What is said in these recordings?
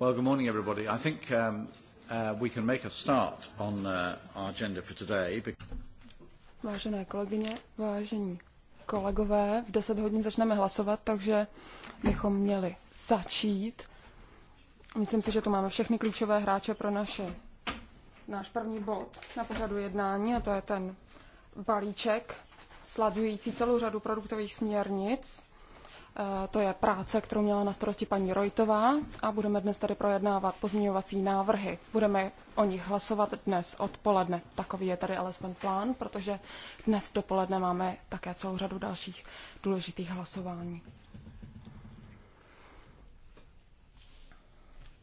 Well, good morning, everybody. I think um, uh, we can make a start on uh, our agenda for today. Vážené kolegyně, vážení kolegové, v 10 hodin začneme hlasovat, takže bychom měli začít. Myslím si, že tu máme všechny klíčové hráče pro naše, náš první bod na pořadu jednání, a to je ten balíček sladující celou řadu produktových směrnic Eh, to je práce, kterou měla na starosti paní Rojtová a budeme dnes tady projednávat pozměňovací návrhy. Budeme o nich hlasovat dnes odpoledne. Takový je tady alespoň plán, protože dnes dopoledne máme také celou řadu dalších důležitých hlasování.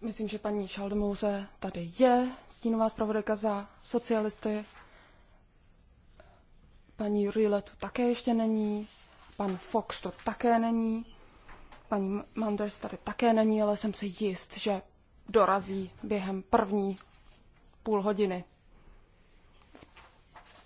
Myslím, že paní Šaldemouze tady je, stínová zpravodajka za socialisty. Paní Rýle tu také ještě není, Pan Fox to také není. Paní Manders tady také není, ale jsem se jist, že dorazí během první půl hodiny.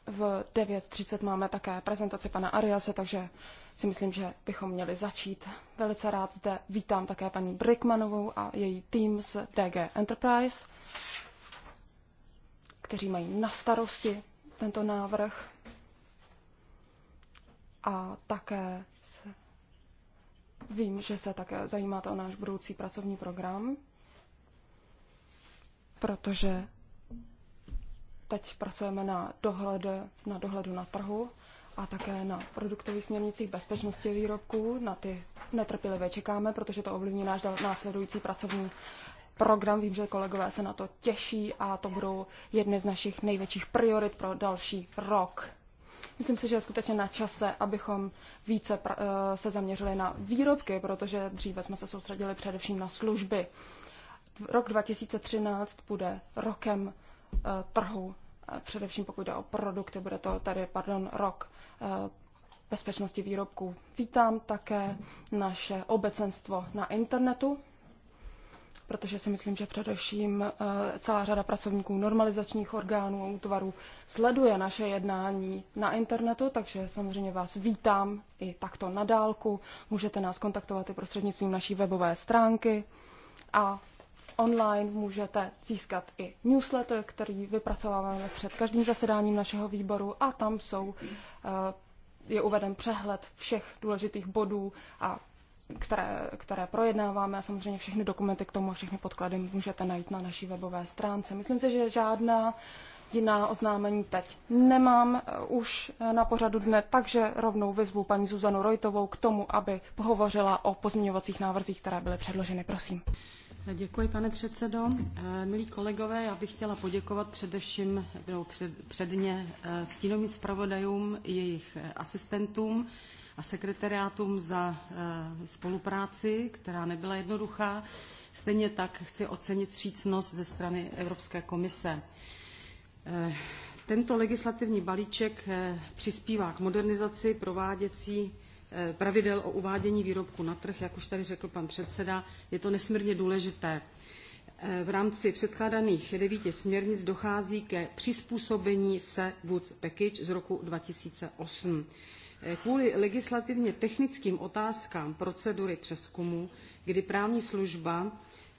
V 9.30 máme také prezentaci pana Ariase, takže si myslím, že bychom měli začít. Velice rád zde vítám také paní Brickmanovou a její tým z DG Enterprise, kteří mají na starosti tento návrh a také se, vím, že se také zajímáte o náš budoucí pracovní program, protože teď pracujeme na, dohledu, na dohledu na trhu a také na produktových směrnicích bezpečnosti výrobků. Na ty netrpělivě čekáme, protože to ovlivní náš následující pracovní program. Vím, že kolegové se na to těší a to budou jedny z našich největších priorit pro další rok. Myslím si, že je skutečně na čase, abychom více eh, se zaměřili na výrobky, protože dříve jsme se soustředili především na služby. Rok 2013 bude rokem eh, trhu, eh, především pokud jde o produkty, bude to tady, pardon, rok bezpečnosti výrobků. Vítám také naše obecenstvo na internetu protože si myslím, že především eh, celá řada pracovníků normalizačních orgánů a útvarů sleduje naše jednání na internetu, takže samozřejmě vás vítám i takto na dálku. Můžete nás kontaktovat i prostřednictvím naší webové stránky a online můžete získat i newsletter, který vypracováváme před každým zasedáním našeho výboru a tam jsou eh, je uveden přehled všech důležitých bodů a které, které projednáváme a samozřejmě všechny dokumenty k tomu a všechny podklady můžete najít na naší webové stránce. Myslím si, že žádná jiná oznámení teď nemám eh, už eh, na pořadu dne, takže rovnou vyzvu paní Zuzanu Rojtovou k tomu, aby pohovořila o pozměňovacích návrzích, které byly předloženy. Prosím. Eh, děkuji, pane předsedo. Milí kolegové, já bych chtěla poděkovat především no, před, předně stínovým zpravodajům i jejich asistentům a sekretariátům za eh, spolupráci, která nebyla jednoduchá. Stejně tak chci ocenit vřícnost ze strany Evropské komise. Eh, tento legislativní balíček eh, přispívá k modernizaci prováděcí pravidel o uvádění výrobku na trh, jak už tady řekl pan předseda, je to nesmírně důležité. V rámci předkládaných devíti směrnic dochází ke přizpůsobení se Woods Package z roku 2008 kvůli legislativně technickým otázkám procedury přeskumu, kdy právní služba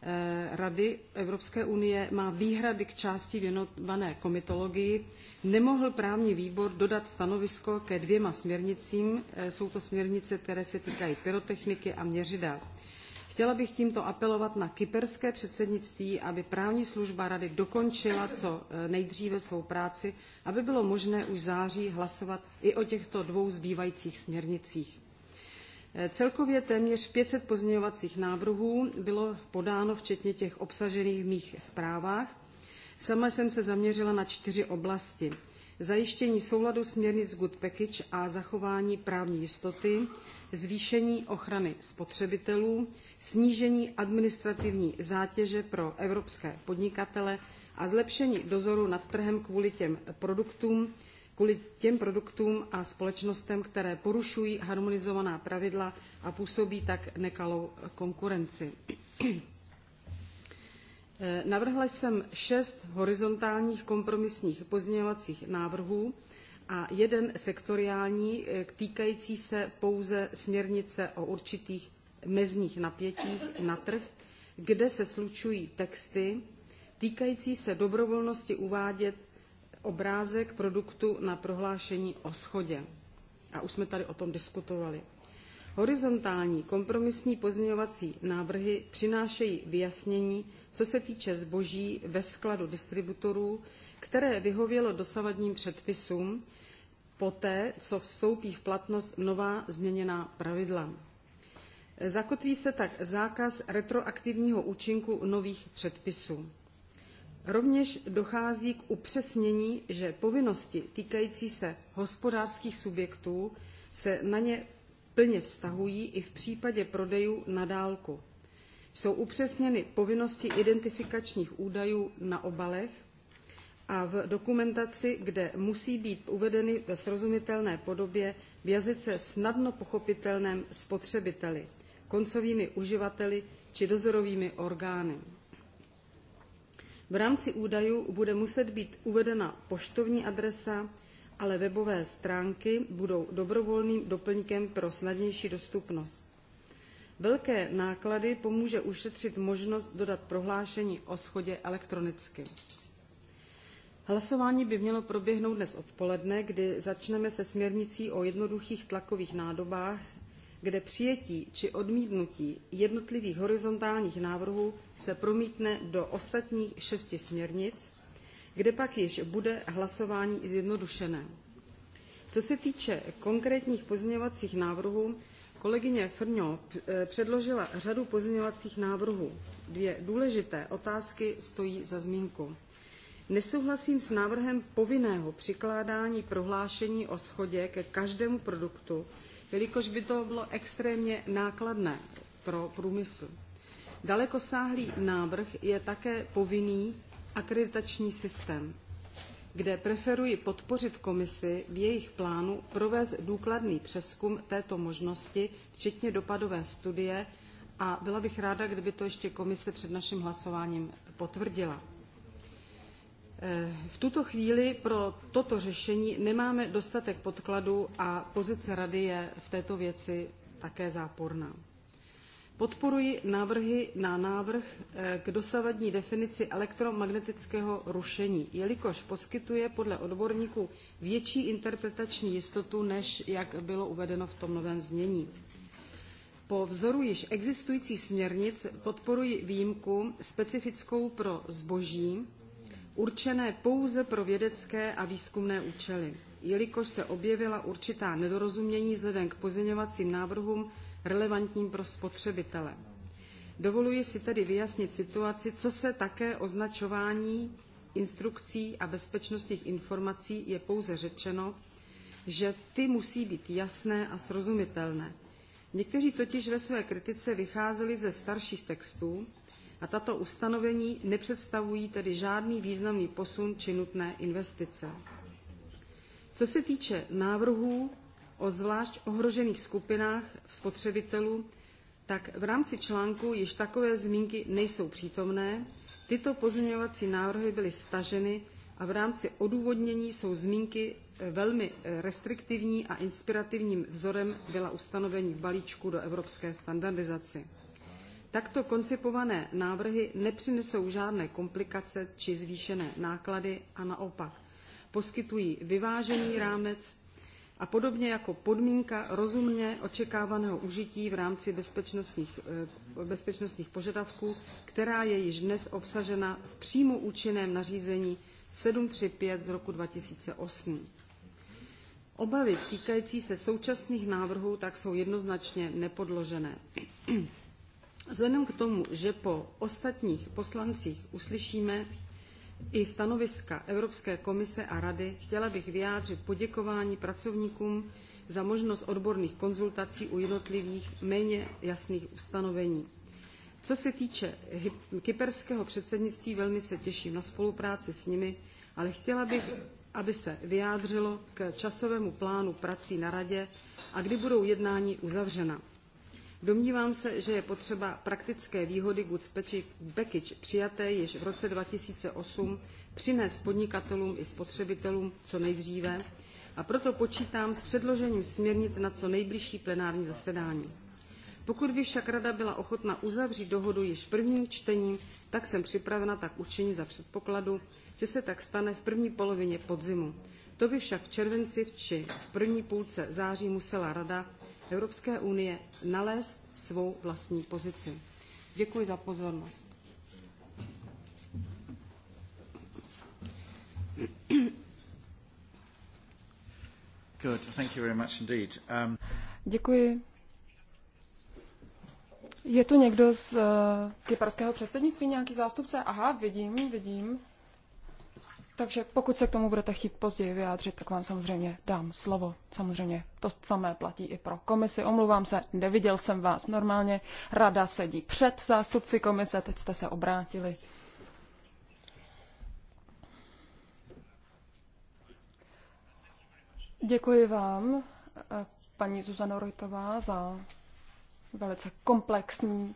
eh, Rady Evropské unie má výhrady k části věnované komitologii, nemohl právní výbor dodat stanovisko ke dvěma směrnicím. Eh, jsou to směrnice, které se týkají pyrotechniky a měřidel. Chtěla bych tímto apelovat na kyperské předsednictví, aby právní služba rady dokončila co e, nejdříve svou práci, aby bylo možné už září hlasovat i o těchto dvou zbývajících směrnicích. E, celkově téměř 500 pozměňovacích návrhů bylo podáno, včetně těch obsažených v mých zprávách. Sama jsem se zaměřila na čtyři oblasti. Zajištění souladu směrnic Good Package a zachování právní jistoty, zvýšení ochrany spotřebitelů, snížení administrativní zátěže pro evropské podnikatele a zlepšení dozoru nad trhem kvůli těm produktům, kvůli těm produktům a společnostem, které porušují harmonizovaná pravidla a působí tak nekalou konkurenci. Eh, navrhla jsem šest horizontálních kompromisních pozměňovacích návrhů, a jeden sektoriální eh, týkající se pouze směrnice o určitých mezních napětích na trh, kde se slučují texty týkající se dobrovolnosti uvádět obrázek produktu na prohlášení o schodě. A už jsme tady o tom diskutovali. Horizontální kompromisní pozměňovací návrhy přinášejí vyjasnění, co se týče zboží ve skladu distributorů, které vyhovělo dosavadním předpisům poté, co vstoupí v platnost nová změněná pravidla. Zakotví se tak zákaz retroaktivního účinku nových předpisů. Rovněž dochází k upřesnění, že povinnosti týkající se hospodářských subjektů se na ně plně vztahují i v případě prodejů na dálku. Jsou upřesněny povinnosti identifikačních údajů na obalech, a v dokumentaci, kde musí být uvedeny ve srozumitelné podobě v jazyce snadno pochopitelném spotřebiteli, koncovými uživateli či dozorovými orgány. V rámci údajů bude muset být uvedena poštovní adresa, ale webové stránky budou dobrovolným doplňkem pro snadnější dostupnost. Velké náklady pomůže ušetřit možnost dodat prohlášení o schodě elektronicky. Hlasování by mělo proběhnout dnes odpoledne, kdy začneme se směrnicí o jednoduchých tlakových nádobách, kde přijetí či odmítnutí jednotlivých horizontálních návrhů se promítne do ostatních šesti směrnic, kde pak již bude hlasování zjednodušené. Co se týče konkrétních pozměňovacích návrhů, kolegyně Frňo eh, předložila řadu pozměňovacích návrhů. Dvě důležité otázky stojí za zmínku. Nesouhlasím s návrhem povinného přikládání prohlášení o schodě ke každému produktu, jelikož by to bylo extrémně nákladné pro průmysl. Dalekosáhlý návrh je také povinný akreditační systém, kde preferuji podpořit komisi v jejich plánu provést důkladný přeskum této možnosti, včetně dopadové studie, a byla bych ráda, kdyby to ještě komise před naším hlasováním potvrdila. Eh, v tuto chvíli pro toto řešení nemáme dostatek podkladů a pozice Rady je v této věci také záporná. Podporuji návrhy na návrh eh, k dosavadní definici elektromagnetického rušení, jelikož poskytuje podle odborníků větší interpretační jistotu, než jak bylo uvedeno v tom novém znění. Po vzoru již existujících směrnic podporuji výjimku specifickou pro zboží, určené pouze pro vědecké a výzkumné účely, jelikož se objevila určitá nedorozumění vzhledem k pozměňovacím návrhům relevantním pro spotřebitele. Dovoluji si tedy vyjasnit situaci, co se také označování instrukcí a bezpečnostních informací je pouze řečeno, že ty musí být jasné a srozumitelné. Někteří totiž ve své kritice vycházeli ze starších textů, a tato ustanovení nepředstavují tedy žádný významný posun či nutné investice. Co se týče návrhů o zvlášť ohrožených skupinách spotřebitelů, tak v rámci článku již takové zmínky nejsou přítomné. Tyto pozměňovací návrhy byly staženy a v rámci odůvodnění jsou zmínky eh, velmi eh, restriktivní a inspirativním vzorem byla ustanovení v balíčku do evropské standardizace. Takto koncipované návrhy nepřinesou žádné komplikace či zvýšené náklady a naopak poskytují vyvážený rámec a podobně jako podmínka rozumně očekávaného užití v rámci bezpečnostních, eh, bezpečnostních požadavků, která je již dnes obsažena v přímo účinném nařízení 735 z roku 2008. Obavy týkající se současných návrhů tak jsou jednoznačně nepodložené. Vzhledem k tomu, že po ostatních poslancích uslyšíme i stanoviska Evropské komise a Rady, chtěla bych vyjádřit poděkování pracovníkům za možnost odborných konzultací u jednotlivých méně jasných ustanovení. Co se týče kyperského předsednictví, velmi se těším na spolupráci s nimi, ale chtěla bych, aby se vyjádřilo k časovému plánu prací na radě a kdy budou jednání uzavřena. Domnívám se, že je potřeba praktické výhody Good Package přijaté již v roce 2008 přinést podnikatelům i spotřebitelům co nejdříve a proto počítám s předložením směrnic na co nejbližší plenární zasedání. Pokud by však Rada byla ochotna uzavřít dohodu již v prvním čtení, tak jsem připravena tak učinit za předpokladu, že se tak stane v první polovině podzimu. To by však v červenci či v první půlce září musela Rada Evropské unie nalézt svou vlastní pozici. Děkuji za pozornost. Good. Thank you very much indeed. Um... Děkuji. Je tu někdo z uh, eh, kyperského předsednictví, nějaký zástupce? Aha, vidím, vidím. Takže pokud se k tomu budete chtít později vyjádřit, tak vám samozřejmě dám slovo. Samozřejmě to samé platí i pro komisi. Omlouvám se, neviděl jsem vás. Normálně rada sedí před zástupci komise, teď jste se obrátili. Děkuji vám, eh, paní Zuzana Rojtová, za velice komplexní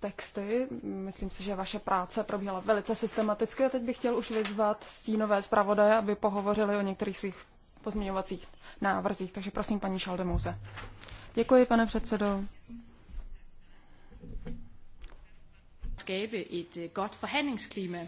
texty. Myslím si, že vaše práce probíhala velice systematicky a teď bych chtěl už vyzvat stínové zpravodaje, aby pohovořili o některých svých pozměňovacích návrzích. Takže prosím, paní Šaldemouze. Děkuji, pane předsedo. Skabe et eh, godt forhandlingsklima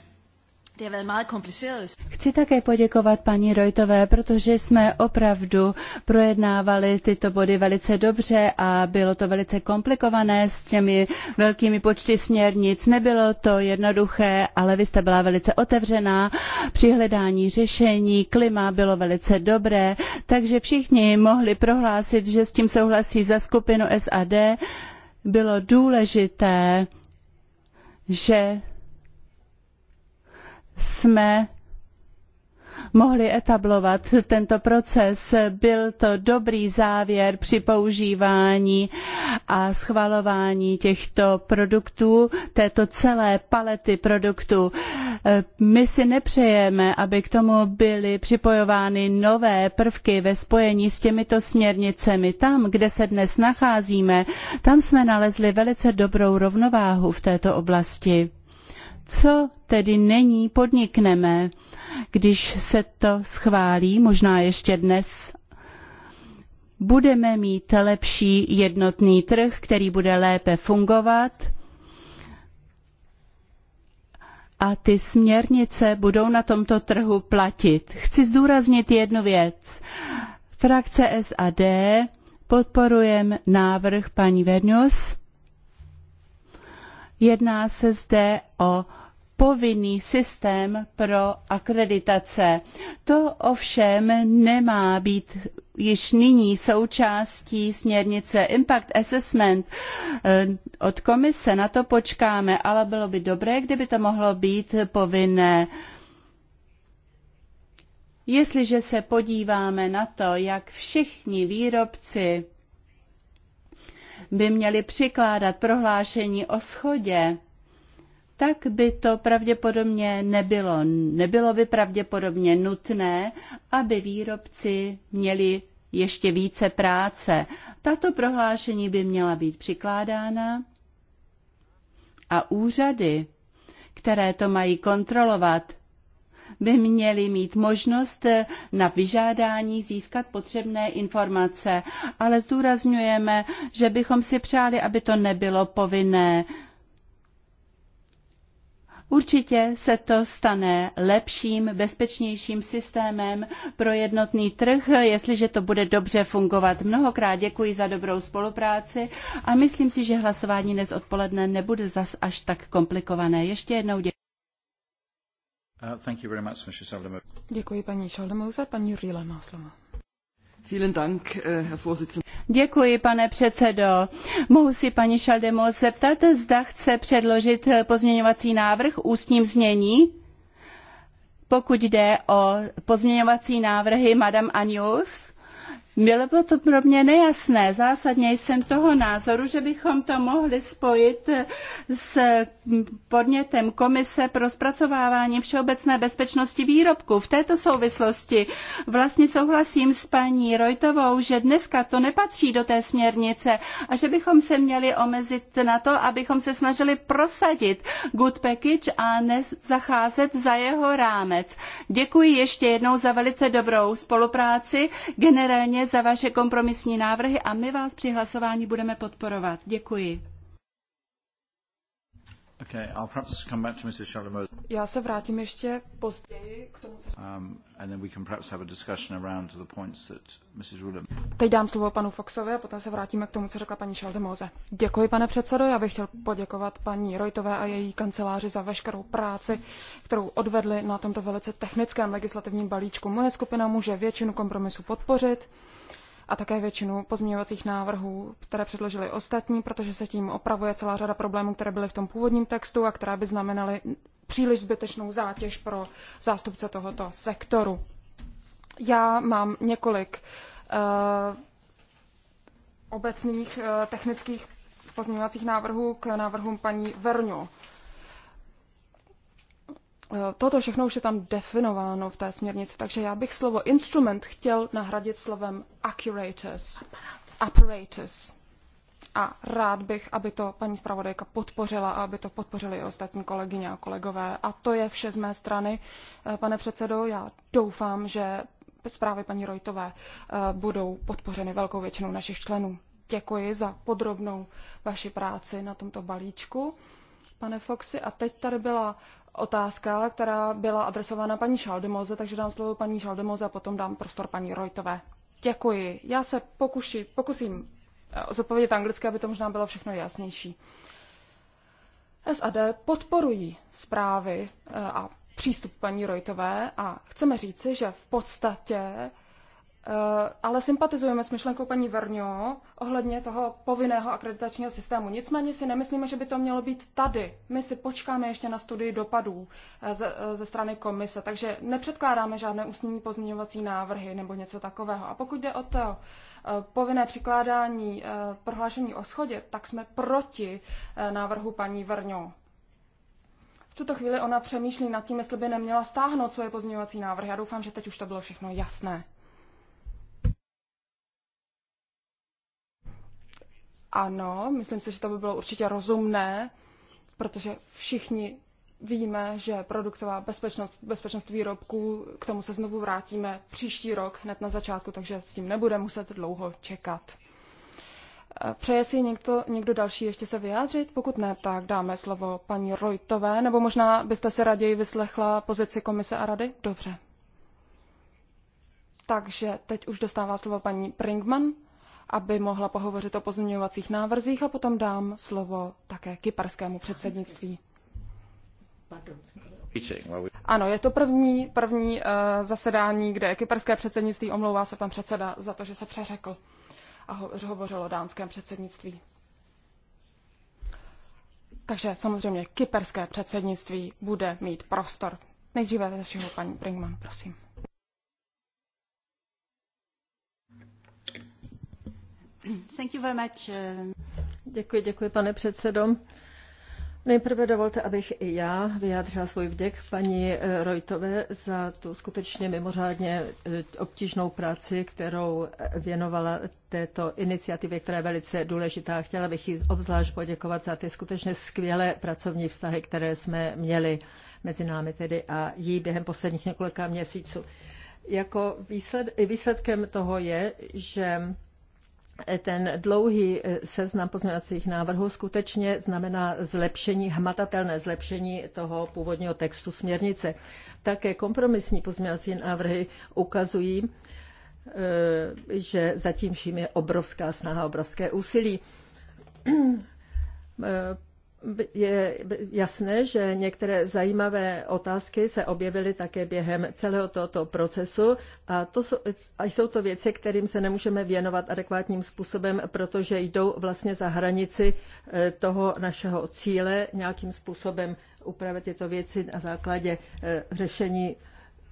Chci také poděkovat paní Rojtové, protože jsme opravdu projednávali tyto body velice dobře a bylo to velice komplikované s těmi velkými počty směrnic. Nebylo to jednoduché, ale vy jste byla velice otevřená při hledání řešení, klima bylo velice dobré, takže všichni mohli prohlásit, že s tím souhlasí za skupinu SAD. Bylo důležité, že jsme mohli etablovat tento proces. Byl to dobrý závěr při používání a schvalování těchto produktů, této celé palety produktů. My si nepřejeme, aby k tomu byly připojovány nové prvky ve spojení s těmito směrnicemi. Tam, kde se dnes nacházíme, tam jsme nalezli velice dobrou rovnováhu v této oblasti. Co tedy není podnikneme, když se to schválí, možná ještě dnes budeme mít lepší jednotný trh, který bude lépe fungovat a ty směrnice budou na tomto trhu platit. Chci zdůraznit jednu věc. Frakce SAD podporujeme návrh paní Verňos. Jedná se zde o povinný systém pro akreditace. To ovšem nemá být již nyní součástí směrnice Impact Assessment eh, od komise, na to počkáme, ale bylo by dobré, kdyby to mohlo být povinné. Jestliže se podíváme na to, jak všichni výrobci by měli přikládat prohlášení o schodě tak by to pravděpodobně nebylo. Nebylo by pravděpodobně nutné, aby výrobci měli ještě více práce. Tato prohlášení by měla být přikládána a úřady, které to mají kontrolovat, by měly mít možnost na vyžádání získat potřebné informace, ale zdůrazňujeme, že bychom si přáli, aby to nebylo povinné. Určitě se to stane lepším, bezpečnějším systémem pro jednotný trh, jestliže to bude dobře fungovat. Mnohokrát děkuji za dobrou spolupráci a myslím si, že hlasování dnes odpoledne nebude zas až tak komplikované. Ještě jednou děkuji. Uh, much, děkuji paní Šaldemouze, paní Rýle má slovo. Vielen Dank, eh, Herr Vorsitzender. Děkuji, pane předsedo. Mohu si paní Šaldemol zeptat, zda chce předložit pozměňovací návrh ústním znění? Pokud jde o pozměňovací návrhy Madame Agnews, bylo by to pro mě nejasné. Zásadně jsem toho názoru, že bychom to mohli spojit s podnětem Komise pro zpracovávání všeobecné bezpečnosti výrobků. V této souvislosti vlastně souhlasím s paní Rojtovou, že dneska to nepatří do té směrnice a že bychom se měli omezit na to, abychom se snažili prosadit good package a nezacházet za jeho rámec. Děkuji ještě jednou za velice dobrou spolupráci. Generálně za vaše kompromisní návrhy a my vás při hlasování budeme podporovat. Děkuji. Okay, I'll perhaps come back to Mrs. Schaldemose. Já se vrátím ještě později k tomu, co... Um, and then we can perhaps have a discussion around the points that Mrs. Rudem... Teď dám slovo panu Foxovi a potom se vrátíme k tomu, co řekla paní Schaldemose. Děkuji, pane předsedo. Já bych chtěl poděkovat paní Rojtové a její kanceláři za veškerou práci, kterou odvedli na tomto velice technickém legislativním balíčku. Moje skupina může většinu kompromisu podpořit a také většinu pozměňovacích návrhů, které předložili ostatní, protože se tím opravuje celá řada problémů, které byly v tom původním textu a které by znamenaly příliš zbytečnou zátěž pro zástupce tohoto sektoru. Já mám několik uh, obecných uh, technických pozměňovacích návrhů k návrhům paní Verňo. Eh, toto všechno už je tam definováno v té směrnici, takže já bych slovo instrument chtěl nahradit slovem accurators, apparatus. A rád bych, aby to paní zpravodajka podpořila a aby to podpořili i ostatní kolegyně a kolegové. A to je vše z mé strany, eh, pane předsedo. Já doufám, že zprávy paní Rojtové eh, budou podpořeny velkou většinou našich členů. Děkuji za podrobnou vaši práci na tomto balíčku, pane Foxy. A teď tady byla otázka, která byla adresována paní Šaldemoze, takže dám slovo paní Šaldemoze a potom dám prostor paní Rojtové. Děkuji. Já se pokuši, pokusím eh, zodpovědět anglicky, aby to možná bylo všechno jasnější. SAD podporují zprávy eh, a přístup paní Rojtové a chceme říci, že v podstatě Eh, ale sympatizujeme s myšlenkou paní Vrňo ohledně toho povinného akreditačního systému. Nicméně si nemyslíme, že by to mělo být tady. My si počkáme ještě na studii dopadů eh, ze, eh, ze strany komise, takže nepředkládáme žádné ústní pozměňovací návrhy nebo něco takového. A pokud jde o to povinné přikládání prohlášení o schodě, tak jsme proti návrhu paní Vrňo. V tuto chvíli ona přemýšlí nad tím, jestli by neměla stáhnout svoje pozměňovací návrhy. Já doufám, že teď už to bylo všechno jasné. ano, myslím si, že to by bylo určitě rozumné, protože všichni víme, že produktová bezpečnost, bezpečnost výrobků, k tomu se znovu vrátíme příští rok, hned na začátku, takže s tím nebude muset dlouho čekat. Eh, přeje si někdo, někdo další ještě se vyjádřit? Pokud ne, tak dáme slovo paní Rojtové, nebo možná byste se raději vyslechla pozici komise a rady? Dobře. Takže teď už dostává slovo paní Pringman aby mohla pohovořit o pozměňovacích návrzích a potom dám slovo také kyperskému předsednictví. Ano, je to první, první uh, zasedání, kde kyperské předsednictví omlouvá se pan předseda za to, že se přeřekl a ho, hovořil o dánském předsednictví. Takže samozřejmě kyperské předsednictví bude mít prostor. Nejdříve ze všeho paní Brinkman, prosím. Uh, děkuji, děkuji, pane předsedo. Nejprve dovolte, abych i já vyjádřila svůj vděk paní eh, Rojtové za tu skutečně mimořádně eh, obtížnou práci, kterou věnovala této iniciativě, která je velice důležitá. Chtěla bych jí obzvlášť poděkovat za ty skutečně skvělé pracovní vztahy, které jsme měli mezi námi tedy a jí během posledních několika měsíců. Jako výsled, výsledkem toho je, že Eh, ten dlouhý eh, seznam pozměňovacích návrhů skutečně znamená zlepšení, hmatatelné zlepšení toho původního textu směrnice. Také kompromisní pozměňovací návrhy ukazují, eh, že zatím vším je obrovská snaha, obrovské úsilí je jasné, že některé zajímavé otázky se objevily také během celého tohoto procesu a, to jsou, a jsou to věci, kterým se nemůžeme věnovat adekvátním způsobem, protože jdou vlastně za hranici e, toho našeho cíle nějakým způsobem upravit tyto věci na základě e, řešení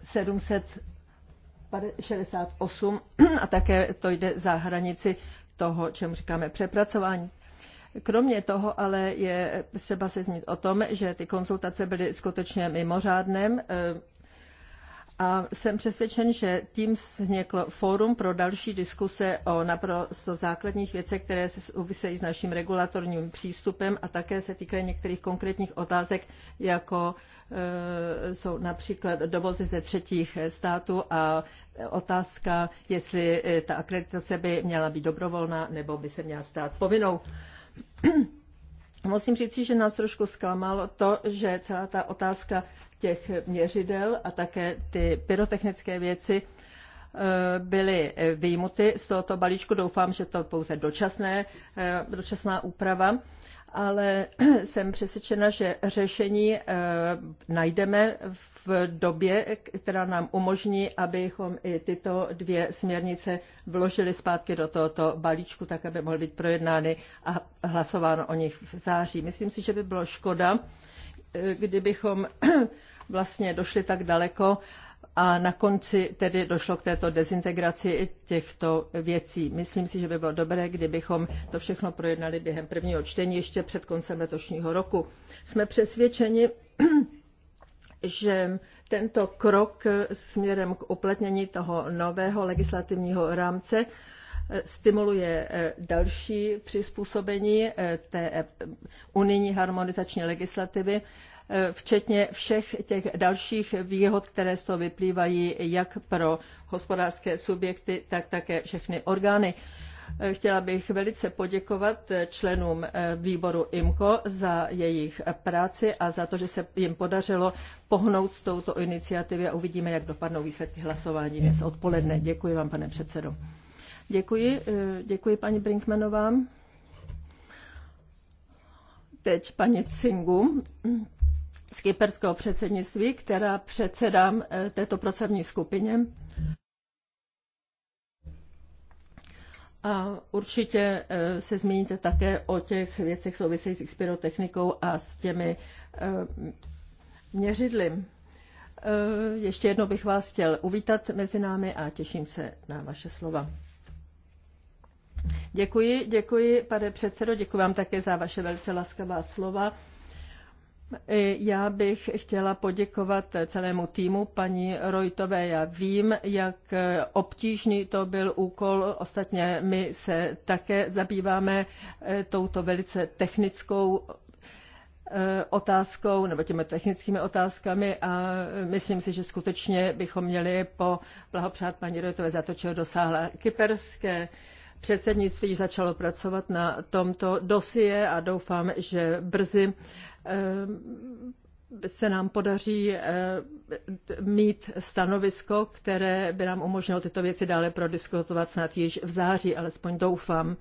768 a také to jde za hranici toho, čemu říkáme přepracování. Kromě toho ale je třeba se zmínit o tom, že ty konzultace byly skutečně mimořádném eh, a jsem přesvědčen, že tím vzniklo fórum pro další diskuse o naprosto základních věcech, které se souvisejí s naším regulatorním přístupem a také se týkají některých konkrétních otázek, jako eh, jsou například dovozy ze třetích států a otázka, jestli eh, ta akreditace by měla být dobrovolná nebo by se měla stát povinnou. Musím říct, že nás trošku zklamalo to, že celá ta otázka těch měřidel a také ty pyrotechnické věci eh, byly výjimuty z tohoto balíčku. Doufám, že to pouze dočasné, eh, dočasná úprava ale jsem přesvědčena, že řešení eh, najdeme v době, která nám umožní, abychom i tyto dvě směrnice vložili zpátky do tohoto balíčku, tak aby mohly být projednány a hlasováno o nich v září. Myslím si, že by bylo škoda, eh, kdybychom vlastně došli tak daleko, a na konci tedy došlo k této dezintegraci těchto věcí. Myslím si, že by bylo dobré, kdybychom to všechno projednali během prvního čtení ještě před koncem letošního roku. Jsme přesvědčeni, že tento krok směrem k uplatnění toho nového legislativního rámce eh, stimuluje eh, další přizpůsobení eh, té unijní harmonizační legislativy Eh, včetně všech těch dalších výhod, které z toho vyplývají jak pro hospodářské subjekty, tak také všechny orgány. Eh, chtěla bych velice poděkovat eh, členům výboru IMCO za jejich práci a za to, že se jim podařilo pohnout s touto iniciativy a uvidíme, jak dopadnou výsledky hlasování dnes odpoledne. Děkuji vám, pane předsedo. Děkuji, děkuji paní Brinkmanová. Teď paní Cingu, z kyperského předsednictví, která předsedám eh, této pracovní skupině. A určitě eh, se zmíníte také o těch věcech souvisejících s pyrotechnikou a s těmi eh, měřidly. Ještě jedno bych vás chtěl uvítat mezi námi a těším se na vaše slova. Děkuji, děkuji, pane předsedo, děkuji vám také za vaše velice laskavá slova. Já bych chtěla poděkovat celému týmu paní Rojtové. Já vím, jak obtížný to byl úkol. Ostatně my se také zabýváme eh, touto velice technickou eh, otázkou nebo těmi technickými otázkami a myslím si, že skutečně bychom měli po blahopřát paní Rojtové za to, čeho dosáhla kyperské předsednictví začalo pracovat na tomto dosie a doufám, že brzy Ehm, se nám podaří ehm, mít stanovisko, které by nám umožnilo tyto věci dále prodiskutovat snad již v září, alespoň doufám.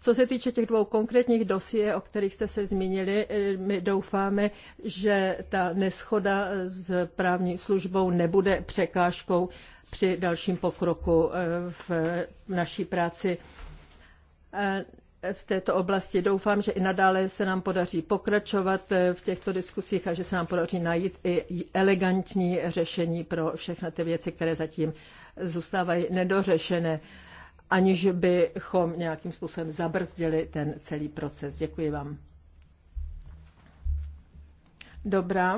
Co se týče těch dvou konkrétních dosie, o kterých jste se zmínili, ehm, my doufáme, že ta neschoda s právní službou nebude překážkou při dalším pokroku v naší práci v této oblasti. Doufám, že i nadále se nám podaří pokračovat eh, v těchto diskusích a že se nám podaří najít i elegantní řešení pro všechny ty věci, které zatím zůstávají nedořešené, aniž bychom nějakým způsobem zabrzdili ten celý proces. Děkuji vám. Dobrá.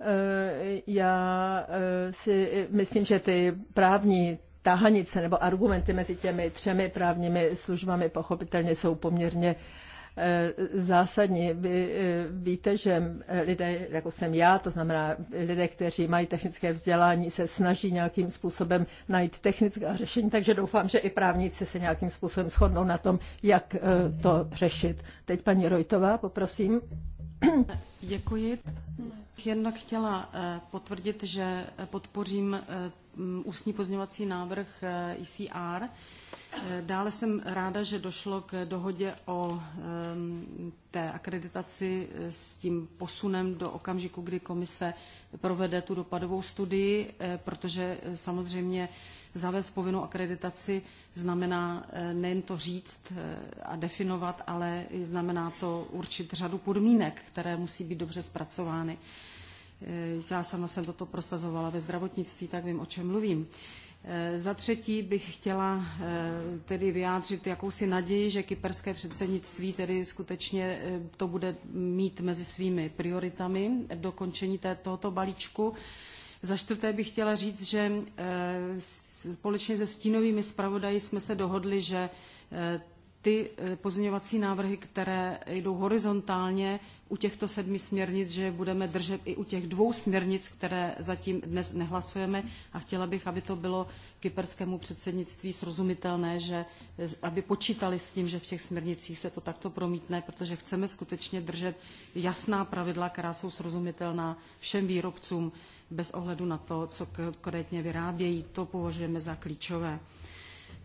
Eh, já eh, si myslím, že ty právní tahanice nebo argumenty mezi těmi třemi právními službami pochopitelně jsou poměrně e, zásadní. Vy e, víte, že lidé, jako jsem já, to znamená lidé, kteří mají technické vzdělání, se snaží nějakým způsobem najít technická řešení, takže doufám, že i právníci se nějakým způsobem shodnou na tom, jak e, to řešit. Teď paní Rojtová, poprosím. Děkuji. Jednak chtěla potvrdit, že podpořím Mm, ústní pozměňovací návrh ICR. Eh, e eh, dále jsem ráda, že došlo k dohodě o ehm, té akreditaci eh, s tím posunem do okamžiku, kdy komise provede tu dopadovou studii, protože samozřejmě zavést povinnou akreditaci znamená nejen to říct a definovat, ale znamená to určit řadu podmínek, které musí být dobře zpracovány. Eh, já sama jsem toto prosazovala ve zdravotnictví, tak vím, o čem mluvím. Eh, za třetí bych chtěla eh, tedy vyjádřit jakousi naději, že kyperské předsednictví tedy skutečně to bude mít mezi svými prioritami dokončení tohoto balíčku. Za čtvrté bych chtěla říct, že společně se stínovými zpravodaji jsme se dohodli, že ty eh, pozměňovací návrhy, které jdou horizontálně u těchto sedmi směrnic, že je budeme držet i u těch dvou směrnic, které zatím dnes nehlasujeme. A chtěla bych, aby to bylo kyperskému předsednictví srozumitelné, že eh, aby počítali s tím, že v těch směrnicích se to takto promítne, protože chceme skutečně držet jasná pravidla, která jsou srozumitelná všem výrobcům bez ohledu na to, co konkrétně vyrábějí. To považujeme za klíčové.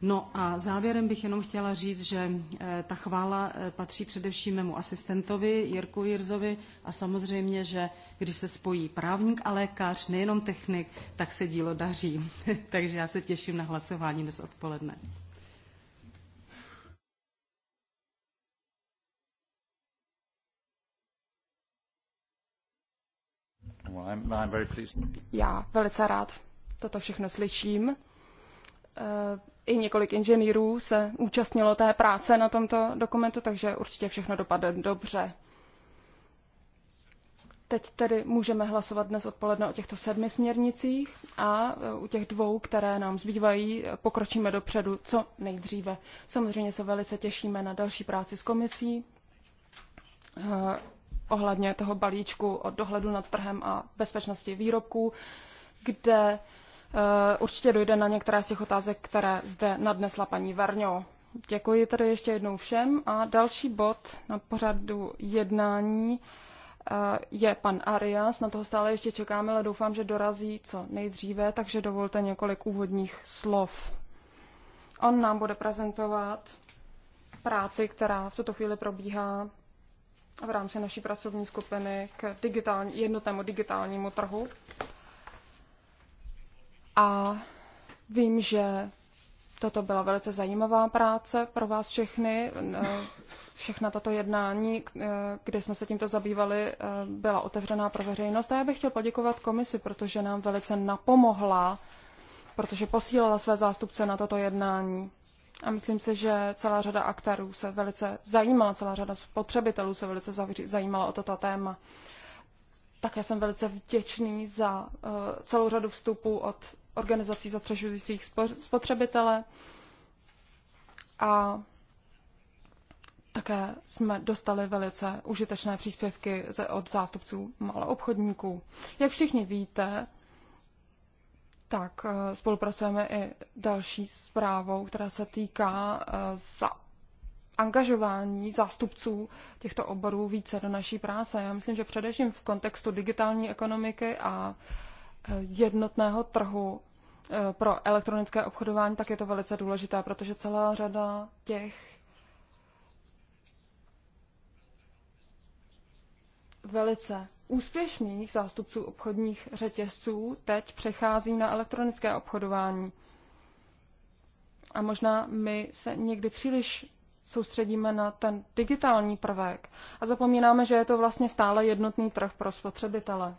No a závěrem bych jenom chtěla říct, že eh, ta chvála eh, patří především mému asistentovi Jirku Jirzovi a samozřejmě, že když se spojí právník a lékař, nejenom technik, tak se dílo daří. Takže já se těším na hlasování dnes odpoledne. Já velice rád toto všechno slyším. Eh, i několik inženýrů se účastnilo té práce na tomto dokumentu, takže určitě všechno dopadne dobře. Teď tedy můžeme hlasovat dnes odpoledne o těchto sedmi směrnicích a e, u těch dvou, které nám zbývají, e, pokročíme dopředu co nejdříve. Samozřejmě se velice těšíme na další práci s komisí e, ohledně toho balíčku o dohledu nad trhem a bezpečnosti výrobků, kde Eh, určitě dojde na některé z těch otázek, které zde nadnesla paní Varňo. Děkuji tedy ještě jednou všem a další bod na pořadu jednání eh, je pan Arias. Na toho stále ještě čekáme, ale doufám, že dorazí co nejdříve, takže dovolte několik úvodních slov. On nám bude prezentovat práci, která v tuto chvíli probíhá v rámci naší pracovní skupiny k digitální, jednotnému digitálnímu trhu a vím, že toto byla velice zajímavá práce pro vás všechny. Eh, všechna tato jednání, eh, kde jsme se tímto zabývali, eh, byla otevřená pro veřejnost. A já bych chtěl poděkovat komisi, protože nám velice napomohla, protože posílala své zástupce na toto jednání. A myslím si, že celá řada aktérů se velice zajímala, celá řada spotřebitelů se velice zajímala o toto téma. Tak já jsem velice vděčný za celou řadu vstupů od organizací zastřešujících spotřebitele a také jsme dostali velice užitečné příspěvky od zástupců maloobchodníků. Jak všichni víte, tak eh, spolupracujeme i další zprávou, která se týká eh, za angažování zástupců těchto oborů více do naší práce. Já myslím, že především v kontextu digitální ekonomiky a jednotného trhu eh, pro elektronické obchodování, tak je to velice důležité, protože celá řada těch velice úspěšných zástupců obchodních řetězců teď přechází na elektronické obchodování. A možná my se někdy příliš soustředíme na ten digitální prvek a zapomínáme, že je to vlastně stále jednotný trh pro spotřebitele.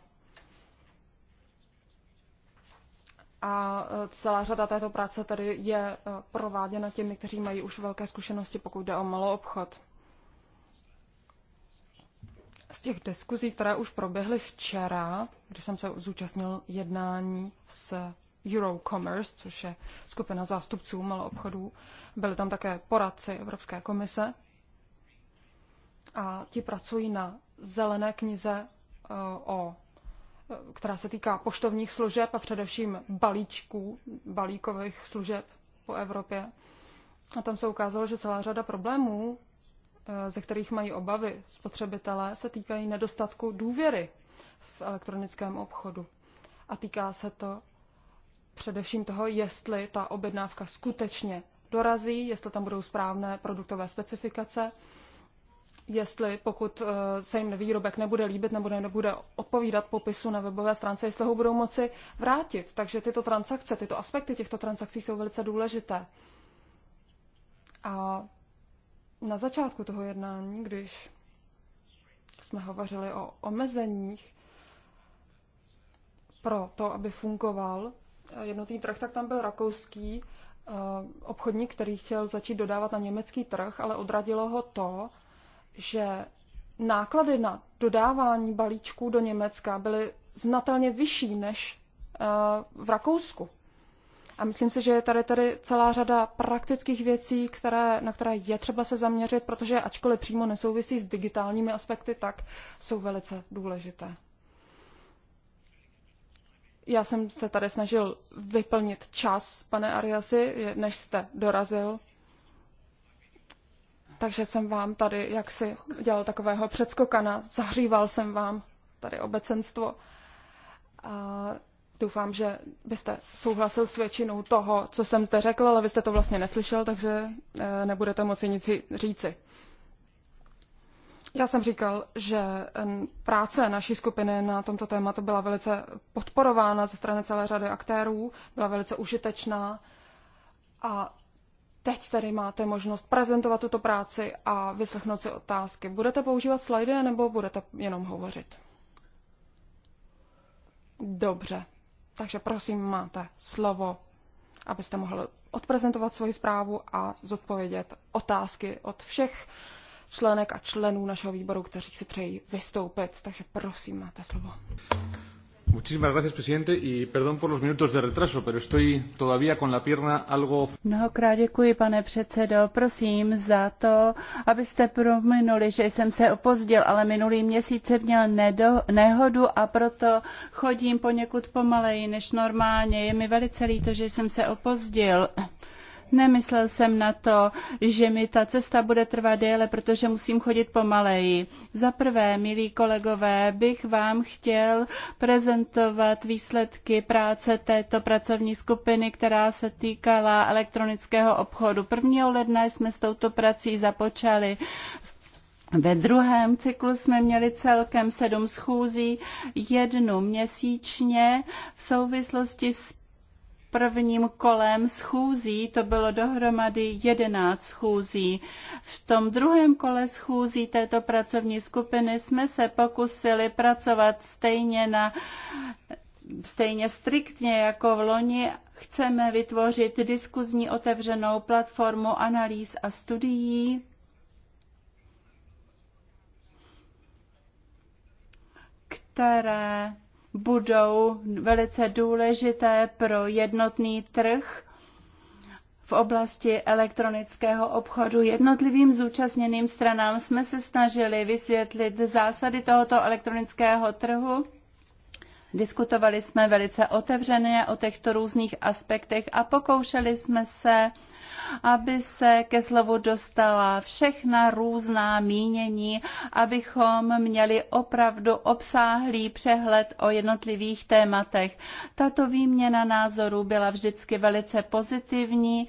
a e, celá řada této práce tady je e, prováděna těmi, kteří mají už velké zkušenosti, pokud jde o malou obchod. Z těch diskuzí, které už proběhly včera, když jsem se zúčastnil jednání s Eurocommerce, což je skupina zástupců obchodů, byly tam také poradci Evropské komise a ti pracují na zelené knize e, o která se týká poštovních služeb a především balíčků, balíkových služeb po Evropě. A tam se ukázalo, že celá řada problémů, eh, ze kterých mají obavy spotřebitelé, se týkají nedostatku důvěry v elektronickém obchodu. A týká se to především toho, jestli ta objednávka skutečně dorazí, jestli tam budou správné produktové specifikace jestli pokud eh, se jim výrobek nebude líbit nebo nebude odpovídat popisu na webové stránce, jestli ho budou moci vrátit. Takže tyto transakce, tyto aspekty těchto transakcí jsou velice důležité. A na začátku toho jednání, když jsme hovořili o omezeních pro to, aby fungoval eh, jednotný trh, tak tam byl rakouský eh, obchodník, který chtěl začít dodávat na německý trh, ale odradilo ho to, že náklady na dodávání balíčků do Německa byly znatelně vyšší než eh, v Rakousku. A myslím si, že je tady, tady celá řada praktických věcí, které, na které je třeba se zaměřit, protože ačkoliv přímo nesouvisí s digitálními aspekty, tak jsou velice důležité. Já jsem se tady snažil vyplnit čas, pane Ariasi, než jste dorazil, takže jsem vám tady jaksi dělal takového předskokana, zahříval jsem vám tady obecenstvo. A doufám, že byste souhlasil s většinou toho, co jsem zde řekl, ale vy jste to vlastně neslyšel, takže eh, nebudete moci nic říci. Já jsem říkal, že práce naší skupiny na tomto tématu byla velice podporována ze strany celé řady aktérů, byla velice užitečná a teď tady máte možnost prezentovat tuto práci a vyslechnout si otázky. Budete používat slajdy nebo budete jenom hovořit? Dobře, takže prosím, máte slovo, abyste mohli odprezentovat svoji zprávu a zodpovědět otázky od všech členek a členů našeho výboru, kteří si přejí vystoupit. Takže prosím, máte slovo. Muchísimas gracias, presidente, y perdón por los minutos de retraso, pero estoy todavía con la pierna algo... Mnohokrát děkuji, pane předsedo. Prosím za to, abyste prominuli, že jsem se opozdil, ale minulý měsíc jsem měl nedo, nehodu a proto chodím poněkud pomaleji než normálně. Je mi velice líto, že jsem se opozdil. Nemyslel jsem na to, že mi ta cesta bude trvat déle, protože musím chodit pomaleji. Za prvé, milí kolegové, bych vám chtěl prezentovat výsledky práce této pracovní skupiny, která se týkala elektronického obchodu. 1. ledna jsme s touto prací započali. Ve druhém cyklu jsme měli celkem sedm schůzí, jednu měsíčně v souvislosti s prvním kolem schůzí, to bylo dohromady 11 schůzí. V tom druhém kole schůzí této pracovní skupiny jsme se pokusili pracovat stejně na stejně striktně jako v loni chceme vytvořit diskuzní otevřenou platformu analýz a studií. které budou velice důležité pro jednotný trh v oblasti elektronického obchodu. Jednotlivým zúčastněným stranám jsme se snažili vysvětlit zásady tohoto elektronického trhu. Diskutovali jsme velice otevřeně o těchto různých aspektech a pokoušeli jsme se aby se ke slovu dostala všechna různá mínění, abychom měli opravdu obsáhlý přehled o jednotlivých tématech. Tato výměna názorů byla vždycky velice pozitivní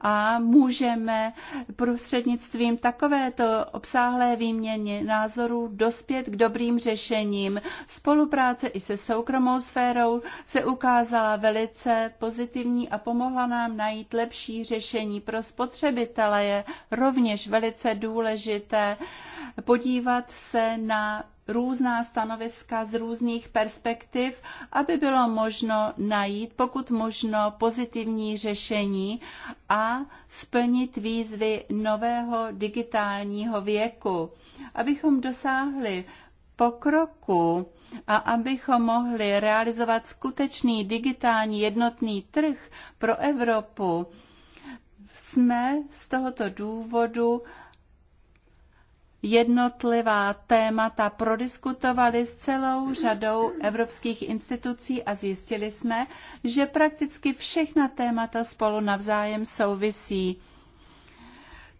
a můžeme prostřednictvím takovéto obsáhlé výměny názorů dospět k dobrým řešením. Spolupráce i se soukromou sférou se ukázala velice pozitivní a pomohla nám najít lepší řešení opatření pro spotřebitele je rovněž velice důležité podívat se na různá stanoviska z různých perspektiv, aby bylo možno najít pokud možno pozitivní řešení a splnit výzvy nového digitálního věku. Abychom dosáhli pokroku a abychom mohli realizovat skutečný digitální jednotný trh pro Evropu, jsme z tohoto důvodu jednotlivá témata prodiskutovali s celou řadou evropských institucí a zjistili jsme, že prakticky všechna témata spolu navzájem souvisí.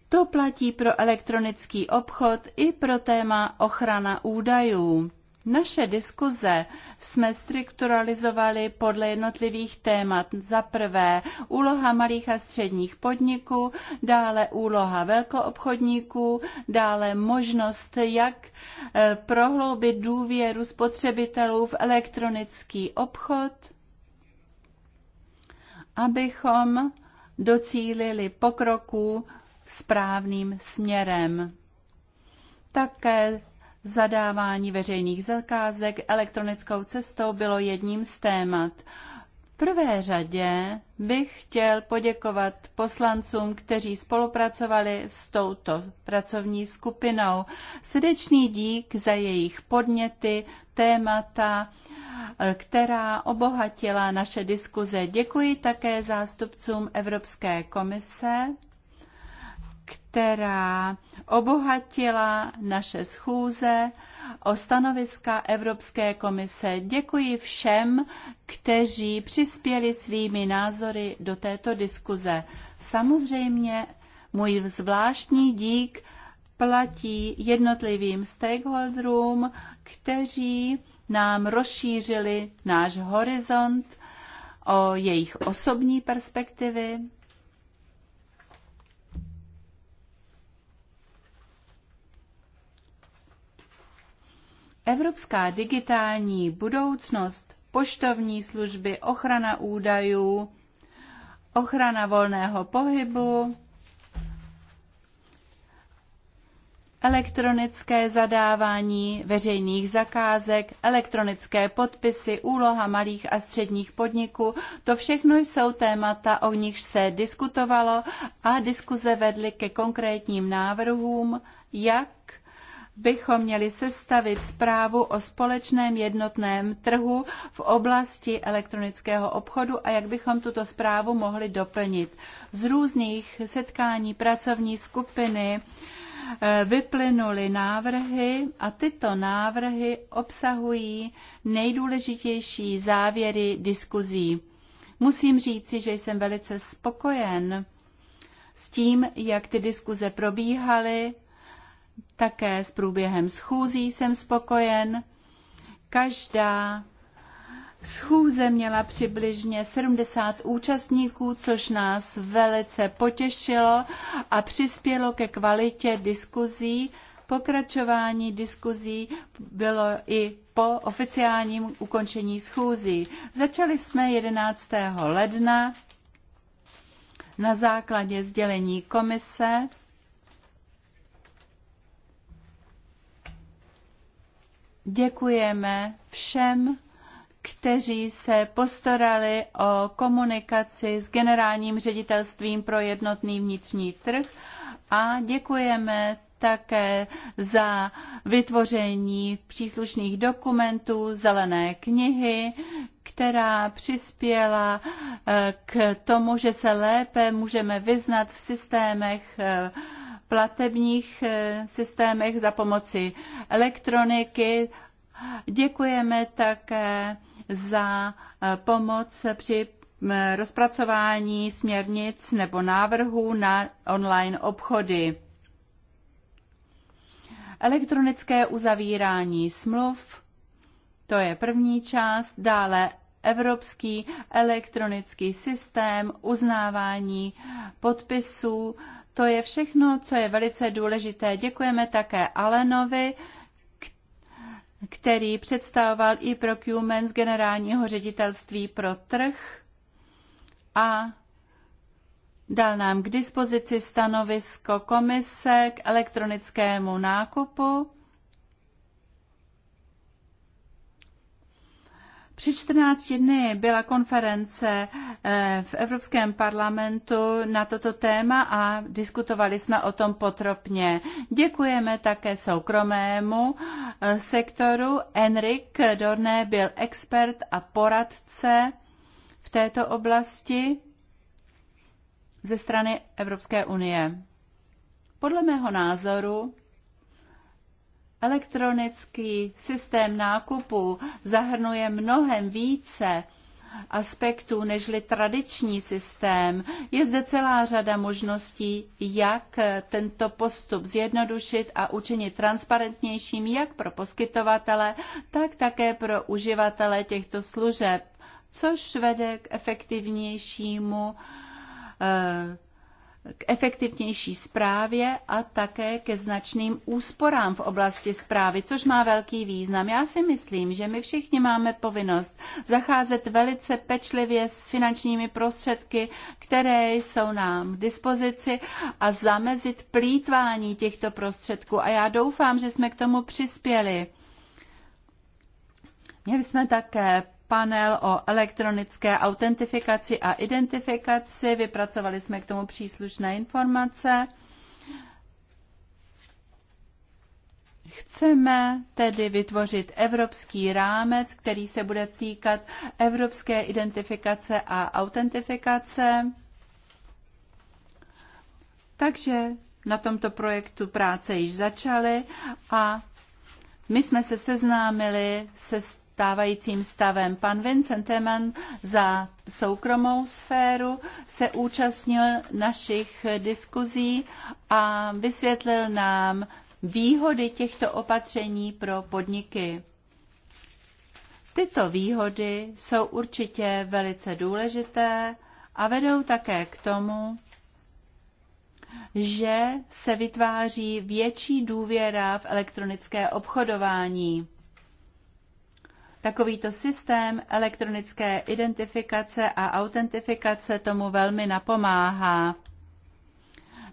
To platí pro elektronický obchod i pro téma ochrana údajů. Naše diskuze jsme strukturalizovali podle jednotlivých témat. Za prvé úloha malých a středních podniků, dále úloha velkoobchodníků, dále možnost, jak eh, prohloubit důvěru spotřebitelů v elektronický obchod, abychom docílili pokroku správným směrem. Také Zadávání veřejných zakázek elektronickou cestou bylo jedním z témat. V prvé řadě bych chtěl poděkovat poslancům, kteří spolupracovali s touto pracovní skupinou. Srdečný dík za jejich podněty, témata, která obohatila naše diskuze. Děkuji také zástupcům Evropské komise která obohatila naše schůze o stanoviska Evropské komise. Děkuji všem, kteří přispěli svými názory do této diskuze. Samozřejmě můj zvláštní dík platí jednotlivým stakeholderům, kteří nám rozšířili náš horizont o jejich osobní perspektivy, Evropská digitální budoucnost, poštovní služby, ochrana údajů, ochrana volného pohybu, elektronické zadávání veřejných zakázek, elektronické podpisy, úloha malých a středních podniků, to všechno jsou témata, o nichž se diskutovalo a diskuze vedly ke konkrétním návrhům, jak bychom měli sestavit zprávu o společném jednotném trhu v oblasti elektronického obchodu a jak bychom tuto zprávu mohli doplnit. Z různých setkání pracovní skupiny eh, vyplynuly návrhy a tyto návrhy obsahují nejdůležitější závěry diskuzí. Musím říci, že jsem velice spokojen s tím, jak ty diskuze probíhaly také s průběhem schůzí jsem spokojen. Každá schůze měla přibližně 70 účastníků, což nás velice potěšilo a přispělo ke kvalitě diskuzí. Pokračování diskuzí bylo i po oficiálním ukončení schůzí. Začali jsme 11. ledna na základě sdělení komise Děkujeme všem, kteří se postarali o komunikaci s generálním ředitelstvím pro jednotný vnitřní trh a děkujeme také za vytvoření příslušných dokumentů zelené knihy, která přispěla eh, k tomu, že se lépe můžeme vyznat v systémech eh, platebních eh, systémech za pomoci elektroniky. Děkujeme také za eh, pomoc při rozpracování směrnic nebo návrhů na online obchody. Elektronické uzavírání smluv, to je první část, dále evropský elektronický systém uznávání podpisů, to je všechno, co je velice důležité. Děkujeme také Alenovi, který představoval i procurement z generálního ředitelství pro trh a dal nám k dispozici stanovisko komise k elektronickému nákupu Před 14 dny byla konference eh, v Evropském parlamentu na toto téma a diskutovali jsme o tom potropně. Děkujeme také soukromému eh, sektoru. Enrik Dorné byl expert a poradce v této oblasti ze strany Evropské unie. Podle mého názoru Elektronický systém nákupu zahrnuje mnohem více aspektů nežli tradiční systém. Je zde celá řada možností, jak tento postup zjednodušit a učinit transparentnějším jak pro poskytovatele, tak také pro uživatele těchto služeb, což vede k efektivnějšímu eh, k efektivnější správě a také ke značným úsporám v oblasti správy, což má velký význam. Já si myslím, že my všichni máme povinnost zacházet velice pečlivě s finančními prostředky, které jsou nám k dispozici a zamezit plítvání těchto prostředků. A já doufám, že jsme k tomu přispěli. Měli jsme také panel o elektronické autentifikaci a identifikaci. Vypracovali jsme k tomu příslušné informace. Chceme tedy vytvořit evropský rámec, který se bude týkat evropské identifikace a autentifikace. Takže na tomto projektu práce již začaly a my jsme se seznámili se stávajícím stavem. Pan Vincent Teman za soukromou sféru se účastnil našich diskuzí a vysvětlil nám výhody těchto opatření pro podniky. Tyto výhody jsou určitě velice důležité a vedou také k tomu, že se vytváří větší důvěra v elektronické obchodování. Takovýto systém elektronické identifikace a autentifikace tomu velmi napomáhá.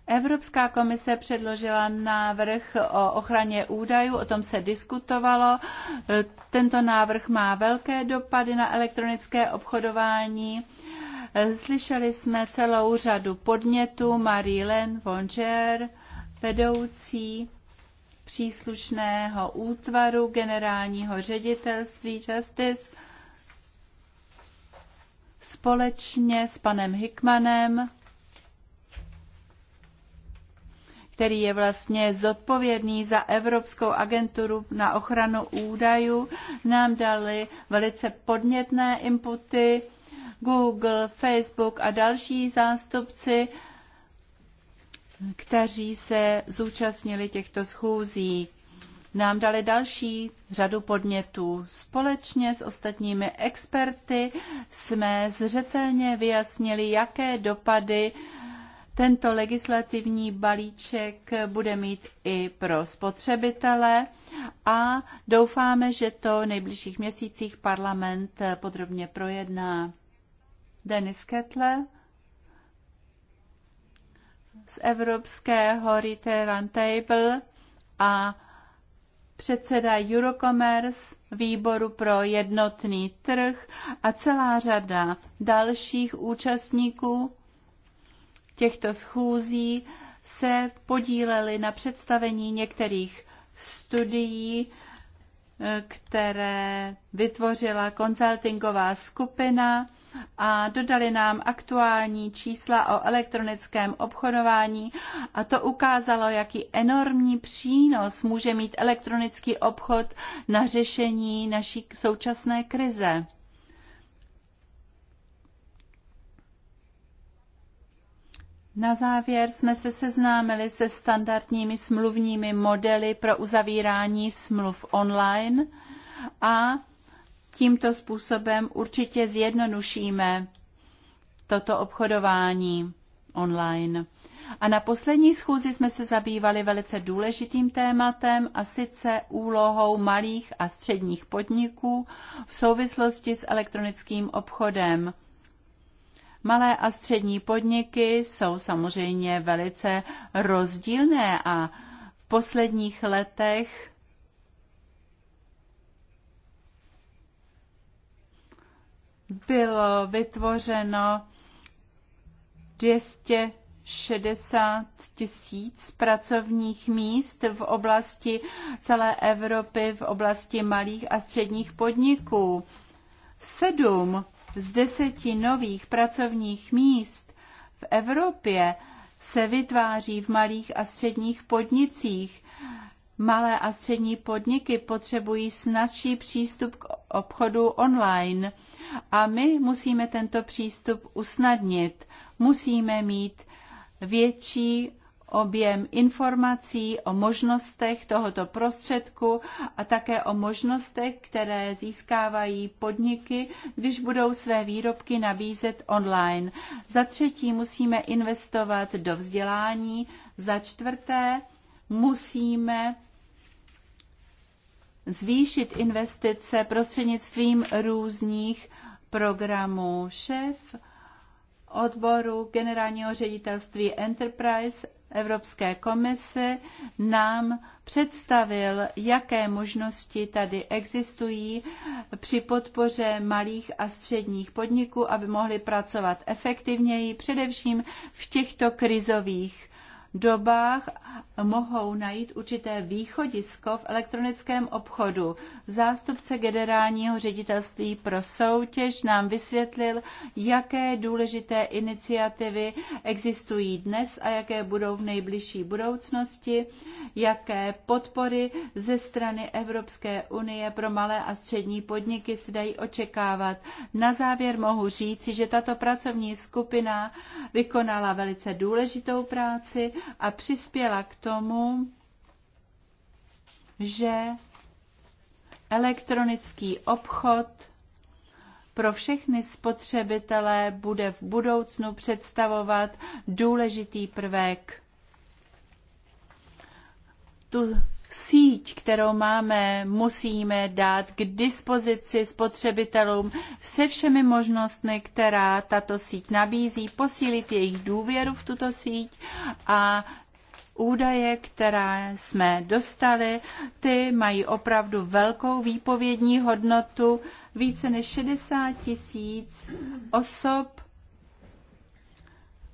Evropská komise předložila návrh o ochraně údajů, o tom se diskutovalo. Tento návrh má velké dopady na elektronické obchodování. Slyšeli jsme celou řadu podnětů Marie-Len Vonger, vedoucí příslušného útvaru generálního ředitelství Justice společně s panem Hickmanem, který je vlastně zodpovědný za Evropskou agenturu na ochranu údajů, nám dali velice podnětné inputy. Google, Facebook a další zástupci kteří se zúčastnili těchto schůzí. Nám dali další řadu podnětů. Společně s ostatními experty jsme zřetelně vyjasnili, jaké dopady tento legislativní balíček bude mít i pro spotřebitele a doufáme, že to v nejbližších měsících parlament podrobně projedná. Denis Kettler z evropského Retail table a předseda Eurocommerce, výboru pro jednotný trh a celá řada dalších účastníků těchto schůzí se podíleli na představení některých studií, eh, které vytvořila konzultingová skupina a dodali nám aktuální čísla o elektronickém obchodování a to ukázalo, jaký enormní přínos může mít elektronický obchod na řešení naší současné krize. Na závěr jsme se seznámili se standardními smluvními modely pro uzavírání smluv online a Tímto způsobem určitě zjednodušíme toto obchodování online. A na poslední schůzi jsme se zabývali velice důležitým tématem a sice úlohou malých a středních podniků v souvislosti s elektronickým obchodem. Malé a střední podniky jsou samozřejmě velice rozdílné a v posledních letech bylo vytvořeno 260 tisíc pracovních míst v oblasti celé Evropy, v oblasti malých a středních podniků. Sedm z deseti nových pracovních míst v Evropě se vytváří v malých a středních podnicích. Malé a střední podniky potřebují snadší přístup k obchodu online a my musíme tento přístup usnadnit. Musíme mít větší objem informací o možnostech tohoto prostředku a také o možnostech, které získávají podniky, když budou své výrobky nabízet online. Za třetí musíme investovat do vzdělání, za čtvrté musíme zvýšit investice prostřednictvím různých programů. Šéf odboru generálního ředitelství Enterprise Evropské komise nám představil, jaké možnosti tady existují při podpoře malých a středních podniků, aby mohli pracovat efektivněji, především v těchto krizových dobách mohou najít určité východisko v elektronickém obchodu. Zástupce generálního ředitelství pro soutěž nám vysvětlil, jaké důležité iniciativy existují dnes a jaké budou v nejbližší budoucnosti, jaké podpory ze strany Evropské unie pro malé a střední podniky se dají očekávat. Na závěr mohu říci, že tato pracovní skupina vykonala velice důležitou práci, a přispěla k tomu, že elektronický obchod pro všechny spotřebitele bude v budoucnu představovat důležitý prvek. Tu síť, kterou máme, musíme dát k dispozici spotřebitelům se všemi možnostmi, která tato síť nabízí, posílit jejich důvěru v tuto síť a údaje, které jsme dostali, ty mají opravdu velkou výpovědní hodnotu. Více než 60 tisíc osob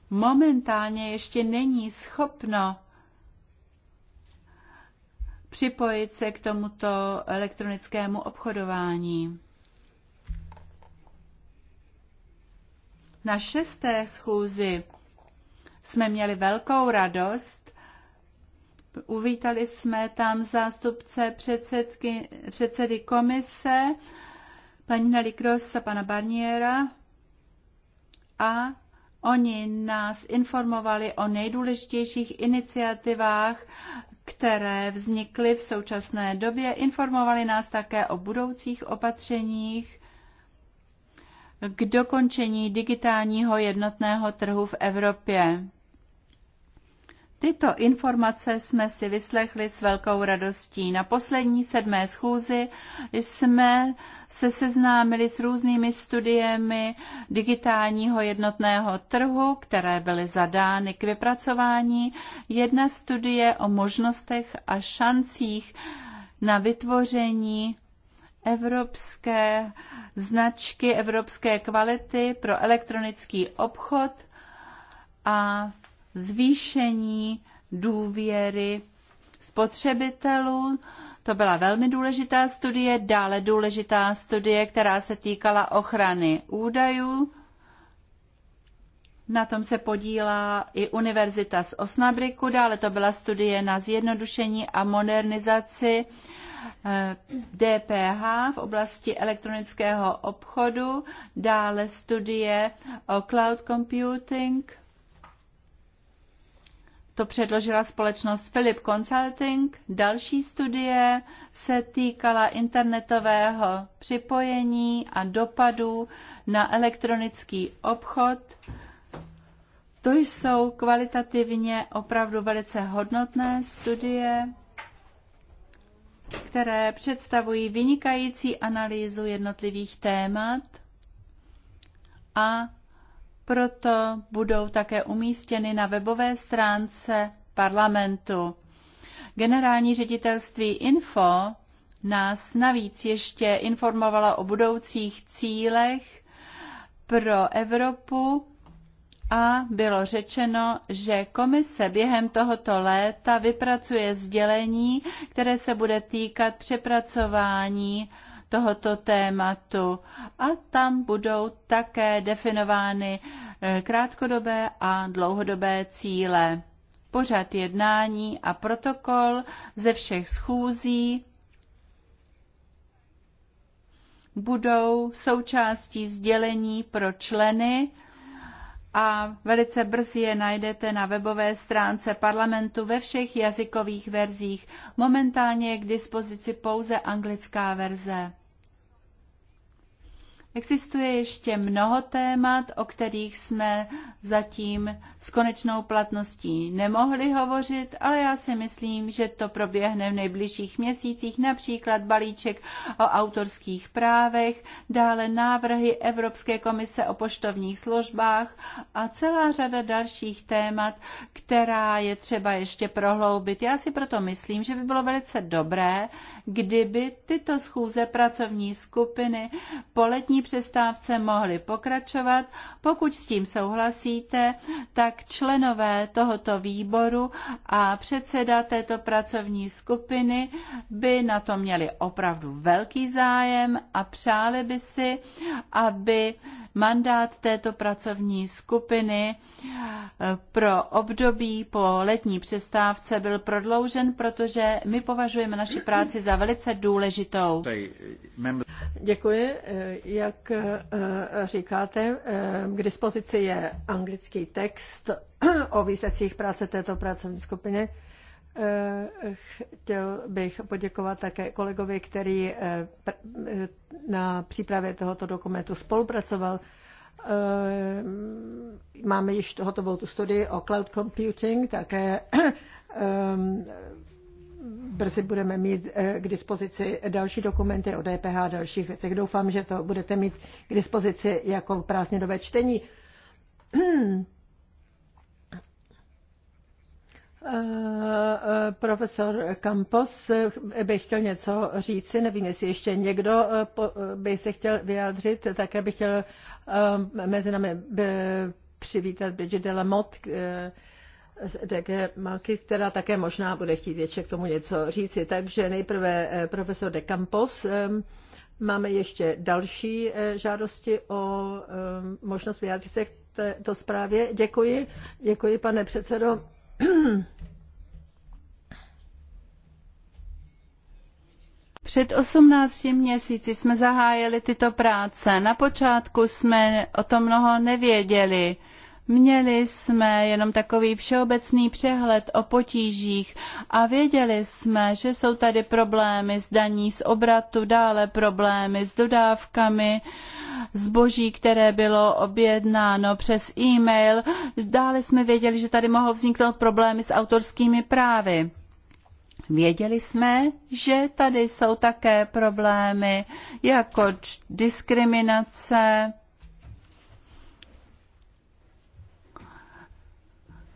momentálně ještě není schopno připojit se k tomuto elektronickému obchodování. Na šesté schůzi jsme měli velkou radost. Uvítali jsme tam zástupce předsedky, předsedy komise, paní Nelly Gross a pana Barniera a oni nás informovali o nejdůležitějších iniciativách, které vznikly v současné době, informovali nás také o budoucích opatřeních k dokončení digitálního jednotného trhu v Evropě. Tyto informace jsme si vyslechli s velkou radostí. Na poslední sedmé schůzi jsme se seznámili s různými studiemi digitálního jednotného trhu, které byly zadány k vypracování. Jedna studie o možnostech a šancích na vytvoření evropské značky, evropské kvality pro elektronický obchod a zvýšení důvěry spotřebitelů. To byla velmi důležitá studie, dále důležitá studie, která se týkala ochrany údajů. Na tom se podílá i Univerzita z Osnabriku, dále to byla studie na zjednodušení a modernizaci DPH eh, v oblasti elektronického obchodu, dále studie o cloud computing to předložila společnost Philip Consulting. Další studie se týkala internetového připojení a dopadu na elektronický obchod. To jsou kvalitativně opravdu velice hodnotné studie, které představují vynikající analýzu jednotlivých témat a proto budou také umístěny na webové stránce parlamentu. Generální ředitelství Info nás navíc ještě informovala o budoucích cílech pro Evropu a bylo řečeno, že komise během tohoto léta vypracuje sdělení, které se bude týkat přepracování tohoto tématu a tam budou také definovány eh, krátkodobé a dlouhodobé cíle. Pořad jednání a protokol ze všech schůzí budou součástí sdělení pro členy a velice brzy je najdete na webové stránce parlamentu ve všech jazykových verzích. Momentálně je k dispozici pouze anglická verze. Existuje ještě mnoho témat, o kterých jsme zatím s konečnou platností nemohli hovořit, ale já si myslím, že to proběhne v nejbližších měsících, například balíček o autorských právech, dále návrhy Evropské komise o poštovních službách a celá řada dalších témat, která je třeba ještě prohloubit. Já si proto myslím, že by bylo velice dobré, kdyby tyto schůze pracovní skupiny po letní přestávce mohly pokračovat. Pokud s tím souhlasíte, tak tak členové tohoto výboru a předseda této pracovní skupiny by na to měli opravdu velký zájem a přáli by si, aby mandát této pracovní skupiny eh, pro období po letní přestávce byl prodloužen, protože my považujeme naši práci za velice důležitou. Eh, Děkuji. Eh, jak říkáte, k dispozici je anglický text o výsledcích práce této pracovní skupiny. Eh, chtěl bych poděkovat také kolegovi, který eh, eh, na přípravě tohoto dokumentu spolupracoval. Máme již hotovou tu studii o cloud computing, také brzy budeme mít k dispozici další dokumenty o DPH a dalších věcech. Doufám, že to budete mít k dispozici jako prázdninové čtení. Eh, eh, profesor Campos eh, by chtěl něco říci, nevím, jestli ještě někdo by se chtěl vyjádřit, také bych chtěl mezi námi přivítat Bridget Delamot z DG Malky, která také možná bude chtít ještě k tomu něco říci. Takže nejprve profesor de Campos. Máme ještě další žádosti o možnost vyjádřit se k této zprávě. Děkuji. Děkuji, pane předsedo. Před 18 měsíci jsme zahájili tyto práce. Na počátku jsme o tom mnoho nevěděli. Měli jsme jenom takový všeobecný přehled o potížích a věděli jsme, že jsou tady problémy s daní z obratu, dále problémy s dodávkami zboží, které bylo objednáno přes e-mail. Dále jsme věděli, že tady mohou vzniknout problémy s autorskými právy. Věděli jsme, že tady jsou také problémy jako diskriminace,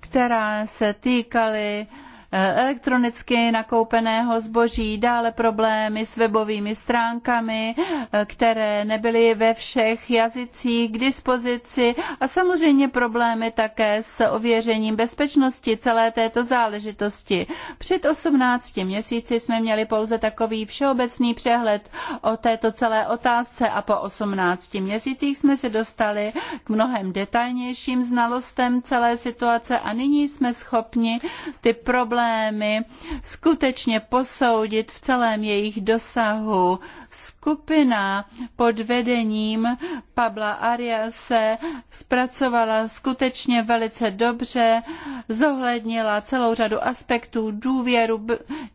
která se týkaly Eh, elektronicky nakoupeného zboží, dále problémy s webovými stránkami, eh, které nebyly ve všech jazycích k dispozici a samozřejmě problémy také s ověřením bezpečnosti celé této záležitosti. Před 18 měsíci jsme měli pouze takový všeobecný přehled o této celé otázce a po 18 měsících jsme se dostali k mnohem detailnějším znalostem celé situace a nyní jsme schopni ty problémy problémy skutečně posoudit v celém jejich dosahu skupina pod vedením Pabla Ariase zpracovala skutečně velice dobře, zohlednila celou řadu aspektů důvěru,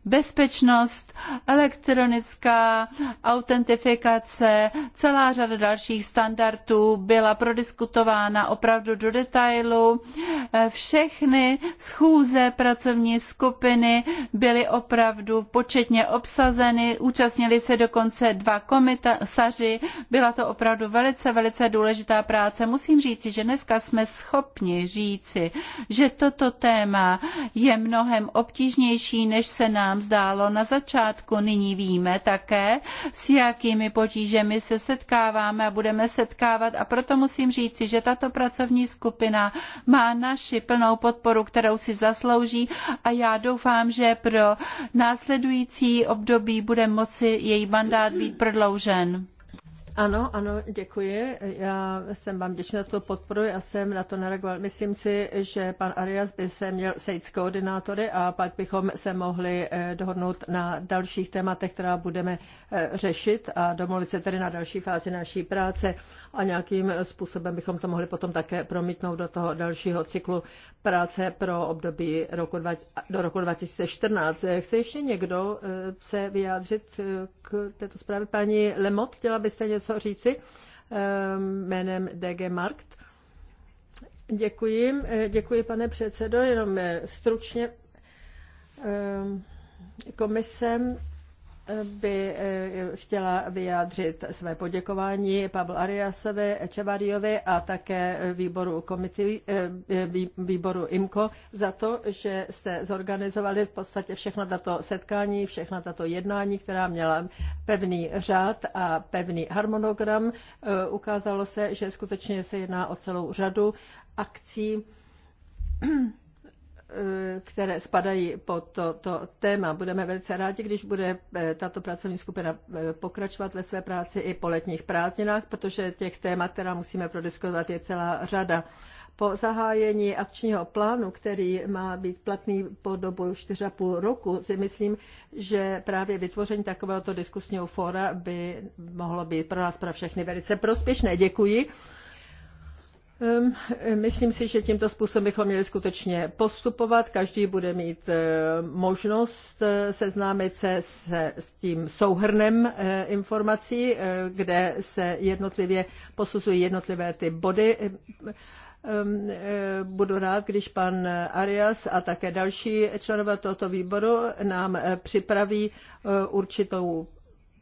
bezpečnost, elektronická autentifikace, celá řada dalších standardů byla prodiskutována opravdu do detailu. Všechny schůze pracovní skupiny byly opravdu početně obsazeny, účastnili se dokonce práce, dva komisaři. Byla to opravdu velice, velice důležitá práce. Musím říci, že dneska jsme schopni říci, že toto téma je mnohem obtížnější, než se nám zdálo na začátku. Nyní víme také, s jakými potížemi se setkáváme a budeme setkávat. A proto musím říci, že tato pracovní skupina má naši plnou podporu, kterou si zaslouží a já doufám, že pro následující období bude moci její mandát být prodloužen. Ano, ano, děkuji. Já jsem vám děčná za podporu, já jsem na to nereagoval. Myslím si, že pan Arias by se měl sejít s koordinátory a pak bychom se mohli eh, dohodnout na dalších tématech, která budeme eh, řešit a domluvit se tedy na další fázi naší práce a nějakým způsobem bychom to mohli potom také promítnout do toho dalšího cyklu práce pro období roku 20, do roku 2014. Eh, chce ještě někdo se vyjádřit k této zprávě? Paní Lemot, chtěla byste něco něco říci ehm, jménem DG Markt. Děkuji, eh, děkuji pane předsedo, jenom eh, stručně ehm, komisem by eh, chtěla vyjádřit své poděkování Pablo Ariasovi, Čevariovi a také výboru, komity, eh, výboru IMCO za to, že jste zorganizovali v podstatě všechna tato setkání, všechna tato jednání, která měla pevný řád a pevný harmonogram. Eh, ukázalo se, že skutečně se jedná o celou řadu akcí které spadají pod toto to téma. Budeme velice rádi, když bude eh, tato pracovní skupina eh, pokračovat ve své práci i po letních prázdninách, protože těch témat, která musíme prodiskutovat, je celá řada. Po zahájení akčního plánu, který má být platný po dobu 4,5 roku, si myslím, že právě vytvoření takovéhoto diskusního fóra by mohlo být pro nás, pro všechny velice prospěšné. Děkuji. Ehm, myslím si, že tímto způsobem bychom měli skutečně postupovat. Každý bude mít eh, možnost eh, seznámit se, s tím souhrnem eh, informací, kde se jednotlivě posuzují jednotlivé ty body. Ehm, ehm, budu rád, když pan Arias a také další členové tohoto výboru nám připraví určitou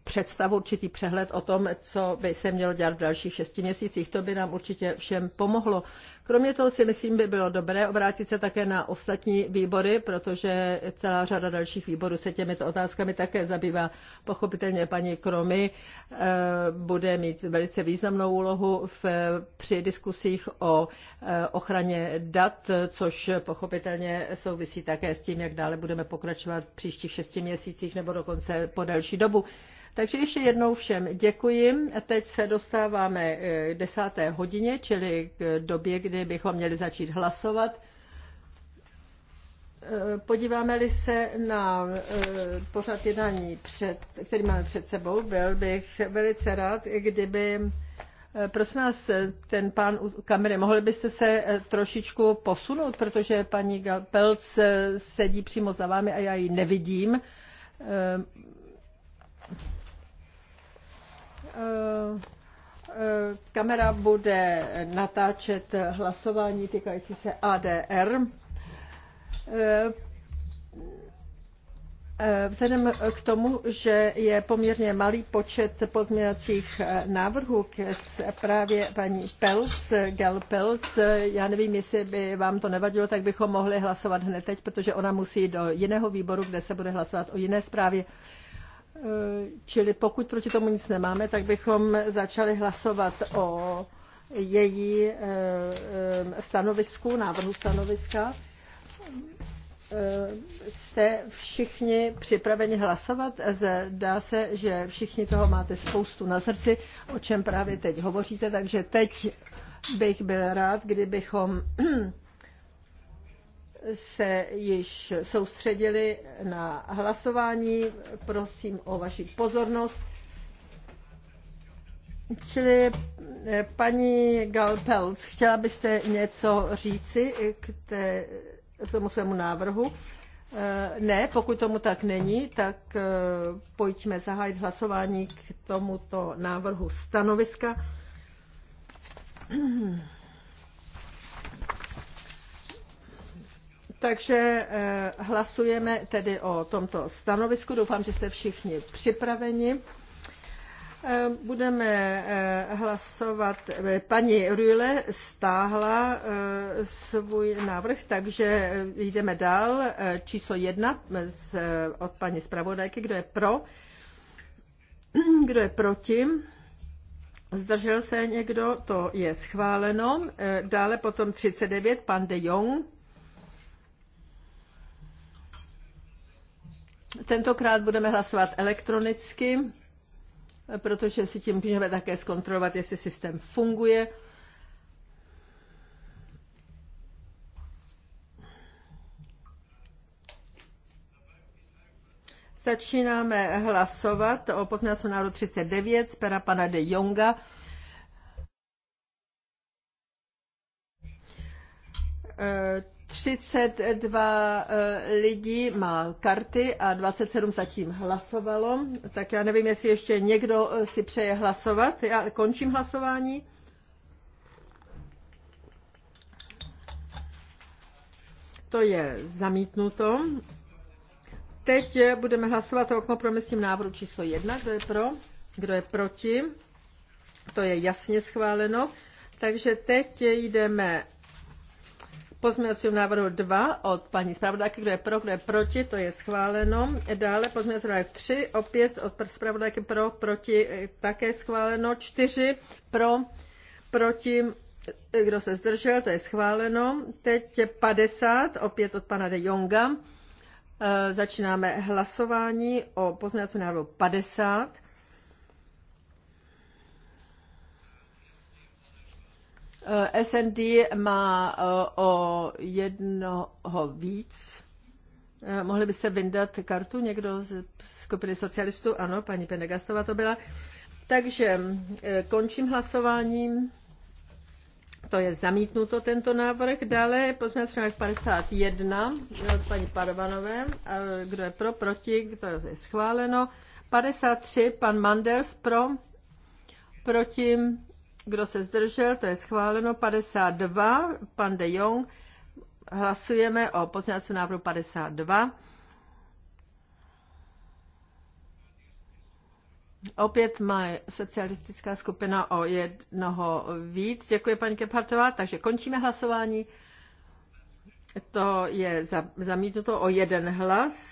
představu, určitý přehled o tom, co by se mělo dělat v dalších šesti měsících. To by nám určitě všem pomohlo. Kromě toho si myslím, by bylo dobré obrátit se také na ostatní výbory, protože celá řada dalších výborů se těmito otázkami také zabývá. Pochopitelně paní Kromy eh, bude mít velice významnou úlohu v, při diskusích o eh, ochraně dat, což pochopitelně souvisí také s tím, jak dále budeme pokračovat v příštích šesti měsících nebo dokonce po další dobu. Takže ještě jednou všem děkuji. Teď se dostáváme k desáté hodině, čili k době, kdy bychom měli začít hlasovat. Podíváme-li se na eh, pořad jednání, před, který máme před sebou, byl bych velice rád, kdyby eh, Prosím vás, ten pán u kamery, mohli byste se eh, trošičku posunout, protože paní Galpelc sedí přímo za vámi a já ji nevidím. Eh, eh, kamera bude natáčet hlasování týkající se ADR. Eh, vzhledem k tomu, že je poměrně malý počet pozměňovacích návrhů k právě paní Pels, Gal Pels, já nevím, jestli by vám to nevadilo, tak bychom mohli hlasovat hned teď, protože ona musí do jiného výboru, kde se bude hlasovat o jiné zprávě. Eh, čili pokud proti tomu nic nemáme, tak bychom začali hlasovat o její eh, eh, stanovisku, návrhu stanoviska. Jste všichni připraveni hlasovat? Zdá se, že všichni toho máte spoustu na srdci, o čem právě teď hovoříte, takže teď bych byl rád, kdybychom se již soustředili na hlasování. Prosím o vaši pozornost. Čili eh, paní Galpels, chtěla byste něco říci k, té, k tomu svému návrhu? Eh, ne, pokud tomu tak není, tak eh, pojďme zahájit hlasování k tomuto návrhu stanoviska. Takže eh, hlasujeme tedy o tomto stanovisku. Doufám, že jste všichni připraveni. Eh, budeme eh, hlasovat. Paní Rühle stáhla svůj návrh, takže jdeme dál. Číslo jedna z, od paní zpravodajky. Kdo je pro? Kdo je proti? Zdržel se někdo? To je schváleno. Dále potom 39, pan de Jong. Tentokrát budeme hlasovat elektronicky, protože si tím můžeme také zkontrolovat, jestli systém funguje. Začínáme hlasovat o pozměňovacím návrhu 39 z pera pana de Jonga. 32 eh, lidí má karty a 27 zatím hlasovalo, tak já nevím, jestli ještě někdo eh, si přeje hlasovat. Já končím hlasování. To je zamítnuto. Teď budeme hlasovat o kompromisním návrhu číslo 1. Kdo je pro? Kdo je proti? To je jasně schváleno. Takže teď jdeme pozměňovacího návrhu 2 od paní zpravodajky, kdo je pro, kdo je proti, to je schváleno. Dále pozměňovací návrh 3, opět od zpravodajky pro, proti, eh, také schváleno. 4 pro, proti, eh, kdo se zdržel, to je schváleno. Teď je 50, opět od pana de Jonga. E, začínáme hlasování o pozměňovacím návrhu 50. Eh, SND má eh, o jednoho víc. Eh, mohli byste vyndat kartu někdo z skupiny socialistů? Ano, paní Penegastová to byla. Takže končím hlasováním. To je zamítnuto tento návrh. Dále pozměnací návrh 51 od paní Parvanové. Kdo je pro, proti, kdo je schváleno. 53, pan Manders pro, proti, kdo se zdržel, to je schváleno. 52, pan de Jong. Hlasujeme o pozměňovacím návrhu 52. Opět má socialistická skupina o jednoho víc. Děkuji, paní Kephartová. Takže končíme hlasování. To je zamítnuto o jeden hlas.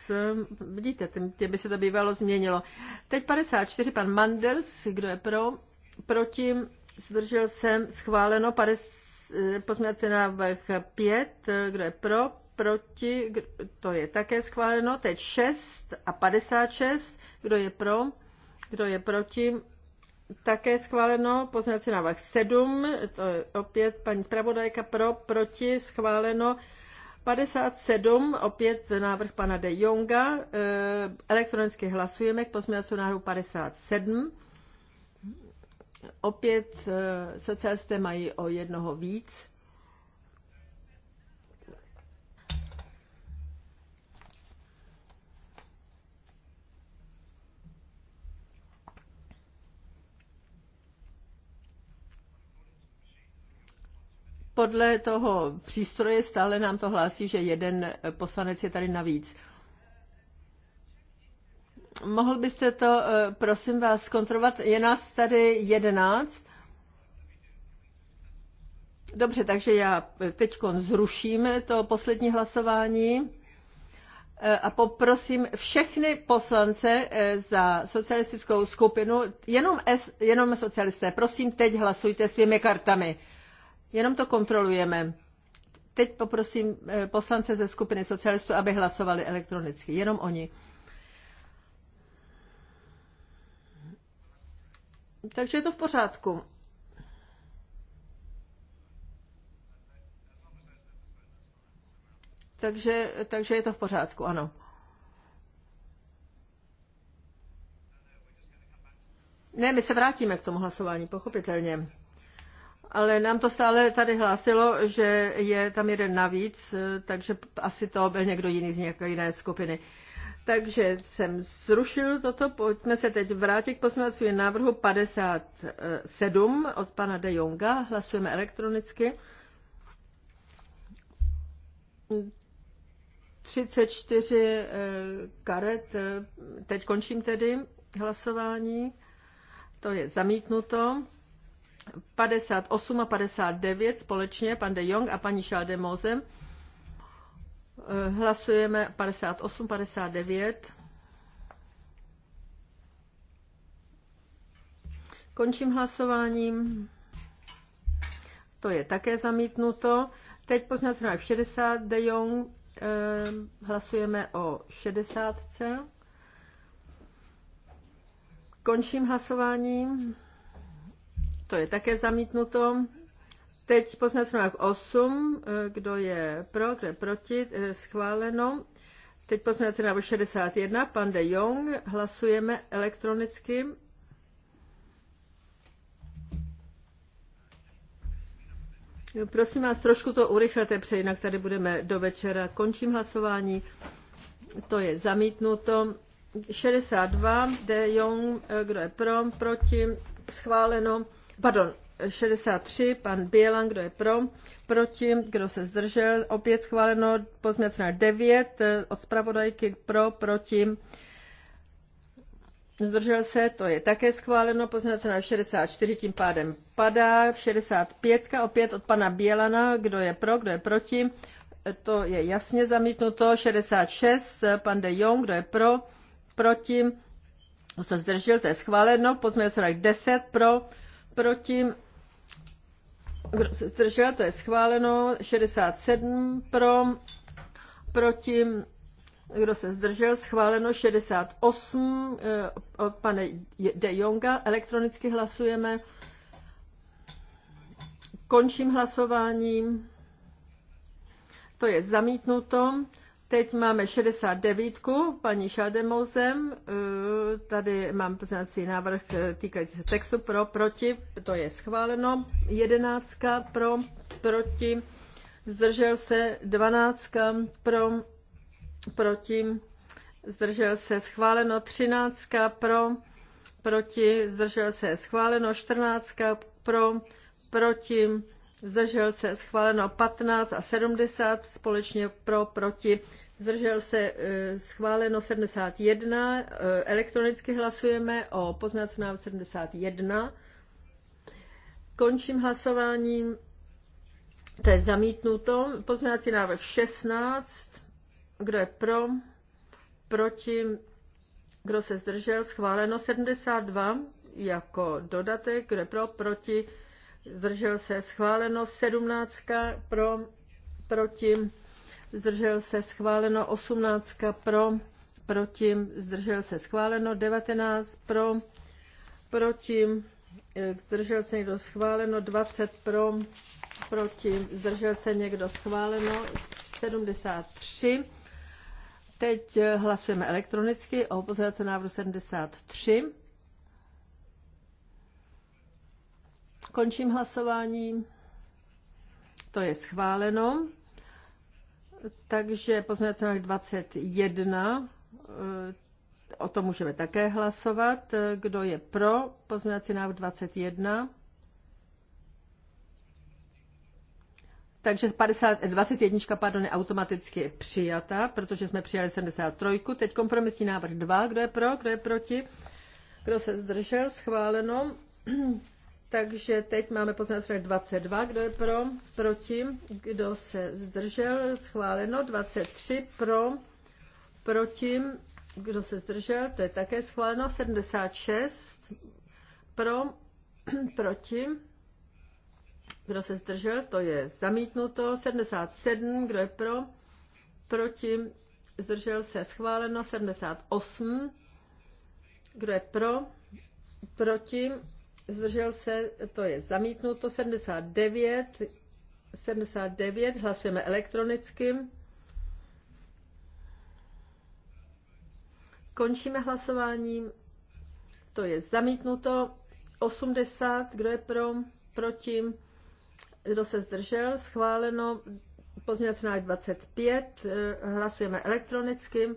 Vidíte, tím by se to bývalo změnilo. Teď 54, pan Manders, kdo je pro, proti, zdržel jsem, schváleno, 50, eh, pozměňovací návrh 5, eh, kdo je pro, proti, to je také schváleno, teď 6 a 56, kdo je pro, kdo je proti, také schváleno, pozměňovací návrh 7, to je opět paní zpravodajka pro, proti, schváleno, 57, opět návrh pana De Jonga, eh, elektronicky hlasujeme k pozměňovacímu návrhu 57. Opět eh, socialisté mají o jednoho víc. podle toho přístroje stále nám to hlásí, že jeden poslanec je tady navíc mohl byste to, eh, prosím vás, kontrolovat? Je nás tady jedenáct. Dobře, takže já eh, teď zruším to poslední hlasování eh, a poprosím všechny poslance za socialistickou skupinu, jenom, S, jenom socialisté, prosím, teď hlasujte svými kartami. Jenom to kontrolujeme. Teď poprosím poslance ze skupiny socialistů, aby hlasovali elektronicky. Jenom oni. Takže je to v pořádku. Takže, takže je to v pořádku, ano. Ne, my se vrátíme k tomu hlasování, pochopitelně. Ale nám to stále tady hlásilo, že je tam jeden navíc, takže asi to byl někdo jiný z nějaké jiné skupiny. Takže jsem zrušil toto, pojďme se teď vrátit k poslanectví návrhu 57 od pana De Jonga, hlasujeme elektronicky. 34 eh, karet, eh, teď končím tedy hlasování, to je zamítnuto. 58 a 59 společně, pan De Jong a paní Šaldemozem. Mozem Eh, hlasujeme 58, 59. Končím hlasováním. To je také zamítnuto. Teď poznací návrh 60, De Jong. Eh, hlasujeme o 60. Končím hlasováním. To je také zamítnuto. Teď poznáte návrh 8, kdo je pro, kdo je proti, eh, schváleno. Teď poznáte návrh 61, pan de Jong, hlasujeme elektronicky. Prosím vás, trošku to urychlete, protože jinak tady budeme do večera. Končím hlasování. To je zamítnuto. 62, De Jong, eh, kdo je pro, proti, schváleno. Pardon, 63, pan Bělan, kdo je pro, proti, kdo se zdržel, opět schváleno, pozměnec na 9, od zpravodajky pro, proti, zdržel se, to je také schváleno, pozměnec na 64, tím pádem padá, 65, opět od pana Bělana, kdo je pro, kdo je proti, eh, to je jasně zamítnuto, 66, eh, pan de Jong, kdo je pro, proti, kdo se zdržel, to je schváleno, pozměnec na 10, pro, proti, zdržel, to je schváleno. 67 pro, proti, kdo se zdržel, schváleno 68 eh, od pane De Jonga. Elektronicky hlasujeme. Končím hlasováním. To je zamítnuto. Teď máme 69, paní Šaldemouzem. Eh, tady mám poznací návrh eh, týkající se textu pro, proti, to je schváleno. 11 pro, proti, zdržel se 12 pro, proti, zdržel se schváleno 13 pro, proti, zdržel se schváleno 14 pro, proti, zdržel se, schváleno 15 a 70, společně pro, proti, zdržel se, eh, schváleno 71, eh, elektronicky hlasujeme o poznacím návrhu 71. Končím hlasováním, to je zamítnuto, poznací návrh 16, kdo je pro, proti, kdo se zdržel, schváleno 72 jako dodatek, kdo je pro, proti, zdržel se schváleno 17 pro, proti, zdržel se schváleno 18 pro, proti, zdržel se schváleno 19 eh, pro, proti, zdržel se někdo schváleno 20 pro, proti, zdržel se někdo schváleno 73. Teď eh, hlasujeme elektronicky o pozorace návrhu 73. Končím hlasování. To je schváleno. Takže pozměňovací návrh 21, eh, o tom můžeme také hlasovat. Kdo je pro pozměňovací návrh 21? Takže 50, 21 pardon, je automaticky přijata, protože jsme přijali 73. Teď kompromisní návrh 2. Kdo je pro, kdo je proti? Kdo se zdržel? Schváleno. Takže teď máme poznat 22, kdo je pro, proti, kdo se zdržel, schváleno, 23 pro, proti, kdo se zdržel, to je také schváleno, 76 pro, proti, kdo se zdržel, to je zamítnuto, 77, kdo je pro, proti, zdržel se, schváleno, 78, kdo je pro, proti, zdržel se, to je zamítnuto, 79, 79, hlasujeme elektronicky. Končíme hlasováním, to je zamítnuto, 80, kdo je pro, proti, kdo se zdržel, schváleno, pozměnací 25, eh, hlasujeme elektronicky.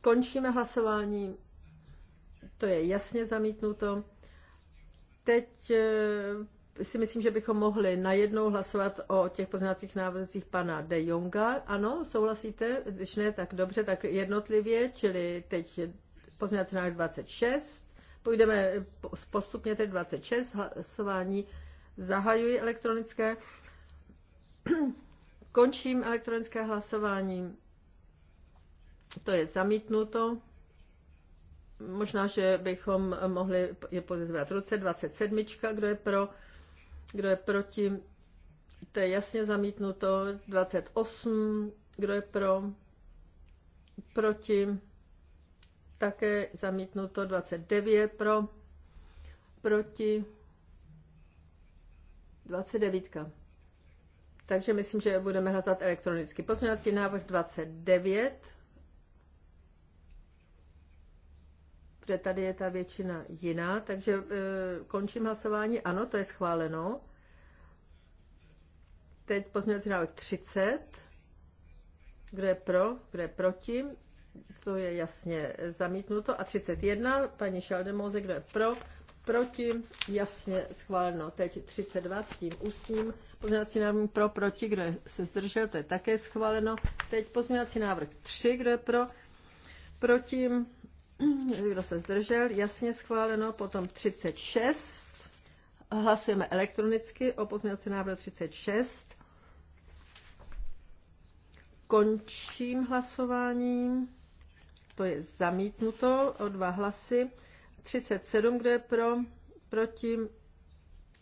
Končíme hlasování to je jasně zamítnuto. Teď eh, si myslím, že bychom mohli najednou hlasovat o těch poznacích návrzích pana De Jonga. Ano, souhlasíte? Když ne, tak dobře, tak jednotlivě, čili teď poznací návrh 26. Půjdeme postupně teď 26, hlasování zahajuji elektronické. Končím elektronické hlasování. To je zamítnuto. Možná, že bychom mohli je pozvat ruce 27. Kdo je pro? Kdo je proti? To je jasně zamítnuto. 28. Kdo je pro? Proti? Také zamítnuto. 29 pro? Proti? 29. Takže myslím, že budeme hlasovat elektronicky. Pozměňovací návrh 29. protože tady je ta většina jiná, takže e, končím hlasování. Ano, to je schváleno. Teď pozměňovací návrh 30. Kdo je pro, kdo je proti? To je jasně zamítnuto. A 31, paní Šaldemoze, kdo je pro, proti, jasně schváleno. Teď 32 s tím ústním. Pozměňovací návrh pro, proti, kdo je, se zdržel, to je také schváleno. Teď pozměňovací návrh 3, kdo je pro, proti, kdo se zdržel, jasně schváleno, potom 36, hlasujeme elektronicky o pozměňovací návrhu 36, končím hlasováním, to je zamítnuto o dva hlasy, 37, kdo je pro, proti,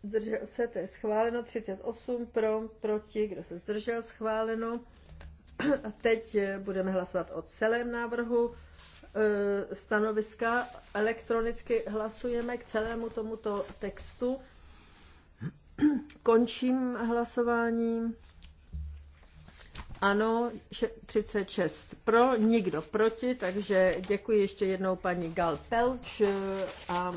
zdržel se, to je schváleno, 38 pro, proti, kdo se zdržel, schváleno. A teď eh, budeme hlasovat o celém návrhu Eh, stanoviska. Elektronicky hlasujeme k celému tomuto textu. Končím hlasování. Ano, 36 pro, nikdo proti, takže děkuji ještě jednou paní Gal Pelč eh, a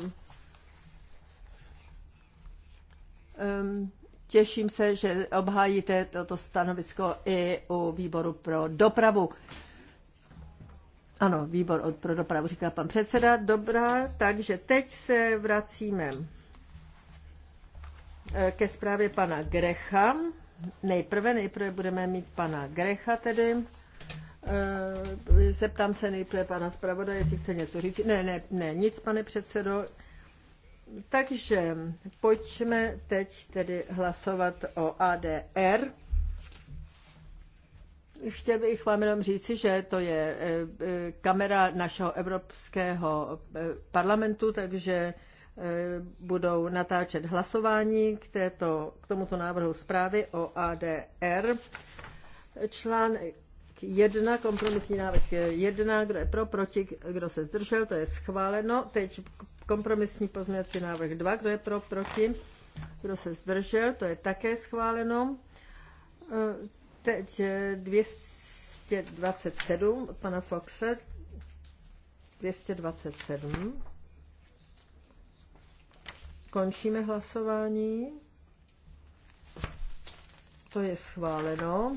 těším se, že obhájíte toto stanovisko i u výboru pro dopravu. Ano, výbor pro dopravu, říká pan předseda. Dobrá, takže teď se vracíme eh, ke zprávě pana Grecha. Nejprve, nejprve budeme mít pana Grecha tedy. Eh, zeptám se nejprve pana zpravodaje, jestli chce něco říct. Ne, ne, ne, nic, pane předsedo. Takže pojďme teď tedy hlasovat o ADR. Chtěl bych vám jenom říci, že to je eh, eh, kamera našeho Evropského eh, parlamentu, takže budou natáčet hlasování k, této, k tomuto návrhu zprávy o ADR. Článek 1, kompromisní návrh 1, kdo je pro, proti, kdo se zdržel, to je schváleno. Teď kompromisní pozměňovací návrh 2, kdo je pro, proti, kdo se zdržel, to je také schváleno. Teď 227 eh, od pana Foxe. 227. Končíme hlasování. To je schváleno.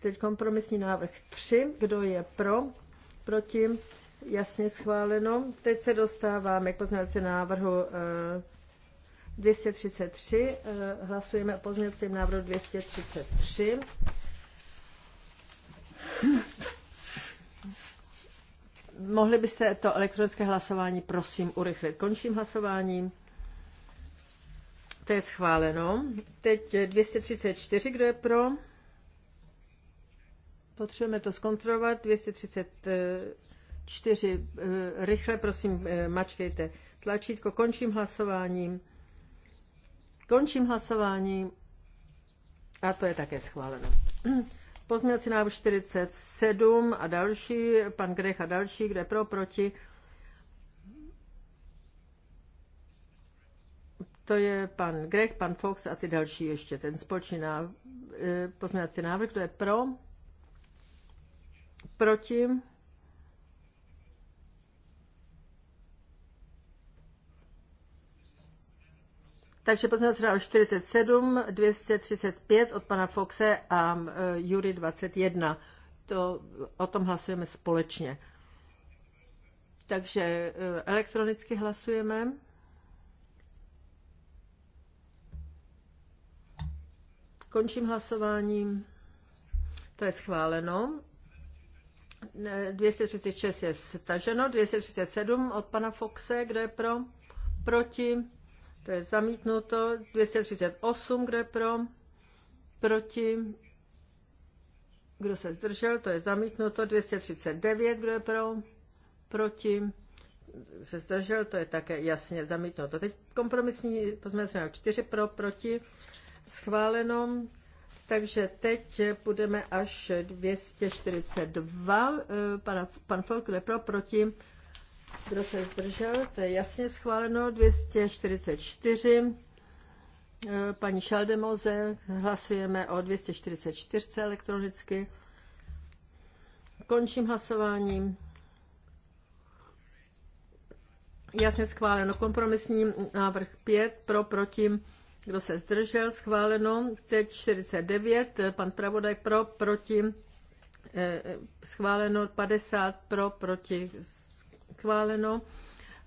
Teď kompromisní návrh 3. Kdo je pro? Proti? Jasně schváleno. Teď se dostáváme k pozměňovacímu návrhu 233. Eh, eh, hlasujeme o pozměňovacím návrhu 233. Mohli byste to elektronické hlasování prosím urychlit. Končím hlasování. To je schváleno. Teď 234, kdo je pro? Potřebujeme to zkontrolovat. 234. Eh, rychle, prosím, eh, mačkejte tlačítko. Končím hlasování. Končím hlasování. A to je také schváleno. Pozměňovací návrh 47 a další, pan Grech a další, kde pro, proti. To je pan Grech, pan Fox a ty další ještě, ten společný eh, pozměňovací návrh, kdo je pro, proti. Takže poznávací návrh 47, 235 od pana Foxe a e, Jury 21. To, o tom hlasujeme společně. Takže e, elektronicky hlasujeme. Končím hlasováním. To je schváleno. 236 je staženo, 237 od pana Foxe, kdo je pro, proti, to je zamítnuto. 238, kdo je pro? Proti? Kdo se zdržel? To je zamítnuto. 239, kdo je pro? Proti? se zdržel, to je také jasně zamítnuto. Teď kompromisní pozměnací 4 pro, proti, schváleno. Takže teď budeme až 242, eh, pana, pan je pro, proti, kdo se zdržel? To je jasně schváleno. 244. Eh, paní Šaldemoze, hlasujeme o 244 elektronicky. Končím hlasováním. Jasně schváleno. Kompromisní návrh 5 pro, proti. Kdo se zdržel? Schváleno. Teď 49. Eh, pan Pravodaj pro, proti. Eh, schváleno 50 pro, proti schváleno.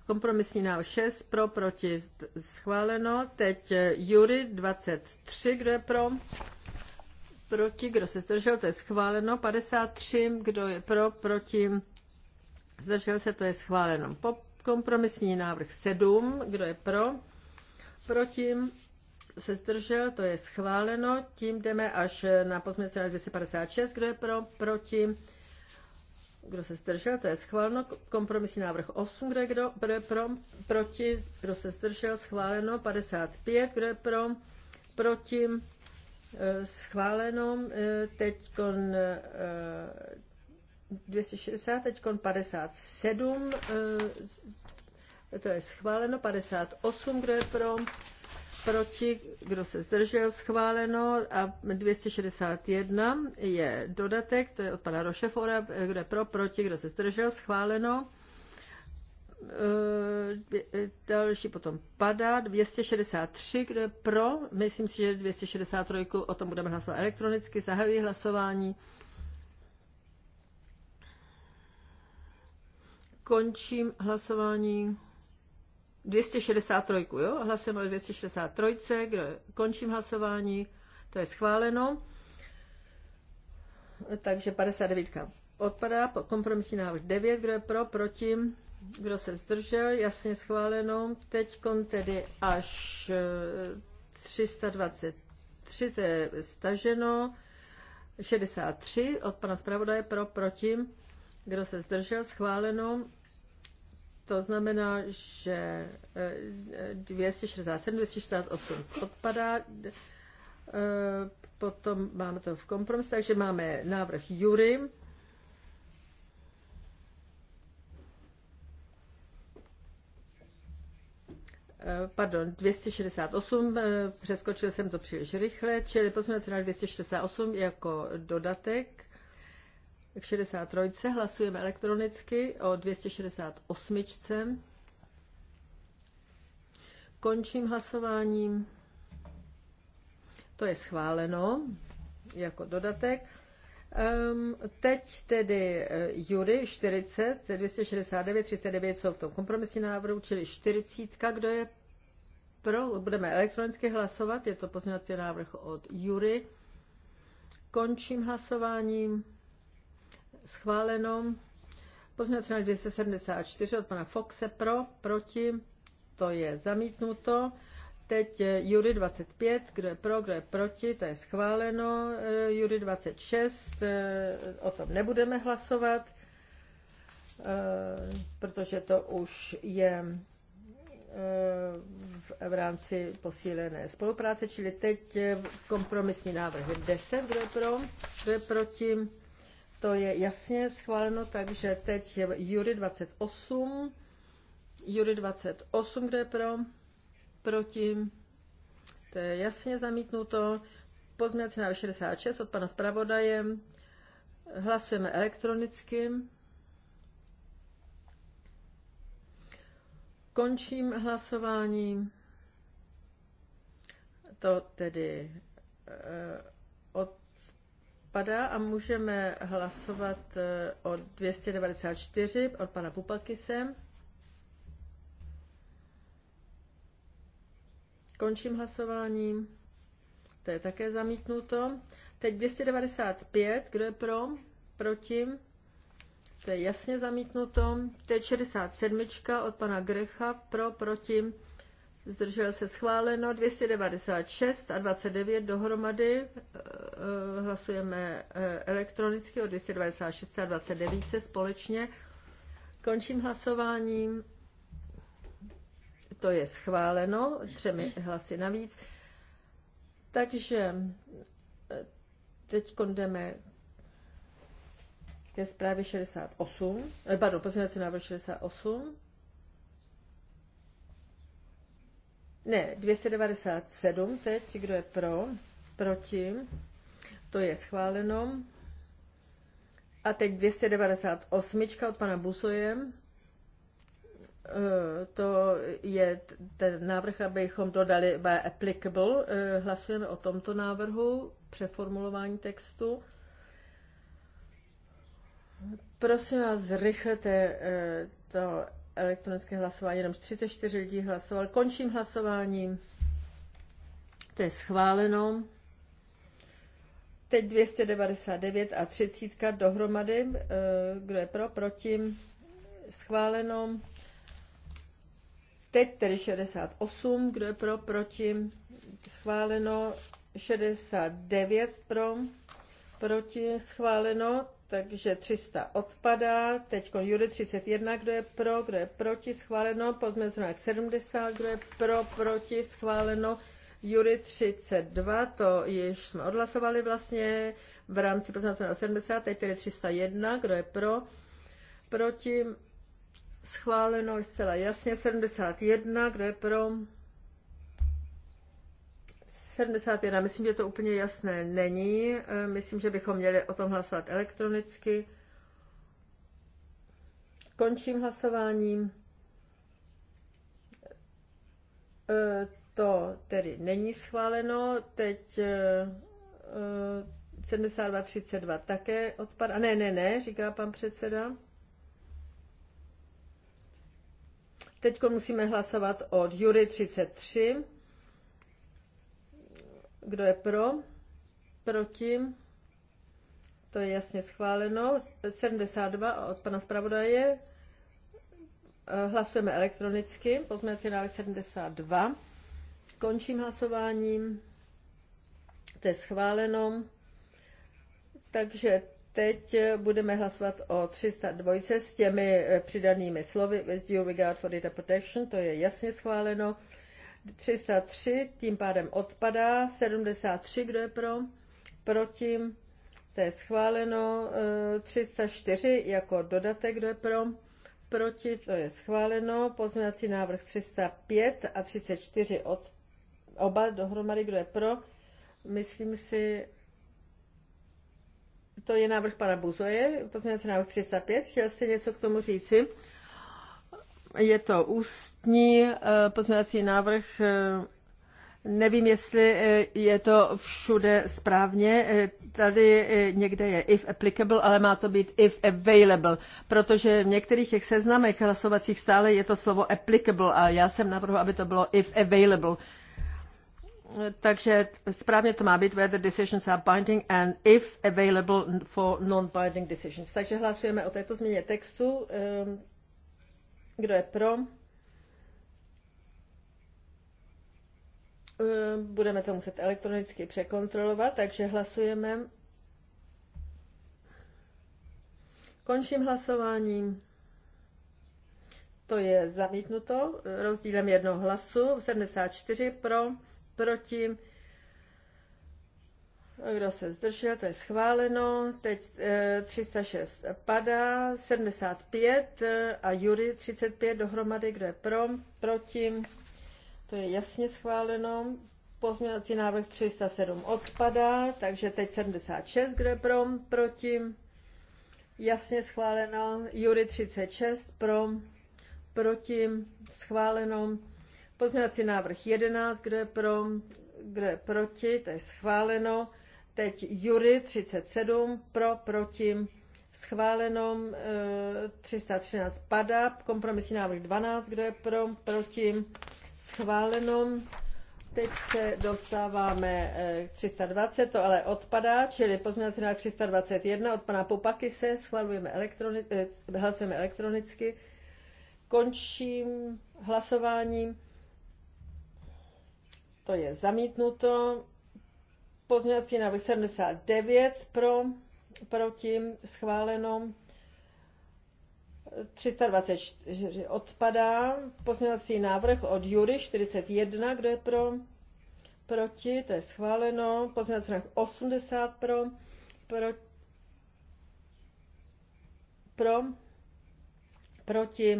Kompromisní návrh 6 pro, proti schváleno. Teď eh, Jury 23, kdo je pro? Proti, kdo se zdržel, to je schváleno. 53, kdo je pro, proti, zdržel se, to je schváleno. Po kompromisní návrh 7, kdo je pro? Proti, se zdržel, to je schváleno. Tím jdeme až na pozměnce 256, kdo je pro, proti, kdo se zdržel, to je schváleno. Kompromisní návrh 8, kdo je, kdo, kdo je pro, proti, kdo se zdržel, schváleno. 55, kdo je pro, proti, eh, schváleno. Teď 260, teď 57, to je schváleno. 58, kdo je pro, proti, kdo se zdržel, schváleno a 261 je dodatek, to je od pana Rošefora, kdo je pro, proti, kdo se zdržel, schváleno. E, e, další potom padá, 263, kdo je pro, myslím si, že 263, o tom budeme hlasovat elektronicky, zahajují hlasování. Končím hlasování. 263, jo? Hlasujeme o 263, kdo končím hlasování, to je schváleno. Takže 59 odpadá, kompromisní návrh 9, kdo je pro, proti, kdo se zdržel, jasně schváleno. Teď tedy až 323, eh, to je staženo. 63 od pana zpravodaje pro, proti, kdo se zdržel, schváleno. To znamená, že 267, eh, 268 odpadá. Eh, potom máme to v kompromis, takže máme návrh Jury. Eh, pardon, 268, přeskočil jsem to příliš rychle, čili pozměňovací na 268 jako dodatek v 63. Hlasujeme elektronicky o 268. Končím hlasováním. To je schváleno jako dodatek. Um, teď tedy eh, Jury 40, 269, 39 jsou v tom kompromisní návrhu, čili 40, kdo je pro, budeme elektronicky hlasovat, je to pozměňovací návrh od Jury. Končím hlasováním schváleno. Pozměňovací 274 od pana Foxe pro, proti, to je zamítnuto. Teď eh, Jury 25, kdo je pro, kdo je proti, to je schváleno. Eh, Jury 26, eh, o tom nebudeme hlasovat, protože to už je v rámci posílené spolupráce, čili teď kompromisní návrh 10, kdo je pro, kdo je proti, to je jasně schváleno, takže teď je Jury 28. Jury 28, kde je pro? Proti? To je jasně zamítnuto. Pozměňovací návrh 66 od pana zpravodaje. Hlasujeme elektronicky. Končím hlasování. To tedy e, od padá a můžeme hlasovat eh, o 294 od pana Pupakise. Končím hlasování. To je také zamítnuto. Teď 295, kdo je pro? Proti? To je jasně zamítnuto. Teď 67 od pana Grecha, pro, proti? zdržel se schváleno 296 a 29 dohromady. Eh, eh, hlasujeme eh, elektronicky o 296 a 29 se společně. Končím hlasováním. To je schváleno třemi hlasy navíc. Takže teď jdeme ke zprávě 68, pardon, pozměňovací návrh 68. ne, 297 teď, kdo je pro, proti, to je schváleno. A teď 298 od pana Busoje. Eh, to je ten návrh, abychom dodali by applicable. Eh, hlasujeme o tomto návrhu, přeformulování textu. Prosím vás, zrychlete eh, to elektronické hlasování, jenom 34 lidí hlasoval. Končím hlasování. To je schváleno. Teď 299 a 30 dohromady. Eh, kdo je pro, proti? Schváleno. Teď tedy 68, kdo je pro, proti? Schváleno. 69 pro, proti? Schváleno takže 300 odpadá, teď Jury 31, kdo je pro, kdo je proti, schváleno, pozměnit 70, kdo je pro, proti, schváleno, Jury 32, to již jsme odhlasovali vlastně v rámci pozměnit 70, teď tedy 301, kdo je pro, proti, schváleno zcela jasně, 71, kdo je pro, 71, myslím, že to úplně jasné není. E, myslím, že bychom měli o tom hlasovat elektronicky. Končím hlasováním. E, to tedy není schváleno. Teď 7232 e, také odpadá. Ne, ne, ne, říká pan předseda. Teď musíme hlasovat od Jury 33. Kdo je pro? Proti? To je jasně schváleno. 72 od pana zpravodaje. Eh, hlasujeme elektronicky. Pozměňovací návrh 72. Končím hlasováním. To je schváleno. Takže teď budeme hlasovat o 302 s těmi eh, přidanými slovy with due regard for data protection. To je jasně schváleno. 303 tím pádem odpadá. 73, kdo je pro? Proti? To je schváleno. 304 e, jako dodatek, kdo je pro? Proti? To je schváleno. Pozměňovací návrh 305 a 34 od oba dohromady, kdo je pro? Myslím si, to je návrh pana Buzoje, pozměňovací návrh 305. Chtěl jste něco k tomu říci? Je to ústní eh, pozměňovací návrh. Eh, nevím, jestli eh, je to všude správně. Tady někde je if applicable, ale má to být if available, protože v některých těch seznamech hlasovacích stále je to slovo applicable a já jsem navrhu, aby to bylo if available. Takže správně to má být whether decisions are binding and if available for non-binding decisions. Takže hlasujeme o této změně textu. Ehm, kdo je pro? Eh, budeme to muset elektronicky překontrolovat, takže hlasujeme. Končím hlasováním. To je zamítnuto rozdílem jednoho hlasu. 74 pro, proti kdo se zdržel, to je schváleno. Teď 306 eh, padá, 75 eh, a Jury 35 dohromady, kdo je pro, proti. To je jasně schváleno. Pozměňovací návrh 307 odpadá, takže teď 76, kdo je pro, proti. Jasně schváleno. Jury 36 pro, proti, schváleno. Pozměňovací návrh 11, kdo je pro, kdo je proti, to je schváleno. Teď Jury 37 pro, proti, schváleno 313 eh, padá, kompromisní návrh 12, kdo je pro, proti, schváleno. Teď se dostáváme eh, k 320, to ale odpadá, čili pozměňovací návrh 321 od pana Popaky se schvalujeme elektroni- eh, hlasujeme elektronicky. Končím hlasování. To je zamítnuto. Pozměňovací návrh 79 pro, proti, schváleno. 324 odpadá. Pozměňovací návrh od Jury 41, kdo je pro? Proti, to je schváleno. Pozměňovací návrh 80 pro, pro, pro, proti,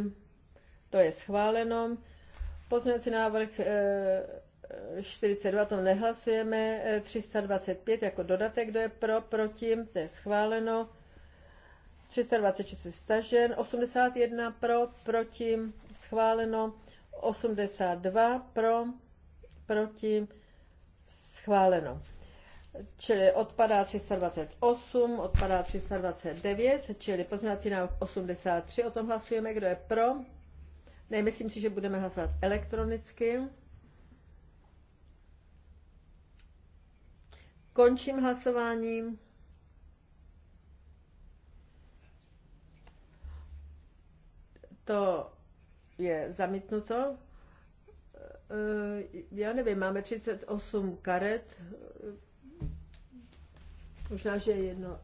to je schváleno. Pozměňovací návrh eh, 42 to nehlasujeme, 325 eh, jako dodatek, kdo je pro, proti, to je schváleno. 326 je stažen, 81 pro, proti, schváleno. 82 pro, proti, schváleno. Čili odpadá 328, odpadá 329, čili pozměňovací návrh 83, o tom hlasujeme, kdo je pro. myslím si, že budeme hlasovat elektronicky. Končím hlasováním. To je zamítnuto. Eh, já nevím, máme 38 karet. Možná, že jedno.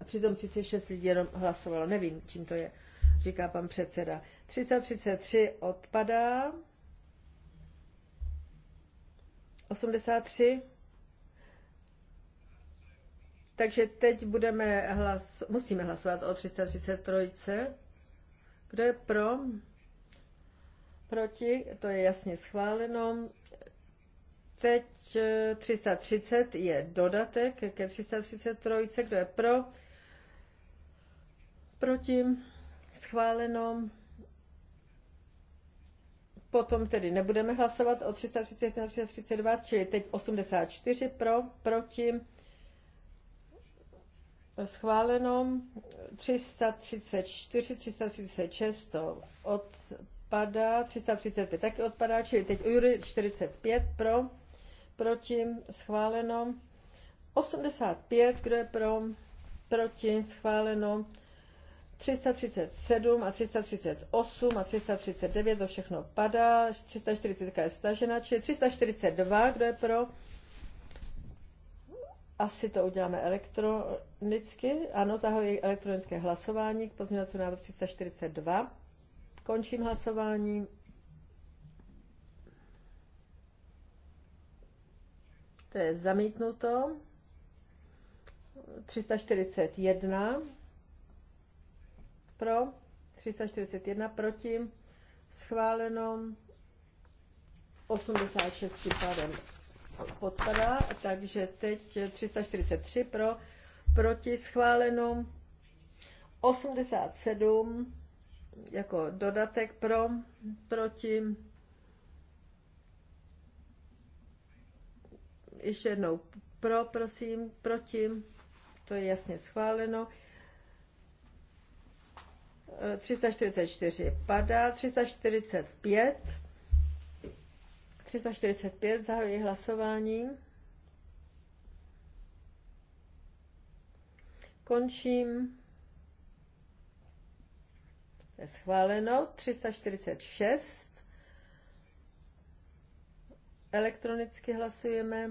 A přitom 36 lidí jenom hlasovalo. Nevím, čím to je, říká pan předseda. 333 odpadá. 83. Takže teď budeme hlas, musíme hlasovat o 333. Kdo je pro? Proti? To je jasně schváleno. Teď 330 eh, je dodatek ke 333. Kdo je pro? Proti? Schváleno. Potom tedy nebudeme hlasovat o 330 a 332, čili teď 84 pro, proti schváleno 334, 336 to odpadá, 335 taky odpadá, čili teď u Jury 45 pro, proti, schváleno 85, kdo je pro, proti, schváleno 337 a 338 a 339, to všechno padá, 340 je stažena, čili 342, kdo je pro, asi to uděláme elektro, elektronicky. Ano, zahajuji elektronické hlasování k pozměňovacímu návrhu 342. Končím hlasování. To je zamítnuto. 341 pro, 341 proti, schváleno 86 případem podpadá, takže teď 343 pro, proti schváleno, 87 jako dodatek pro, proti, ještě jednou pro, prosím, proti, to je jasně schváleno. 344 padá, 345, 345 zahajuji hlasování. končím. Je schváleno 346. Elektronicky hlasujeme.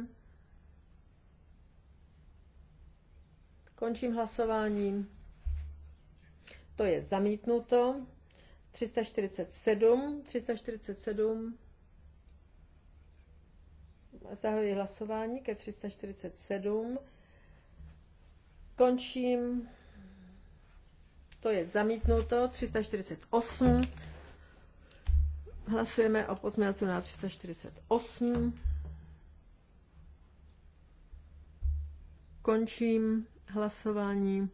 Končím hlasování. To je zamítnuto. 347. 347. Zahajuji hlasování ke 347. Končím. To je zamítnuto. 348. Hlasujeme o pozměňovacím návrhu 348. Končím hlasování.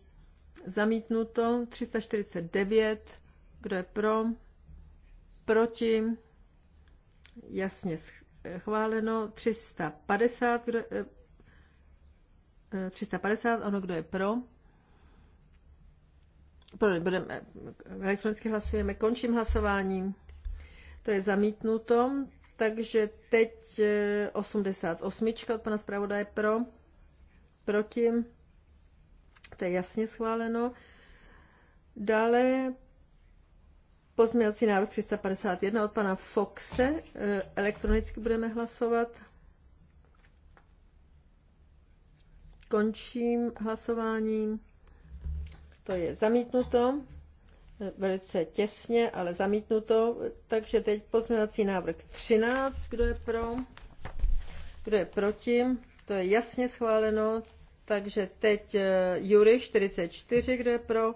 Zamítnuto 349. Kdo je pro? Proti? Jasně schváleno. Eh, 350. Kdo je eh, 350, Ano, kdo je pro. Pro, budeme, elektronicky hlasujeme, končím hlasováním. To je zamítnuto, takže teď 88 eh, od pana zpravodaje pro, proti, to je jasně schváleno. Dále pozměňovací návrh 351 od pana Foxe, eh, elektronicky budeme hlasovat. Končím hlasování. To je zamítnuto. Velice těsně, ale zamítnuto. Takže teď pozměňovací návrh 13. Kdo je pro? Kdo je proti? To je jasně schváleno. Takže teď eh, Jury 44. Kdo je pro?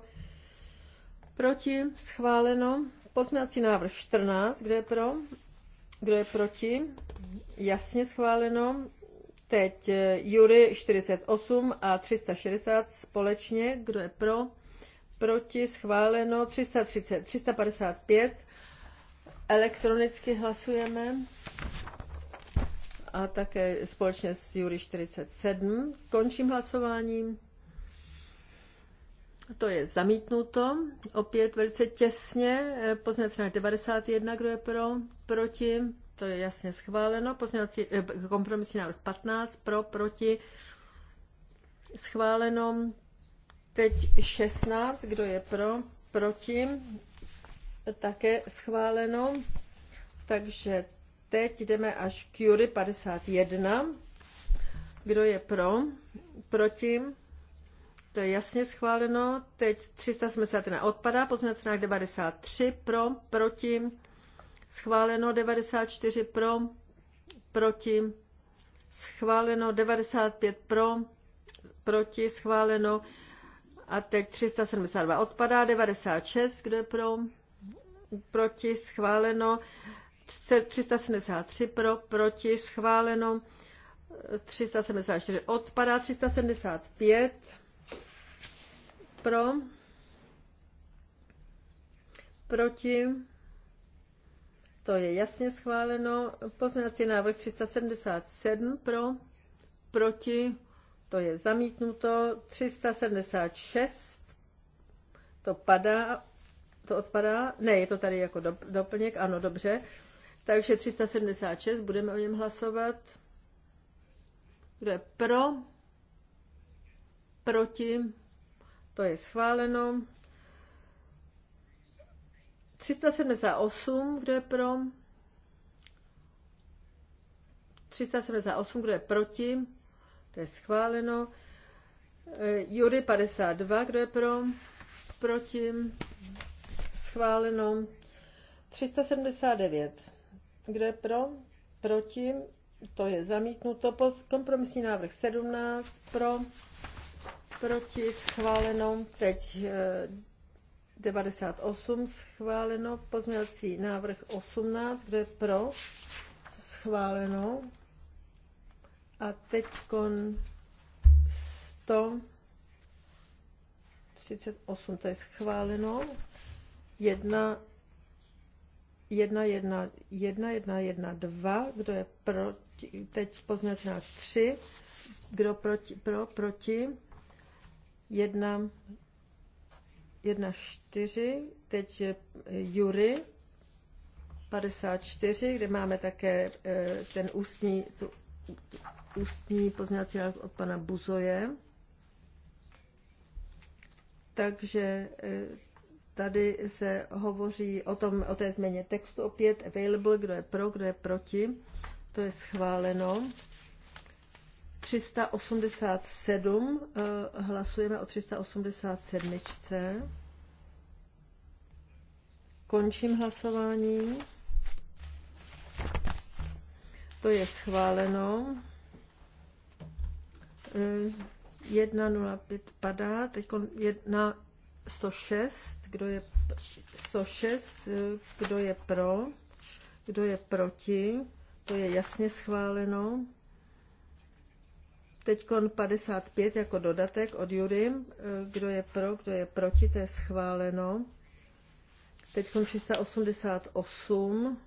Proti? Schváleno. Pozměňovací návrh 14. Kdo je pro? Kdo je proti? Jasně schváleno. Teď eh, Jury 48 a 360 společně. Kdo je pro? Proti schváleno 330, 355. Elektronicky hlasujeme. A také společně s Jury 47. Končím hlasováním. To je zamítnuto. Opět velice těsně. Eh, Poznat 91, kdo je pro? Proti? to je jasně schváleno. Pozměňovací, eh, kompromisní návrh 15 pro, proti, schváleno. Teď 16, kdo je pro, proti, také schváleno. Takže teď jdeme až k Jury 51. Kdo je pro, proti, to je jasně schváleno. Teď 371 odpadá, pozměňovací návrh 93 pro, proti, schváleno 94 pro, proti, schváleno 95 pro, proti, schváleno a teď 372 odpadá, 96, kdo je pro, proti, schváleno, 373 pro, proti, schváleno, 374 odpadá, 375 pro, proti, to je jasně schváleno. Poznací návrh 377 pro, proti, to je zamítnuto. 376, to padá, to odpadá. Ne, je to tady jako doplněk, ano, dobře. Takže 376, budeme o něm hlasovat. Kdo je pro? Proti? To je schváleno. 378, kdo je pro? 378, kdo je proti? To je schváleno. E, Jury 52, kdo je pro? Proti? Schváleno. 379, kdo je pro? Proti? To je zamítnuto. Kompromisní návrh 17, pro? Proti? Schváleno. Teď e, 98 schváleno, pozměňovací návrh 18, kde pro schváleno. A teď kon 138, to je schváleno. 1, 1, 1, 1, 1, 1, 2, kdo je proti, teď pozměňovací návrh 3, kdo proti, pro, proti, 1, 1, 4, teď je eh, Jury 54, kde máme také eh, ten ústní, tu, ústní pozměňovací návrh od pana Buzoje. Takže eh, tady se hovoří o, tom, o té změně textu opět available, kdo je pro, kdo je proti. To je schváleno. 387, eh, hlasujeme o 387. Končím hlasování. To je schváleno. 105 eh, padá, teď 1 106, kdo je 106, eh, kdo je pro, kdo je proti, to je jasně schváleno. Teď 55 jako dodatek od Jury. E, kdo je pro, kdo je proti, to je schváleno. Teď 388.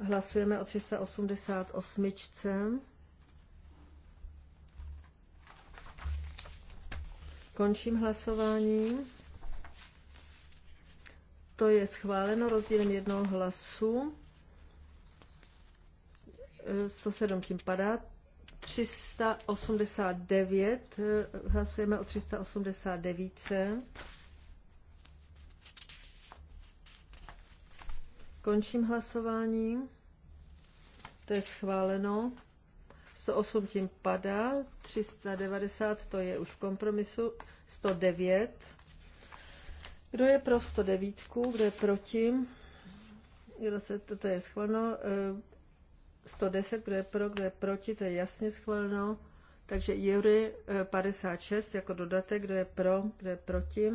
Hlasujeme o 388. Končím hlasování. To je schváleno rozdílem jednoho hlasu. 107 e, tím padá. 389, eh, hlasujeme o 389. Končím hlasování. To je schváleno. 108 tím padá, 390 to je už v kompromisu, 109. Kdo je pro 109, kdo je proti? Kdo se, to, to je schváleno. Eh, 110, kdo je pro, kdo je proti, to je jasně schváleno. Takže Jury 56 jako dodatek, kdo je pro, kdo je proti.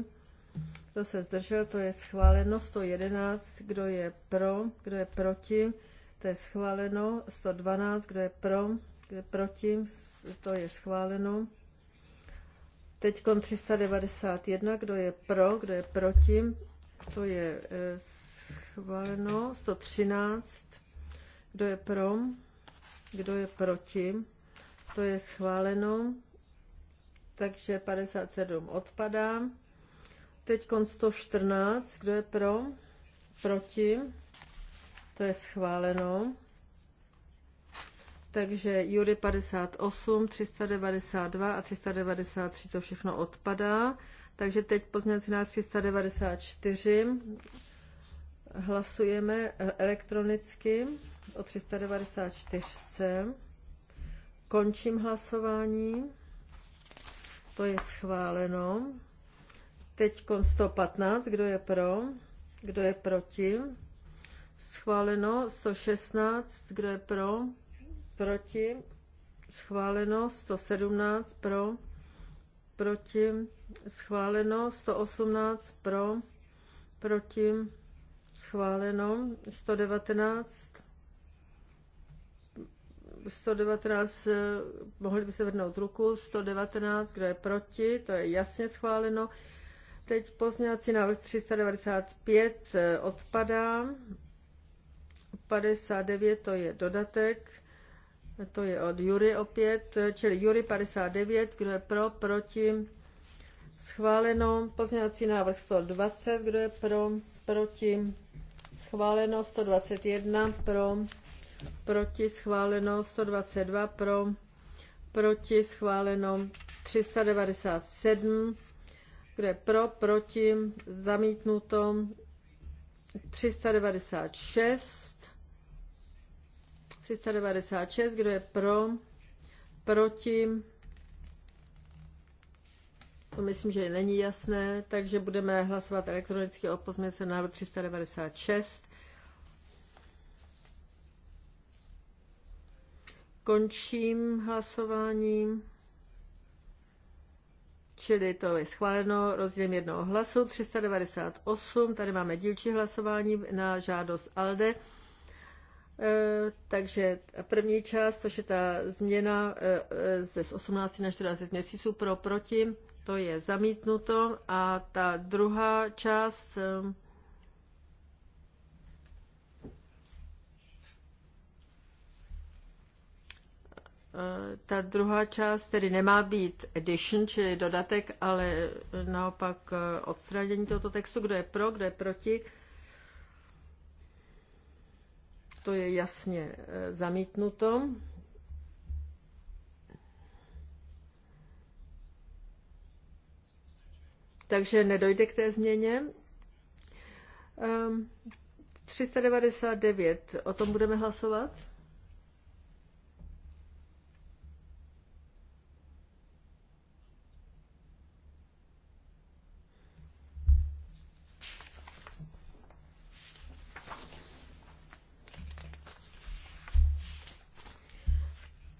Kdo se zdržel, to je schváleno. 111, kdo je pro, kdo je proti, to je schváleno. 112, kdo je pro, kdo je proti, to je schváleno. Teď 391, kdo je pro, kdo je proti, to je schváleno. 113, kdo je pro? Kdo je proti? To je schváleno. Takže 57 odpadá. Teď 114. Kdo je pro? Proti? To je schváleno. Takže Jury 58, 392 a 393 to všechno odpadá. Takže teď pozměňovací na 394 Hlasujeme eh, elektronicky o 394. Končím hlasování. To je schváleno. Teď 115. Kdo je pro? Kdo je proti? Schváleno 116. Kdo je pro? Proti? Schváleno 117. Pro? Proti? Schváleno 118. Pro? Proti? schváleno 119. 119, eh, mohli by se vrhnout ruku, 119, kdo je proti, to je jasně schváleno. Teď pozměňovací návrh 395 eh, odpadá, 59 to je dodatek, to je od Jury opět, eh, čili Jury 59, kdo je pro, proti, schváleno. Pozměňovací návrh 120, kdo je pro, proti, schváleno 121 pro, proti schváleno 122 pro, proti schváleno 397, kde pro, proti, zamítnuto 396, 396, kdo je pro, proti, to myslím, že není jasné, takže budeme hlasovat elektronicky o pozměnce návrh 396. Končím hlasováním. Čili to je schváleno Rozdělím jednoho hlasu. 398, tady máme dílčí hlasování na žádost ALDE. E, takže první část, což je ta změna e, e, ze 18 na 14 měsíců pro proti to je zamítnuto a ta druhá část ehm, eh, ta druhá část tedy nemá být addition, čili dodatek, ale eh, naopak eh, odstranění tohoto textu, kdo je pro, kdo je proti. To je jasně zamítnuto. takže nedojde k té změně. 399, ehm, o tom budeme hlasovat?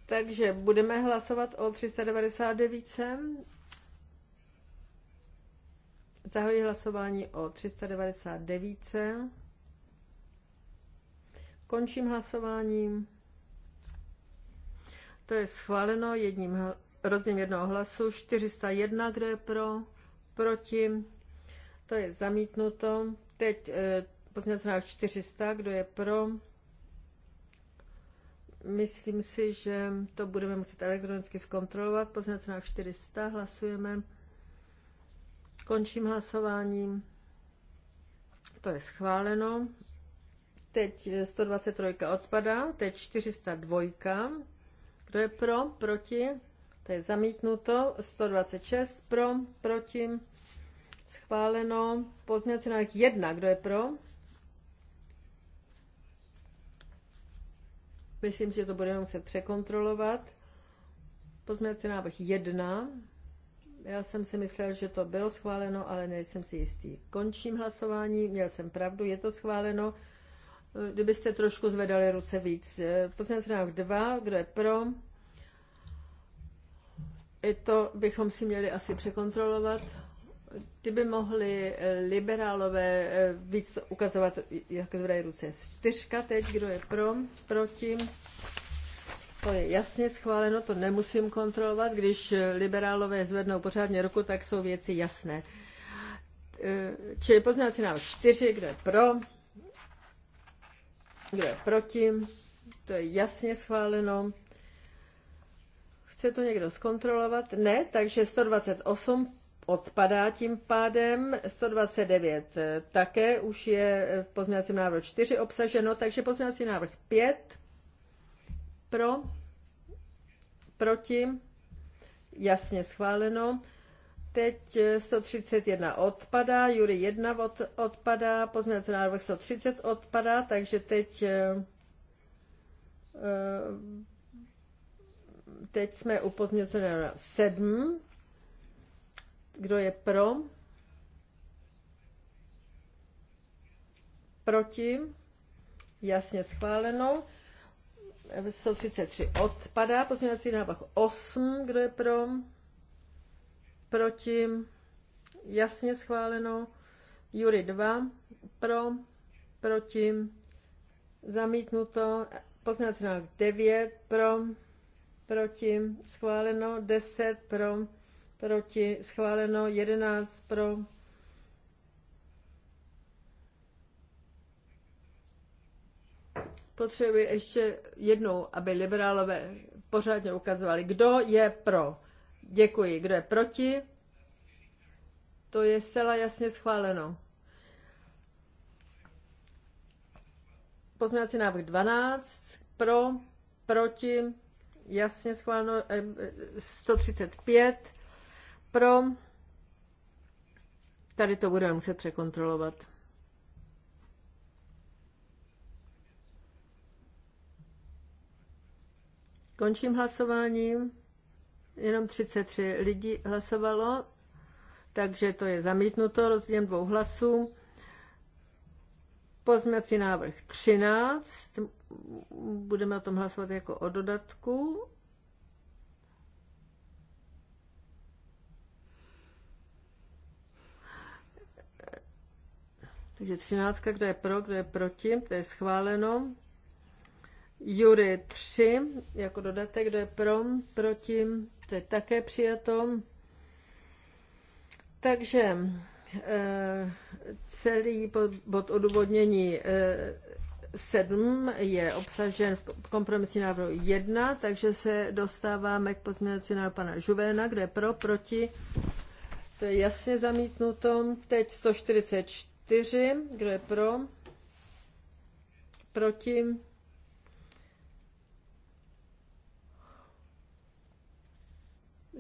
Takže budeme hlasovat o 399. Zahoji hlasování o 399. Končím hlasováním. To je schváleno jedním, rozdílem jednoho hlasu. 401, kdo je pro, proti. To je zamítnuto. Teď eh, pozměnací návrh 400, kdo je pro. Myslím si, že to budeme muset elektronicky zkontrolovat. Pozměnací návrh 400, hlasujeme. Končím hlasováním. To je schváleno. Teď 123 eh, odpadá, teď 402. Kdo je pro, proti? To je zamítnuto. 126 pro, proti. Schváleno. Pozměňovací návrh 1. Kdo je pro? Myslím, že to budeme muset překontrolovat. Pozměňovací návrh 1. Já jsem si myslel, že to bylo schváleno, ale nejsem si jistý. Končím hlasování, měl jsem pravdu, je to schváleno. Kdybyste trošku zvedali ruce víc. Poslanec návrh 2, kdo je pro? I to bychom si měli asi překontrolovat. Kdyby mohli liberálové eh, víc ukazovat, jak zvedají ruce. Čtyřka teď, kdo je pro, proti, to je jasně schváleno, to nemusím kontrolovat. Když liberálové zvednou pořádně ruku, tak jsou věci jasné. E, čili poznáci návrh čtyři, kdo je pro, kdo je proti, to je jasně schváleno. Chce to někdo zkontrolovat? Ne, takže 128 odpadá tím pádem. 129 e, také už je v pozměňovacím návrhu 4 obsaženo, takže pozměňovací návrh 5. Pro? Proti? Jasně schváleno. Teď 131 odpadá, Jury 1 od, odpadá, pozměňovací návrh 130 odpadá, takže teď, eh, eh, teď jsme u pozměňovacího návrhu 7. Kdo je pro? Proti? Jasně schváleno. 133 odpadá, pozměňovací návrh 8, kdo je pro, proti, jasně schváleno, Jury 2, pro, proti, zamítnuto, pozměňovací návrh 9, pro, proti, schváleno, 10, pro, proti, schváleno, 11, pro, potřebuji ještě jednou, aby liberálové pořádně ukazovali, kdo je pro. Děkuji. Kdo je proti? To je zcela jasně schváleno. Pozměňovací návrh 12. Pro, proti, jasně schváleno 135. Eh, pro, tady to budeme muset překontrolovat. Končím hlasování. Jenom 33 lidí hlasovalo, takže to je zamítnuto rozdílem dvou hlasů. Pozměcí návrh 13. Budeme o tom hlasovat jako o dodatku. Takže 13, kdo je pro, kdo je proti, to je schváleno. Jury 3, jako dodatek, kdo je pro, proti, to je také přijato. Takže eh, celý bod odůvodnění 7 eh, je obsažen v kompromisní návrhu 1, takže se dostáváme k pozměňovacímu návrhu pana Žuvéna, kde pro, proti, to je jasně zamítnuto. Teď 144, kdo je pro, proti,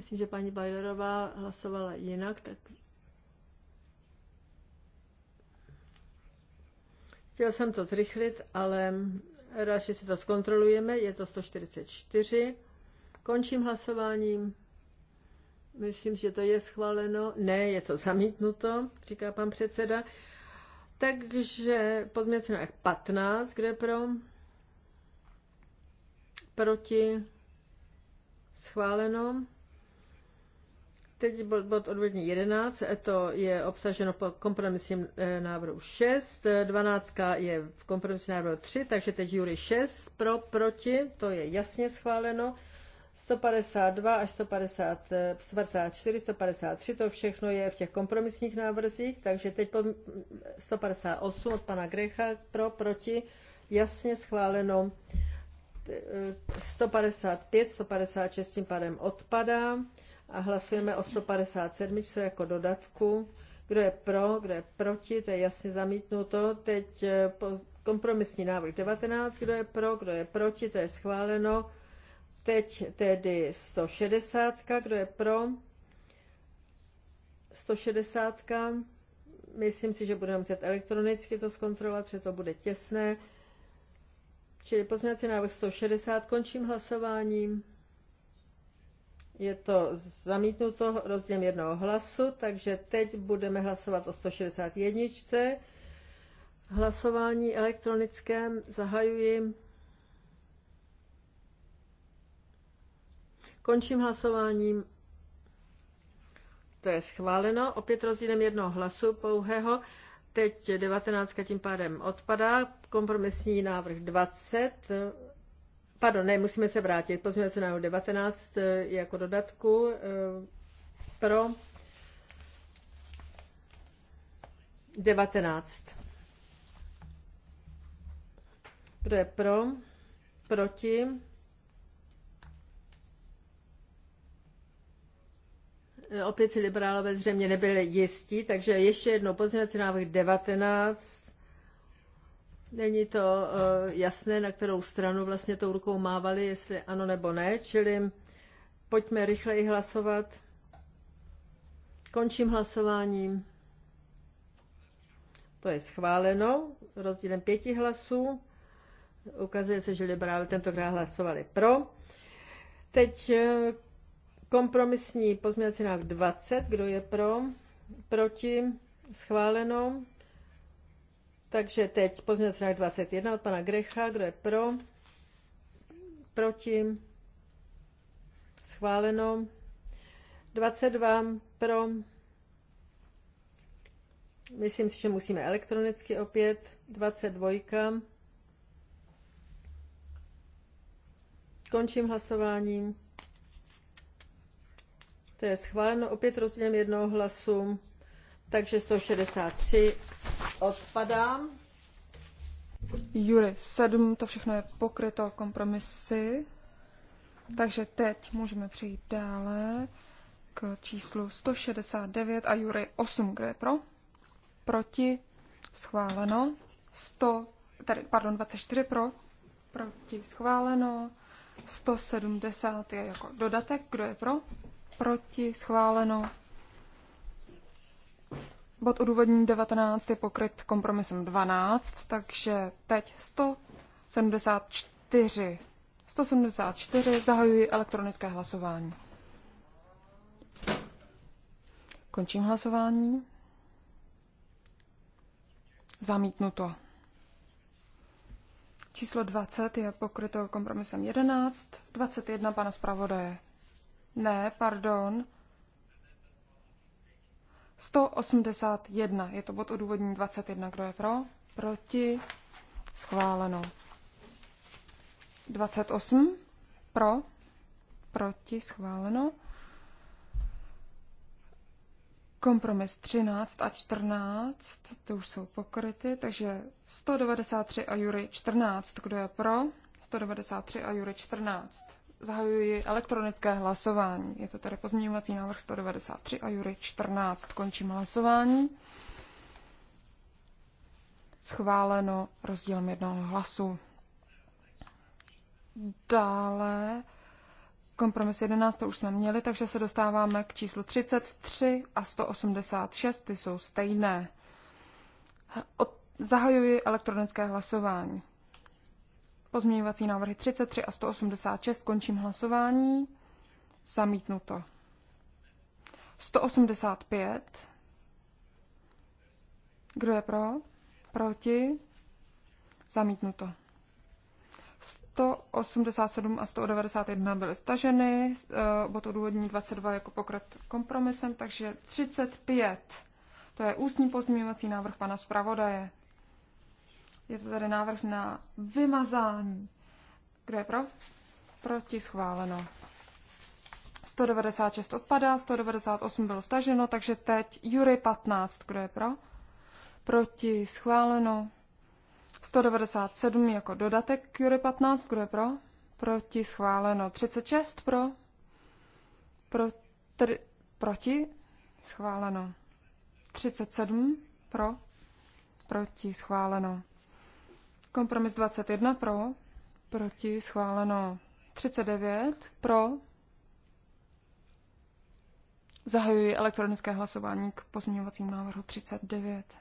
Myslím, že paní Bajorová hlasovala jinak, tak Chtěl jsem to zrychlit, ale radši si to zkontrolujeme. Je to 144. Končím hlasováním. Myslím, že to je schváleno. Ne, je to zamítnuto, říká pan předseda. Takže pozměnce návrh 15, kde pro? Proti? Schváleno. Teď bod, bod odvodní 11, to je obsaženo po kompromisním eh, návrhu 6, 12 je v kompromisním návrhu 3, takže teď Jury 6 pro, proti, to je jasně schváleno. 152 až 150, 154, 153, to všechno je v těch kompromisních návrzích, takže teď 158 od pana Grecha pro, proti, jasně schváleno. 155, 156 eh, tím pádem odpadá a hlasujeme o 157 jako dodatku. Kdo je pro, kdo je proti, to je jasně zamítnuto. Teď eh, kompromisní návrh 19, kdo je pro, kdo je proti, to je schváleno. Teď tedy 160, kdo je pro, 160, myslím si, že budeme muset elektronicky to zkontrolovat, protože to bude těsné. Čili pozměňovací návrh 160, končím hlasováním. Je to zamítnuto rozdílem jednoho hlasu, takže teď budeme hlasovat o 161. Hlasování elektronické zahajuji. Končím hlasováním. To je schváleno. Opět rozdílem jednoho hlasu pouhého. Teď 19 tím pádem odpadá. Kompromisní návrh 20 Pardon, ne, musíme se vrátit. se návrh 19 eh, jako dodatku eh, pro 19. Kdo je pro? Proti? Eh, opět si liberálové zřejmě nebyli jistí, takže ještě jednou pozměňovací návrh 19 Není to eh, jasné, na kterou stranu vlastně tou rukou mávali, jestli ano nebo ne, čili pojďme rychleji hlasovat. Končím hlasováním. To je schváleno rozdílem pěti hlasů. Ukazuje se, že liberáli tentokrát hlasovali pro. Teď eh, kompromisní pozměňovací návrh 20. Kdo je pro? Proti? Schváleno. Takže teď pozměnit návrh 21 od pana Grecha, kdo je pro, proti, schváleno. 22 pro, myslím si, že musíme elektronicky opět, 22. Končím hlasováním. To je schváleno opět rozdílem jednoho hlasu, takže 163 odpadám. Jury 7, to všechno je pokryto kompromisy. Takže teď můžeme přejít dále k číslu 169 a Jury 8, kde je pro? Proti, schváleno. 100, tady, pardon, 24 pro, proti, schváleno. 170 je jako dodatek, kdo je pro? Proti, schváleno. Bod odůvodnění 19 je pokryt kompromisem 12, takže teď 174. 174 zahajuji elektronické hlasování. Končím hlasování. Zamítnuto. Číslo 20 je pokryto kompromisem 11, 21 pana zpravodaje. Ne, pardon, 181. Je to bod odůvodní 21. Kdo je pro? Proti? Schváleno. 28. Pro? Proti? Schváleno. Kompromis 13 a 14, to už jsou pokryty, takže 193 a Jury 14, kdo je pro? 193 a Jury 14. Zahajuji elektronické hlasování. Je to tedy pozměňovací návrh 193 a Jury 14. Končím hlasování. Schváleno rozdílem jednoho hlasu. Dále kompromis 11 to už jsme měli, takže se dostáváme k číslu 33 a 186, ty jsou stejné. Zahajuji elektronické hlasování. Pozměňovací návrhy 33 a 186. Končím hlasování. Zamítnuto. 185. Kdo je pro? Proti? Zamítnuto. 187 a 191 byly staženy, eh, bod odůvodní 22 jako pokrat kompromisem, takže 35. To je ústní pozměňovací návrh pana zpravodaje. Je to tady návrh na vymazání. Kdo je pro? Proti schváleno. 196 odpadá, 198 bylo staženo, takže teď Jury 15. Kdo je pro? Proti schváleno. 197 jako dodatek k Jury 15. Kdo je pro? Proti schváleno. 36 pro? pro tedy, proti schváleno. 37 pro? Proti schváleno. Kompromis 21 pro, proti schváleno 39 pro. Zahajuji elektronické hlasování k pozměňovacím návrhu 39.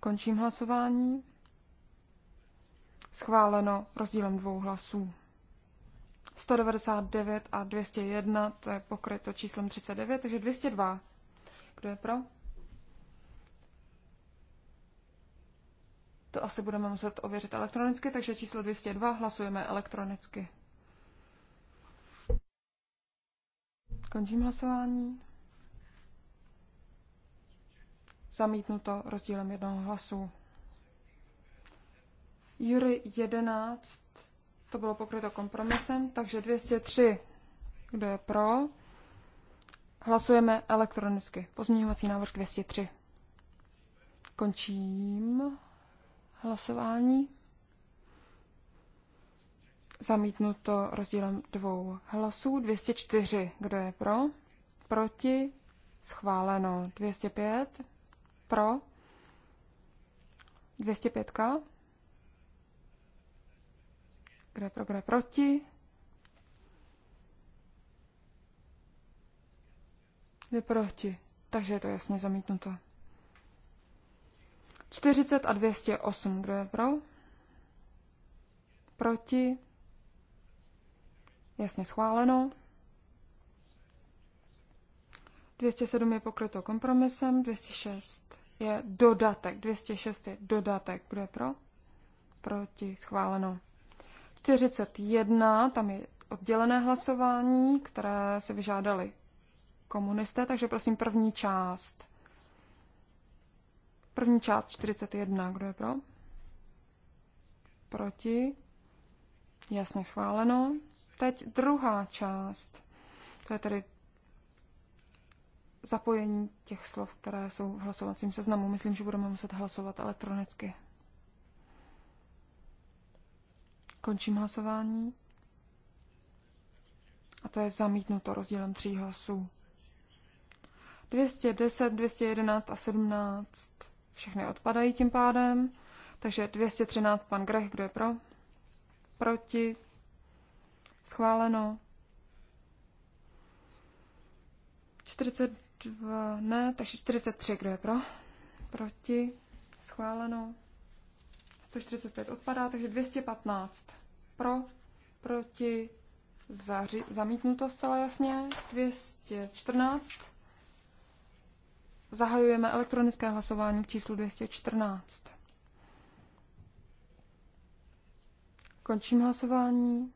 Končím hlasování. Schváleno rozdílem dvou hlasů. 199 a 201, to je pokryto číslem 39, takže 202. Kdo je pro? To asi budeme muset ověřit elektronicky, takže číslo 202 hlasujeme elektronicky. Končím hlasování. Zamítnuto rozdílem jednoho hlasu. Jury 11, to bylo pokryto kompromisem, takže 203, kdo je pro. Hlasujeme elektronicky. Pozměňovací návrh 203. Končím hlasování. Zamítnuto rozdílem dvou hlasů. 204, kdo je pro? Proti? Schváleno. 205, pro? 205. Kdo je pro, kdo je proti? Je proti. Takže je to jasně zamítnuto. 40 a 208. Kdo je pro? Proti? Jasně schváleno. 207 je pokryto kompromisem, 206 je dodatek, 206 je dodatek. Kdo je pro? Proti, schváleno. 41, tam je oddělené hlasování, které se vyžádali komunisté, takže prosím první část. První část 41. Kdo je pro? Proti? Jasně schváleno. Teď druhá část. To je tedy zapojení těch slov, které jsou v hlasovacím seznamu. Myslím, že budeme muset hlasovat elektronicky. Končím hlasování. A to je zamítnuto rozdílem tří hlasů. 210, 211 a 17. Všechny odpadají tím pádem. Takže 213 pan Grech, kdo je pro? Proti? Schváleno. 42, ne, takže 43, kdo je pro? Proti? Schváleno. 145 odpadá, takže 215 pro, proti, zaři, zamítnuto zcela jasně, 214 Zahajujeme elektronické hlasování k číslu 214. Končím hlasování.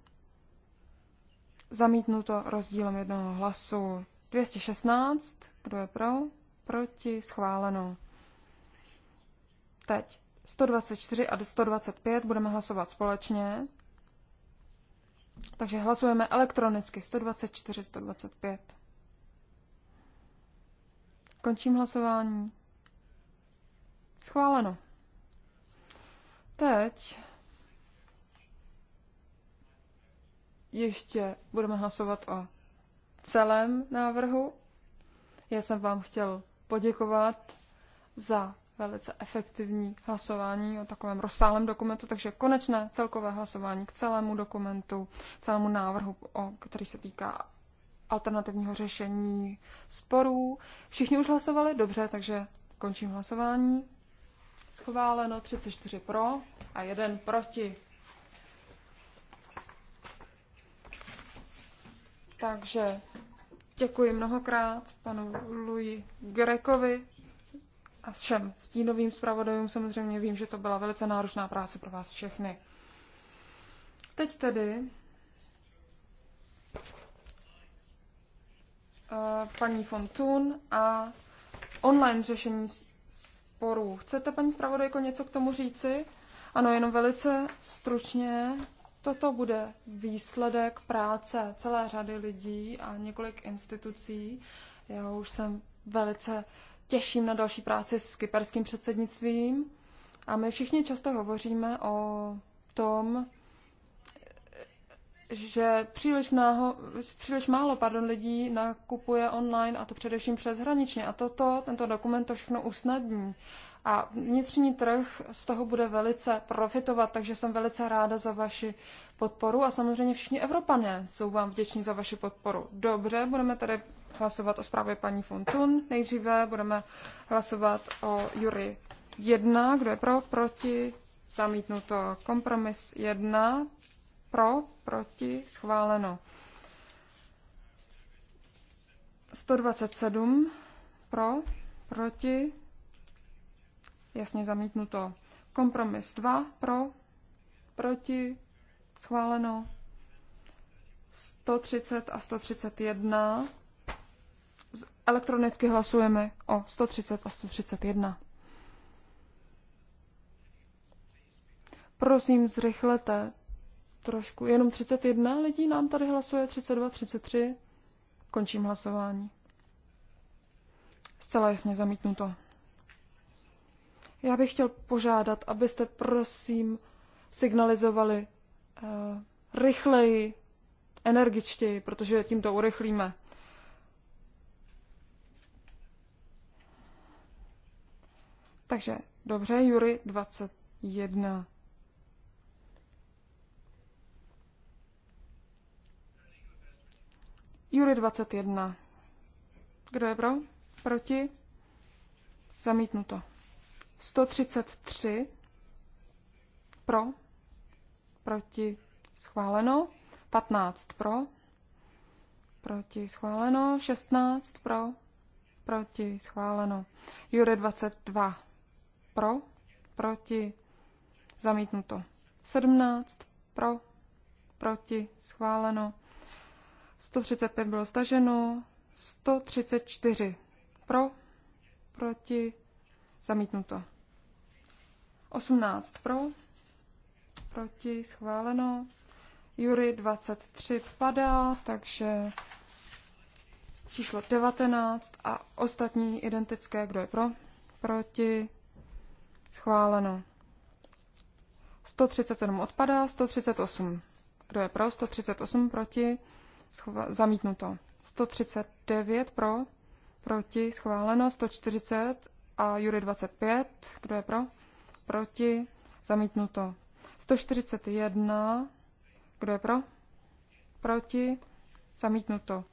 Zamítnuto rozdílem jednoho hlasu. 216. Kdo je pro? Proti. Schváleno. Teď 124 a 125 budeme hlasovat společně. Takže hlasujeme elektronicky 124, 125. Končím hlasování. Schváleno. Teď ještě budeme hlasovat o celém návrhu. Já jsem vám chtěl poděkovat za velice efektivní hlasování o takovém rozsáhlém dokumentu, takže konečné celkové hlasování k celému dokumentu, celému návrhu, o který se týká alternativního řešení sporů. Všichni už hlasovali? Dobře, takže končím hlasování. Schváleno 34 pro a jeden proti. Takže děkuji mnohokrát panu Louis Grekovi a všem stínovým zpravodajům. Samozřejmě vím, že to byla velice náročná práce pro vás všechny. Teď tedy Eh, paní Fontun a online řešení sporů. Chcete, paní zpravodajko, něco k tomu říci? Ano, jenom velice stručně. Toto bude výsledek práce celé řady lidí a několik institucí. Já už jsem velice těším na další práci s kyperským předsednictvím. A my všichni často hovoříme o tom, že příliš, mnáho, příliš málo pardon, lidí nakupuje online, a to především přeshraničně. A toto, tento dokument to všechno usnadní. A vnitřní trh z toho bude velice profitovat, takže jsem velice ráda za vaši podporu a samozřejmě všichni Evropané jsou vám vděční za vaši podporu. Dobře, budeme tady hlasovat o zprávě paní Fontun. Nejdříve budeme hlasovat o Jury 1, kdo je pro, proti, zamítnuto kompromis 1, pro, proti, schváleno. 127 pro, proti, jasně zamítnuto. Kompromis 2 pro, proti, schváleno. 130 a 131. Elektronicky hlasujeme o 130 a 131. Prosím, zrychlete trošku. Jenom 31 lidí nám tady hlasuje, 32, 33. Končím hlasování. Zcela jasně zamítnuto. Já bych chtěl požádat, abyste prosím signalizovali uh, rychleji, energičtěji, protože tím to urychlíme. Takže dobře, Jury 21. Jury 21. Kdo je pro? Proti? Zamítnuto. 133. Pro? Proti? Schváleno. 15 pro. Proti schváleno. 16 pro. Proti schváleno. Jury 22 pro. Proti zamítnuto. 17 pro. Proti schváleno. 135 bylo staženo, 134 pro, proti, zamítnuto. 18 pro, proti, schváleno. Jury 23 padá, takže číslo 19 a ostatní identické, kdo je pro, proti, schváleno. 137 odpadá, 138. Kdo je pro? 138 proti schova- zamítnuto. 139 pro, proti, schváleno. 140 a Jury 25, kdo je pro, proti, zamítnuto. 141, kdo je pro, proti, zamítnuto.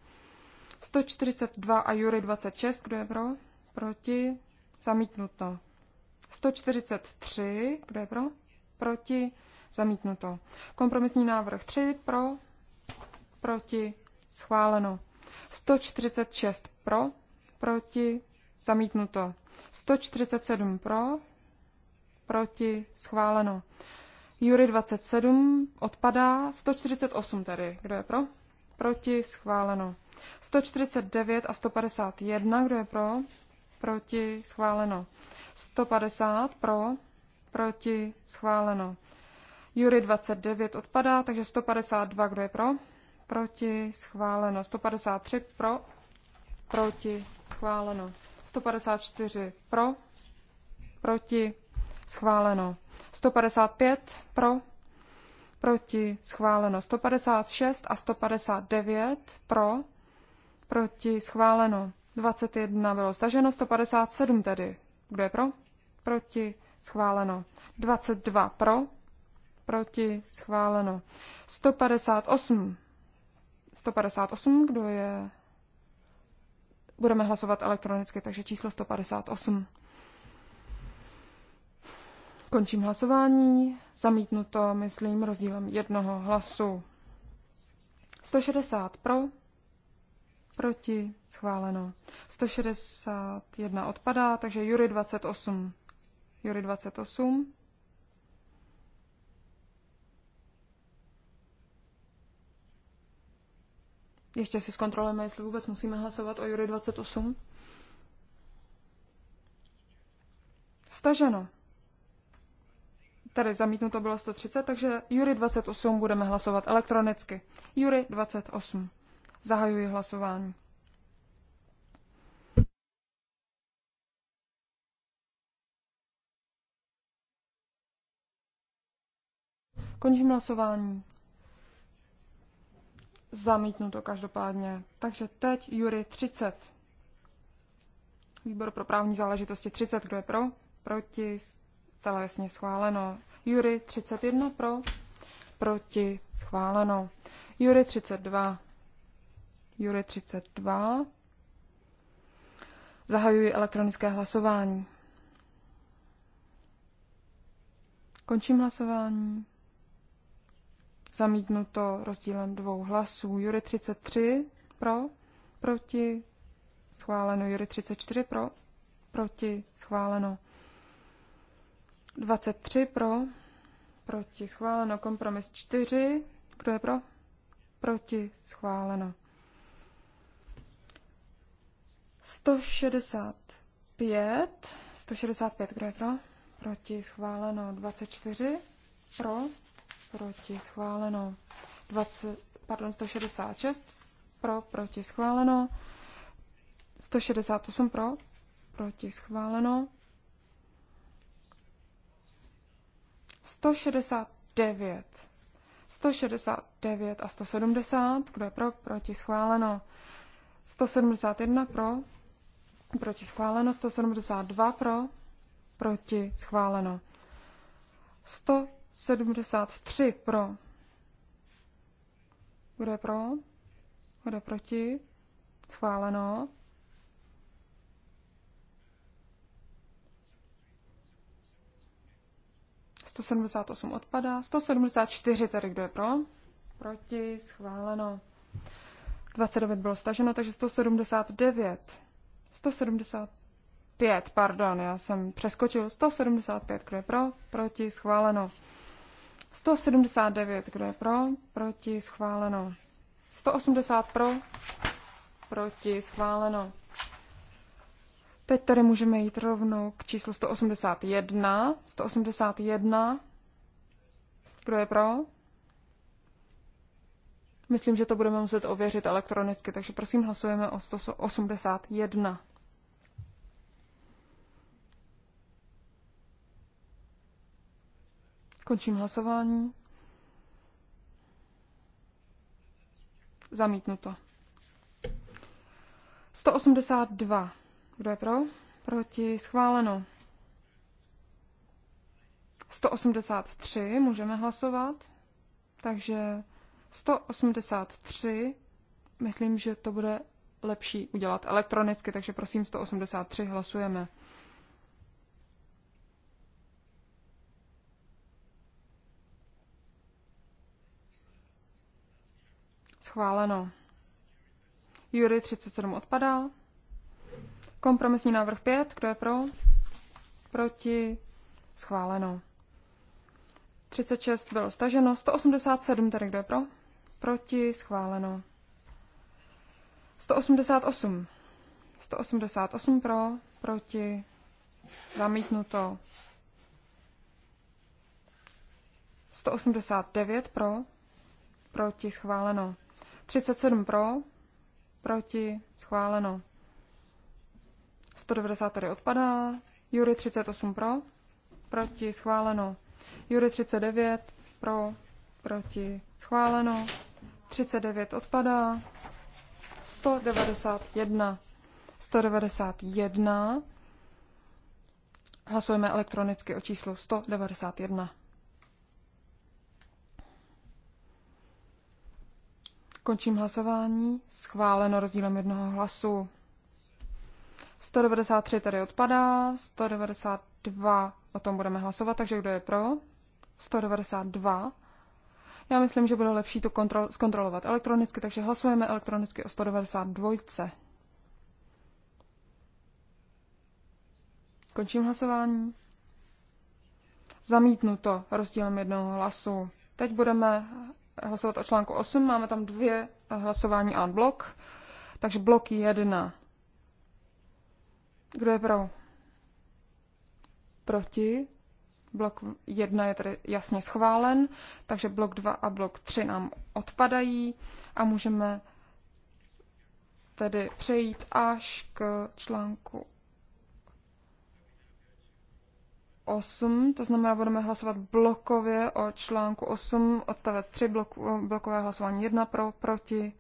142 a Jury 26, kdo je pro, proti, zamítnuto. 143, kdo je pro, proti, zamítnuto. Kompromisní návrh 3 pro, proti, schváleno. 146 pro, proti, zamítnuto. 147 pro, proti, schváleno. Jury 27 odpadá, 148 tedy. Kdo je pro? Proti, schváleno. 149 a 151, kdo je pro? Proti, schváleno. 150 pro, proti, schváleno. Jury 29 odpadá, takže 152, kdo je pro? proti, schváleno. 153 pro, proti, schváleno. 154 pro, proti, schváleno. 155 pro, proti, schváleno. 156 a 159 pro, proti, schváleno. 21 bylo staženo, 157 tedy. Kdo je pro? Proti, schváleno. 22 pro, proti, schváleno. 158 158, kdo je... Budeme hlasovat elektronicky, takže číslo 158. Končím hlasování. Zamítnuto, myslím, rozdílem jednoho hlasu. 160 pro, proti, schváleno. 161 odpadá, takže Jury 28. Jury 28. Ještě si zkontrolujeme, jestli vůbec musíme hlasovat o Jury 28. Staženo. Tady zamítnuto bylo 130, takže Jury 28 budeme hlasovat elektronicky. Jury 28. Zahajuji hlasování. Končím hlasování. Zamítnuto každopádně. Takže teď Jury 30. Výbor pro právní záležitosti 30. Kdo je pro? Proti. Celé jasně schváleno. Jury 31 pro. Proti. Schváleno. Jury 32. Jury 32. Zahajuji elektronické hlasování. Končím hlasování. Zamítnuto rozdílem dvou hlasů. Jury 33 pro, proti, schváleno. Jury 34 pro, proti, schváleno. 23 pro, proti, schváleno. Kompromis 4, kdo je pro? Proti, schváleno. 165, 165, kdo je pro? Proti, schváleno. 24 pro, proti, schváleno. 20, pardon, 166, pro, proti, schváleno. 168 pro, proti, schváleno. 169. 169 a 170, kdo je pro, proti, schváleno. 171 pro, proti, schváleno. 172 pro, proti, schváleno. 100 73 pro. Kdo je pro? Kdo je proti? Schváleno. Sto osm odpadá. 174 tedy kdo je pro? Proti, schváleno. 29 bylo staženo, takže 179. 175, pardon, já jsem přeskočil. 175, kdo je pro? Proti, schváleno. 179, kdo je pro, proti, schváleno. 180 pro, proti, schváleno. Teď tady můžeme jít rovnou k číslu 181. 181. Kdo je pro? Myslím, že to budeme muset ověřit elektronicky, takže prosím hlasujeme o 181. Končím hlasování. Zamítnuto. 182. Kdo je pro? Proti schváleno. 183 můžeme hlasovat. Takže 183, myslím, že to bude lepší udělat elektronicky, takže prosím 183 hlasujeme. schváleno. Jury 37 odpadá. Kompromisní návrh 5, kdo je pro? Proti? Schváleno. 36 bylo staženo, 187 tedy kdo je pro? Proti? Schváleno. 188. 188 pro, proti, zamítnuto. 189 pro, proti, schváleno. 37 pro, proti, schváleno. 190 tady odpadá. Jury 38 pro, proti, schváleno. Jury 39 pro, proti, schváleno. 39 odpadá. 191. 191. Hlasujeme elektronicky o číslu 191. Končím hlasování. Schváleno rozdílem jednoho hlasu. 193 tady odpadá, 192 o tom budeme hlasovat, takže kdo je pro? 192. Já myslím, že bude lepší to kontrol- zkontrolovat elektronicky, takže hlasujeme elektronicky o 192. Končím hlasování. Zamítnuto rozdílem jednoho hlasu. Teď budeme hlasovat o článku 8. Máme tam dvě eh, hlasování a blok. Takže blok 1. Kdo je pro? Proti. Blok 1 je tedy jasně schválen, takže blok 2 a blok 3 nám odpadají a můžeme tedy přejít až k článku 8, to znamená, budeme hlasovat blokově o článku 8, odstavec 3, blok, blokové hlasování 1 pro, proti,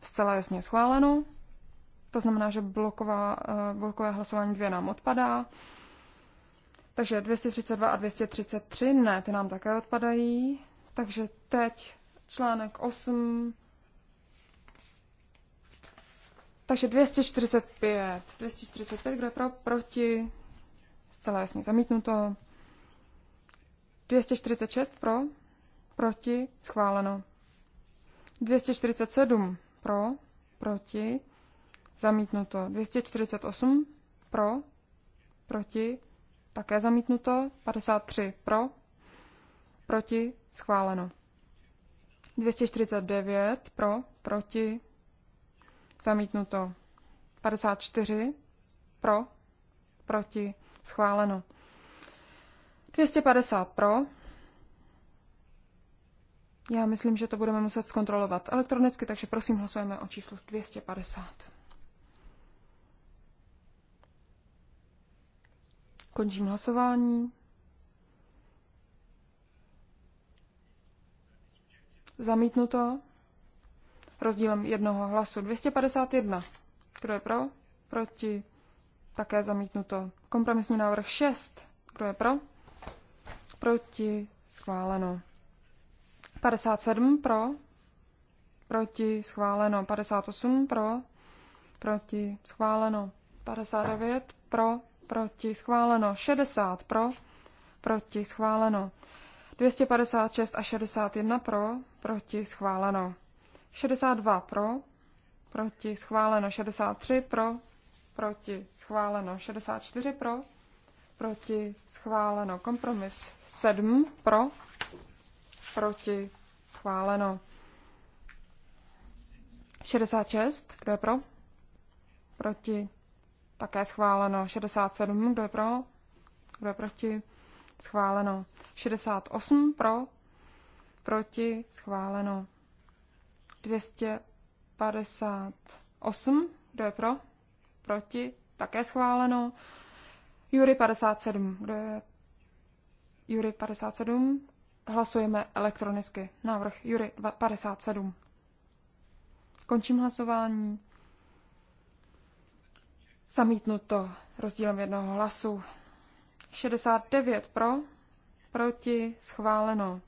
zcela jasně schváleno. To znamená, že bloková, eh, blokové hlasování 2 nám odpadá. Takže 232 a 233, ne, ty nám také odpadají. Takže teď článek 8. Takže 245. 245, kdo je pro, proti, zcela jasně zamítnuto. 246 pro, proti, schváleno. 247 pro, proti, zamítnuto. 248 pro, proti, také zamítnuto. 53 pro, proti, schváleno. 249 pro, proti, zamítnuto. 54 pro, proti, Schváleno. 250 pro. Já myslím, že to budeme muset zkontrolovat elektronicky, takže prosím hlasujeme o číslu 250. Končím hlasování. Zamítnuto. Rozdílem jednoho hlasu 251. Kdo je pro? Proti. Také zamítnuto. Kompromisní návrh 6. Kdo je pro? Proti. Schváleno. 57 pro. Proti. Schváleno. 58 pro. Proti. Schváleno. 59 pro. Proti. Schváleno. 60 pro. Proti. Schváleno. 256 a 61 pro. Proti. Schváleno. 62 pro. Proti. Schváleno. 63 pro proti schváleno 64 pro, proti schváleno kompromis 7 pro, proti schváleno 66, kdo je pro, proti také schváleno 67, kdo je pro, kdo je proti, schváleno 68 pro, proti schváleno 258, kdo je pro, proti, také schváleno. Jury 57, kdo je Jury 57, hlasujeme elektronicky. Návrh Jury 57. Končím hlasování. Zamítnuto rozdílem jednoho hlasu. 69 pro, proti, schváleno.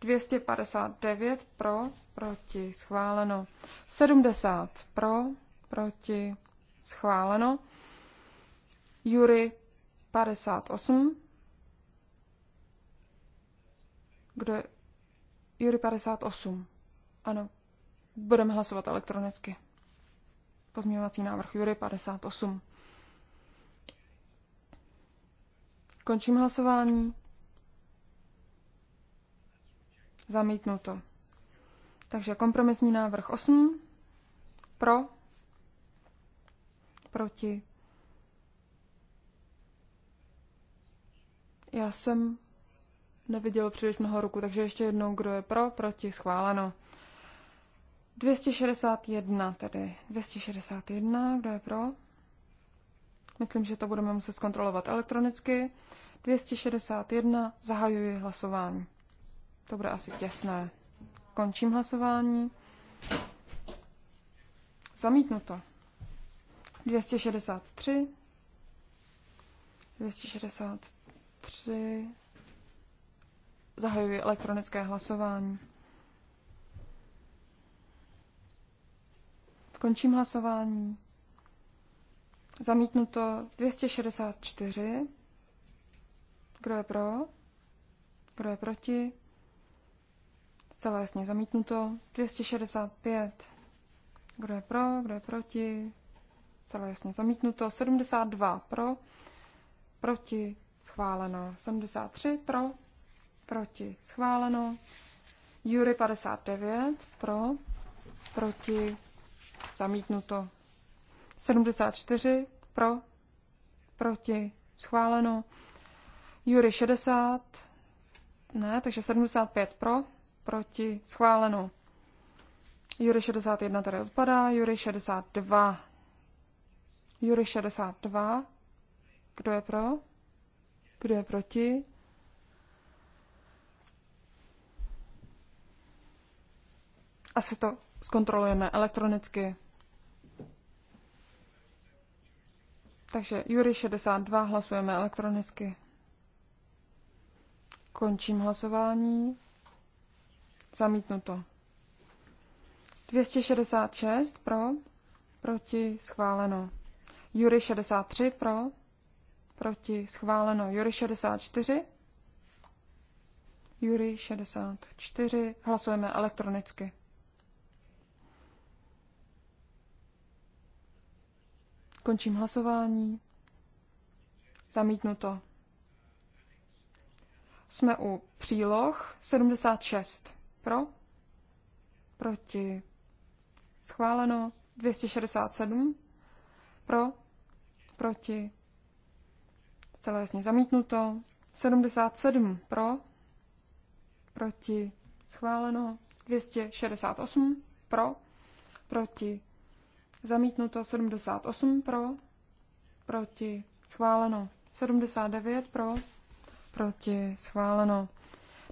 259 pro, proti, schváleno. 70 pro, proti, schváleno. Jury 58. Kdo je? Jury 58. Ano, budeme hlasovat elektronicky. Pozměňovací návrh Jury 58. Končím hlasování. Zamítnuto. Takže kompromisní návrh 8. Pro proti. Já jsem neviděl příliš mnoho ruku, takže ještě jednou, kdo je pro, proti, schváleno. 261 tedy. 261, kdo je pro? Myslím, že to budeme muset zkontrolovat elektronicky. 261, zahajuji hlasování. To bude asi těsné. Končím hlasování. Zamítnuto. 263, 263, zahajuji elektronické hlasování. Končím hlasování. Zamítnuto 264. Kdo je pro? Kdo je proti? Celé jasně zamítnuto. 265. Kdo je pro? Kdo je proti? zcela jasně zamítnuto. 72 pro, proti, schváleno. 73 pro, proti, schváleno. Jury 59 pro, proti, zamítnuto. 74 pro, proti, schváleno. Jury 60, ne, takže 75 pro, proti, schváleno. Jury 61 tady odpadá, Jury 62 Jury 62. Kdo je pro? Kdo je proti? Asi to zkontrolujeme elektronicky. Takže Jury 62 hlasujeme elektronicky. Končím hlasování. Zamítnuto. 266 pro, proti, schváleno. Jury 63 pro, proti schváleno. Jury 64, Jury 64, hlasujeme elektronicky. Končím hlasování. Zamítnuto. Jsme u příloh 76. Pro? Proti? Schváleno. 267. Pro, proti, celé jasně zamítnuto. 77 pro, proti, schváleno. 268 pro, proti, zamítnuto. 78 pro, proti, schváleno. 79 pro, proti, schváleno.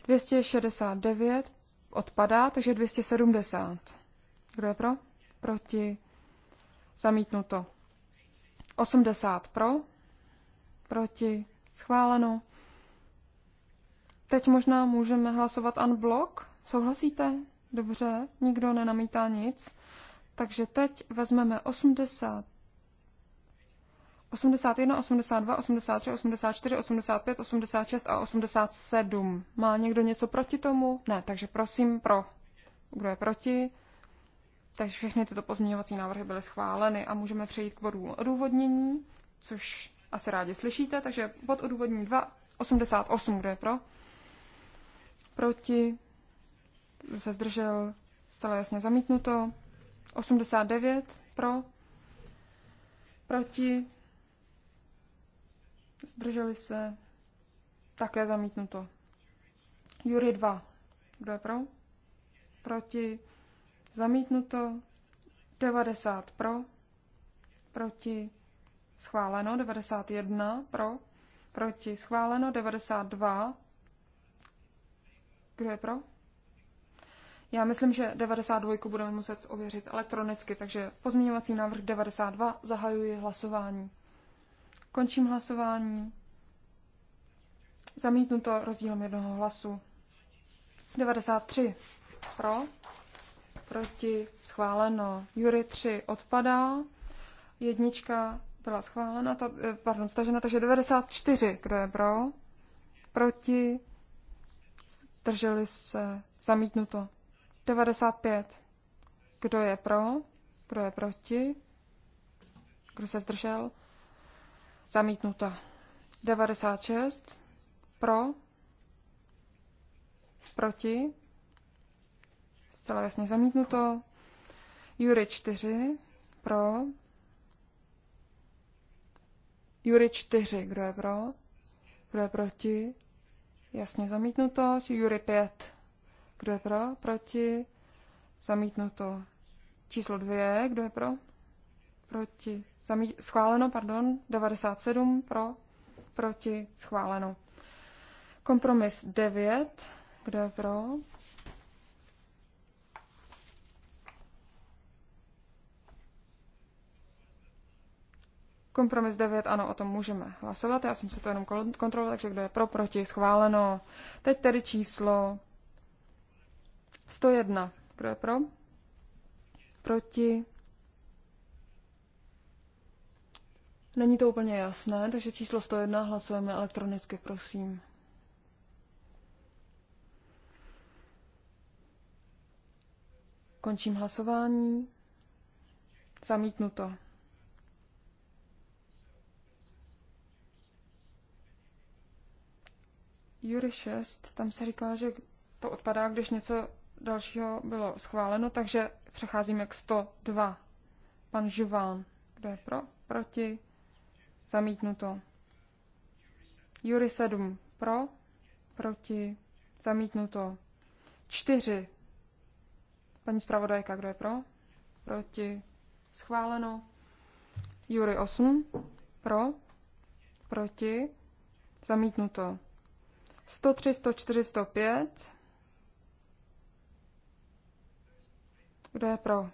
269 odpadá, takže 270. Kdo je pro? Proti, zamítnuto. 80 pro, proti, schváleno. Teď možná můžeme hlasovat unblock. Souhlasíte? Dobře, nikdo nenamítá nic. Takže teď vezmeme 80, 81, 82, 83, 84, 85, 86 a 87. Má někdo něco proti tomu? Ne, takže prosím pro. Kdo je proti? Takže všechny tyto pozměňovací návrhy byly schváleny a můžeme přejít k bodu odůvodnění, což asi rádi slyšíte. Takže bod odůvodnění 2, 88, kdo je pro? Proti? Kdo se zdržel? Zcela jasně zamítnuto. 89 pro? Proti? Zdrželi se? Také zamítnuto. Jury 2. Kdo je pro? Proti? Zamítnuto 90 pro, proti schváleno 91 pro, proti schváleno 92. Kdo je pro? Já myslím, že 92 budeme muset ověřit elektronicky, takže pozměňovací návrh 92 zahajuji hlasování. Končím hlasování. Zamítnuto rozdílem jednoho hlasu. 93 pro, proti, schváleno. Jury 3 odpadá, jednička byla schválena, ta, eh, pardon, stažena, takže 94, kdo je pro, proti, zdrželi se, zamítnuto. 95, kdo je pro, kdo je proti, kdo se zdržel, zamítnuto. 96, pro, proti, zcela jasně zamítnuto. Jury 4 pro. Jury 4, kdo je pro? Kdo je proti? Jasně zamítnuto. Jury 5, kdo je pro? Proti? Zamítnuto. Číslo 2, kdo je pro? Proti. Zamí- schváleno, pardon. 97 pro. Proti. Schváleno. Kompromis 9, kdo je pro? Kompromis 9, ano, o tom můžeme hlasovat. Já jsem se to jenom kontroloval, takže kdo je pro, proti, schváleno. Teď tedy číslo 101. Kdo je pro? Proti? Není to úplně jasné, takže číslo 101 hlasujeme elektronicky, prosím. Končím hlasování. Zamítnuto. Jury 6, tam se říká, že to odpadá, když něco dalšího bylo schváleno, takže přecházíme k 102. Pan Živán, kdo je pro? Proti? Zamítnuto. Jury 7, pro? Proti? Zamítnuto. 4. Paní zpravodajka, kdo je pro? Proti? Schváleno. Jury 8, pro? Proti? Zamítnuto. 103, 104, 105. Kdo je pro?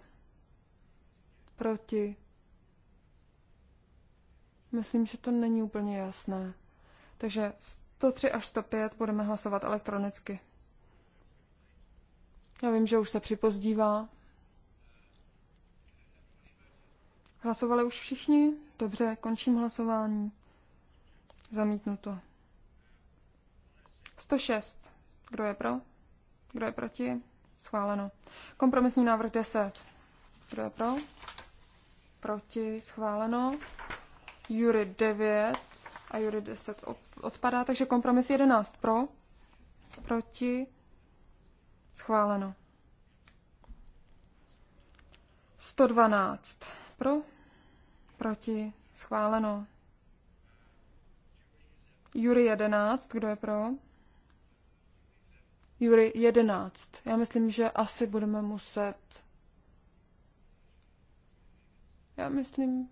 Proti? Myslím, že to není úplně jasné. Takže 103 až 105 budeme hlasovat elektronicky. Já vím, že už se připozdívá. Hlasovali už všichni? Dobře, končím hlasování. Zamítnu to. 106. Kdo je pro? Kdo je proti? Schváleno. Kompromisní návrh 10. Kdo je pro? Proti? Schváleno. Jury 9 a Jury 10 odpadá, takže kompromis 11 pro, proti, schváleno. 112 pro, proti, schváleno. Jury 11, kdo je pro, Jury 11. Já myslím, že asi budeme muset. Já myslím.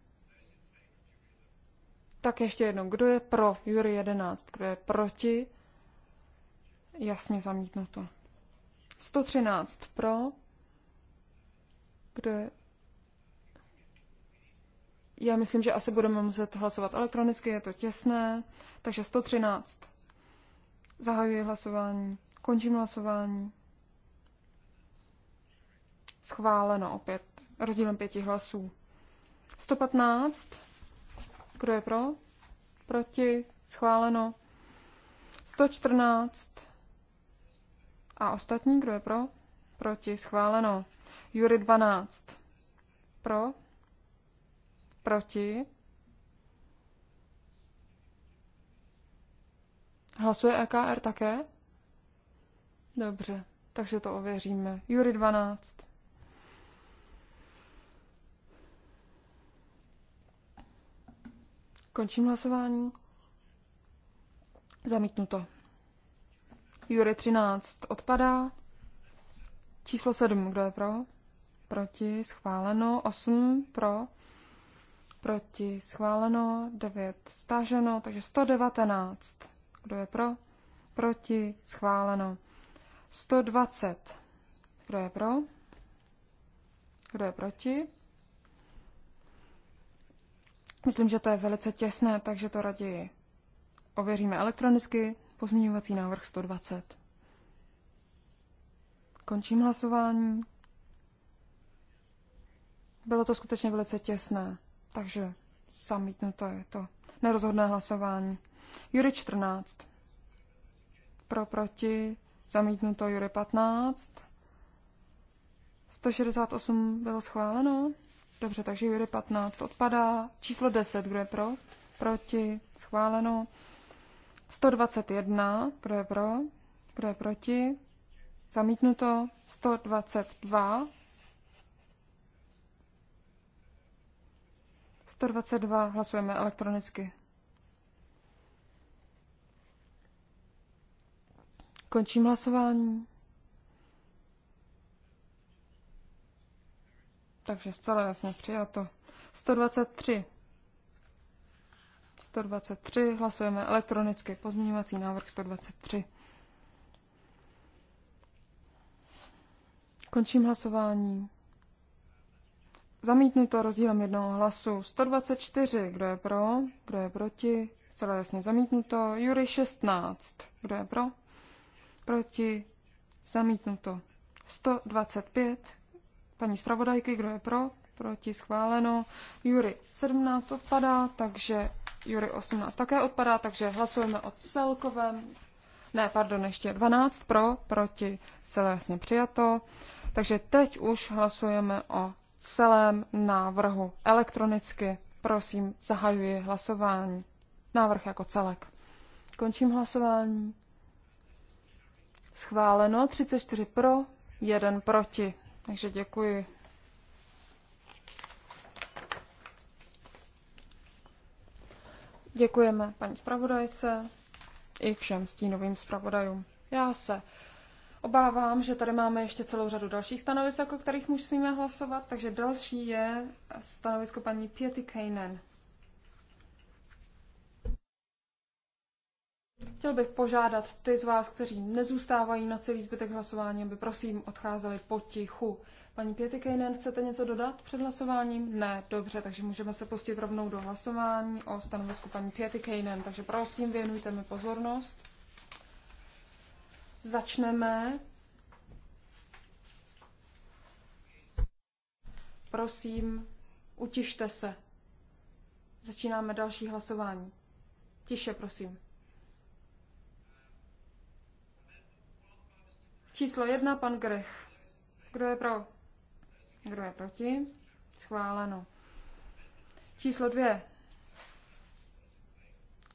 Tak ještě jednou. Kdo je pro Jury 11? Kdo je proti? Jasně zamítnuto. 113 pro. Kdo je já myslím, že asi budeme muset hlasovat elektronicky, je to těsné. Takže 113. Zahajuji hlasování. Končím hlasování. Schváleno opět rozdílem pěti hlasů. 115. Kdo je pro? Proti? Schváleno. 114. A ostatní, kdo je pro? Proti? Schváleno. Jury 12. Pro? Proti? Hlasuje EKR také? Dobře, takže to ověříme. Jury 12. Končím hlasování. Zamítnuto. Jury 13 odpadá. Číslo 7, kdo je pro? Proti, schváleno. 8 pro. Proti, schváleno. 9 stáženo, takže 119. Kdo je pro? Proti, schváleno. 120. Kdo je pro? Kdo je proti? Myslím, že to je velice těsné, takže to raději ověříme elektronicky. Pozměňovací návrh 120. Končím hlasování. Bylo to skutečně velice těsné, takže samítnuto je to. Nerozhodné hlasování. Jury 14. Pro, proti, zamítnuto Jury 15. 168 bylo schváleno. Dobře, takže Jury 15 odpadá. Číslo 10, kdo je pro? Proti, schváleno. 121, kdo je pro? Kdo je proti? Zamítnuto 122. 122 hlasujeme elektronicky. Končím hlasování. Takže zcela jasně přijato. 123. 123. Hlasujeme elektronicky. Pozměňovací návrh 123. Končím hlasování. Zamítnuto rozdílem jednoho hlasu. 124. Kdo je pro? Kdo je proti? Zcela jasně zamítnuto. Jury 16. Kdo je pro? proti, zamítnuto. 125, paní zpravodajky, kdo je pro, proti, schváleno. Jury 17 odpadá, takže Jury 18 také odpadá, takže hlasujeme o celkovém, ne, pardon, ještě 12 pro, proti, celé jasně přijato. Takže teď už hlasujeme o celém návrhu elektronicky. Prosím, zahajuji hlasování. Návrh jako celek. Končím hlasování. Schváleno 34 pro, 1 proti. Takže děkuji. Děkujeme paní zpravodajce i všem stínovým zpravodajům. Já se obávám, že tady máme ještě celou řadu dalších stanovisek, o kterých musíme hlasovat, takže další je stanovisko paní Pěty Kejnen. Chtěl bych požádat ty z vás, kteří nezůstávají na celý zbytek hlasování, aby prosím odcházeli potichu. Paní Pětikejnen, chcete něco dodat před hlasováním? Ne, dobře, takže můžeme se pustit rovnou do hlasování o stanovisku paní Pětikejnen, takže prosím, věnujte mi pozornost. Začneme. Prosím, utište se. Začínáme další hlasování. Tiše, prosím. Číslo jedna, pan Grech. Kdo je pro? Kdo je proti? Schváleno. Číslo dvě.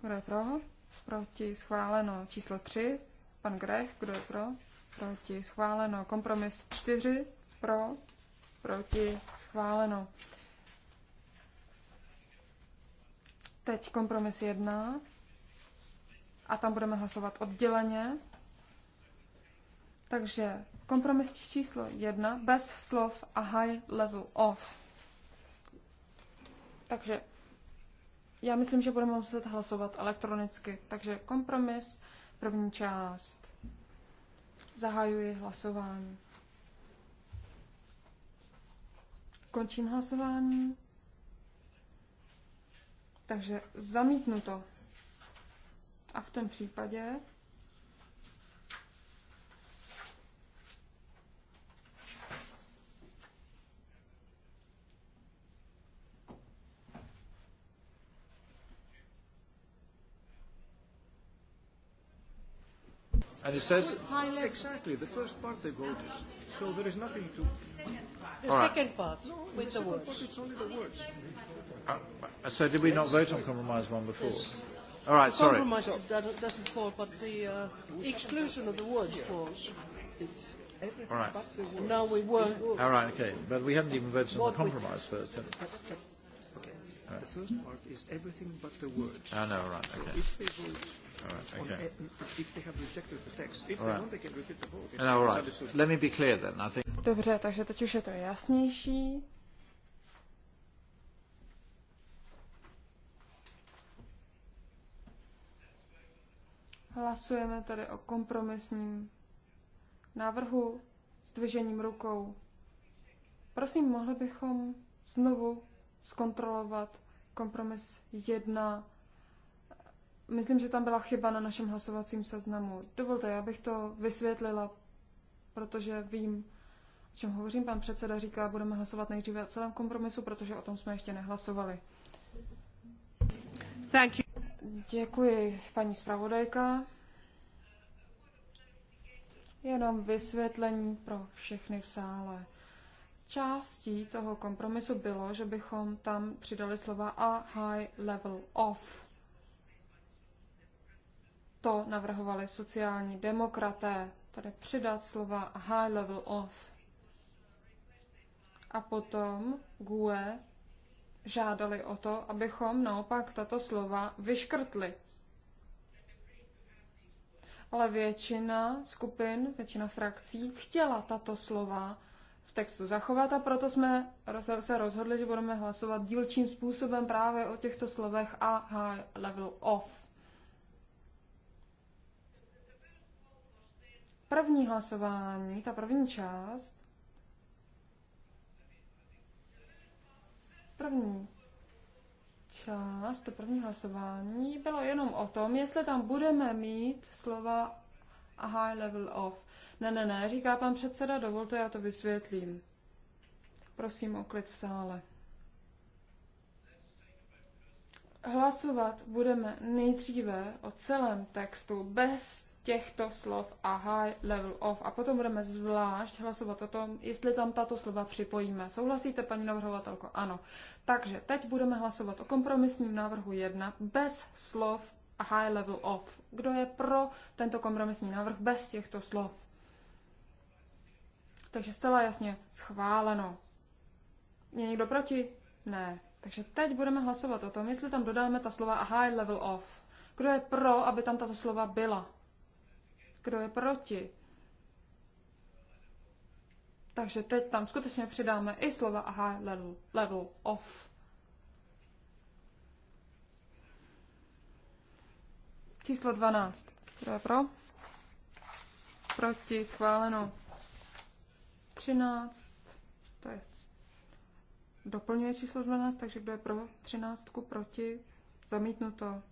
Kdo je pro? Proti. Schváleno. Číslo tři. Pan Grech. Kdo je pro? Proti. Schváleno. Kompromis čtyři. Pro. Proti. Schváleno. Teď kompromis jedna. A tam budeme hlasovat odděleně. Takže kompromis číslo jedna, bez slov a high level of. Takže já myslím, že budeme muset hlasovat elektronicky. Takže kompromis, první část. Zahajuji hlasování. Končím hlasování. Takže zamítnu to. A v tom případě And it says exactly the first part they voted, so there is nothing to. The All second right. part no, with the, the words. Part, it's only the words. Uh, uh so did we yes. not vote on compromise one before? Yes. All right, sorry. Compromise doesn't, fall, but the uh, exclusion of the words falls. All right. but the words. Now we were. All right, okay, but we haven't even voted on the compromise first. Have we? Ah, no, right, okay. Dobře, takže teď už je to jasnější. Hlasujeme tedy o kompromisním návrhu s dvižením rukou. Prosím, mohli bychom znovu zkontrolovat kompromis 1. Myslím, že tam byla chyba na našem hlasovacím seznamu. Dovolte, já bych to vysvětlila, protože vím, o čem hovořím. Pan předseda říká, budeme hlasovat nejdříve o celém kompromisu, protože o tom jsme ještě nehlasovali. Thank you. Děkuji, paní zpravodajka. Jenom vysvětlení pro všechny v sále. Částí toho kompromisu bylo, že bychom tam přidali slova a high level of. To navrhovali sociální demokraté, tedy přidat slova a high level of. A potom GUE žádali o to, abychom naopak tato slova vyškrtli. Ale většina skupin, většina frakcí chtěla tato slova textu zachovat a proto jsme se rozhodli, že budeme hlasovat dílčím způsobem právě o těchto slovech a high level of. První hlasování, ta první část, první část, to první hlasování bylo jenom o tom, jestli tam budeme mít slova a high level of. Ne, ne, ne, říká pan předseda, dovolte, já to vysvětlím. Prosím o klid v sále. Hlasovat budeme nejdříve o celém textu bez těchto slov a high level of a potom budeme zvlášť hlasovat o tom, jestli tam tato slova připojíme. Souhlasíte, paní navrhovatelko? Ano. Takže teď budeme hlasovat o kompromisním návrhu 1 bez slov a high level of. Kdo je pro tento kompromisní návrh bez těchto slov? Takže zcela jasně schváleno. Je někdo proti? Ne. Takže teď budeme hlasovat o tom, jestli tam dodáme ta slova a high level of. Kdo je pro, aby tam tato slova byla? Kdo je proti? Takže teď tam skutečně přidáme i slova a high level, level of. Číslo 12. Kdo je pro? Proti schváleno. 13, to je doplňuje číslo 12, takže kdo je pro 13, proti, zamítnuto.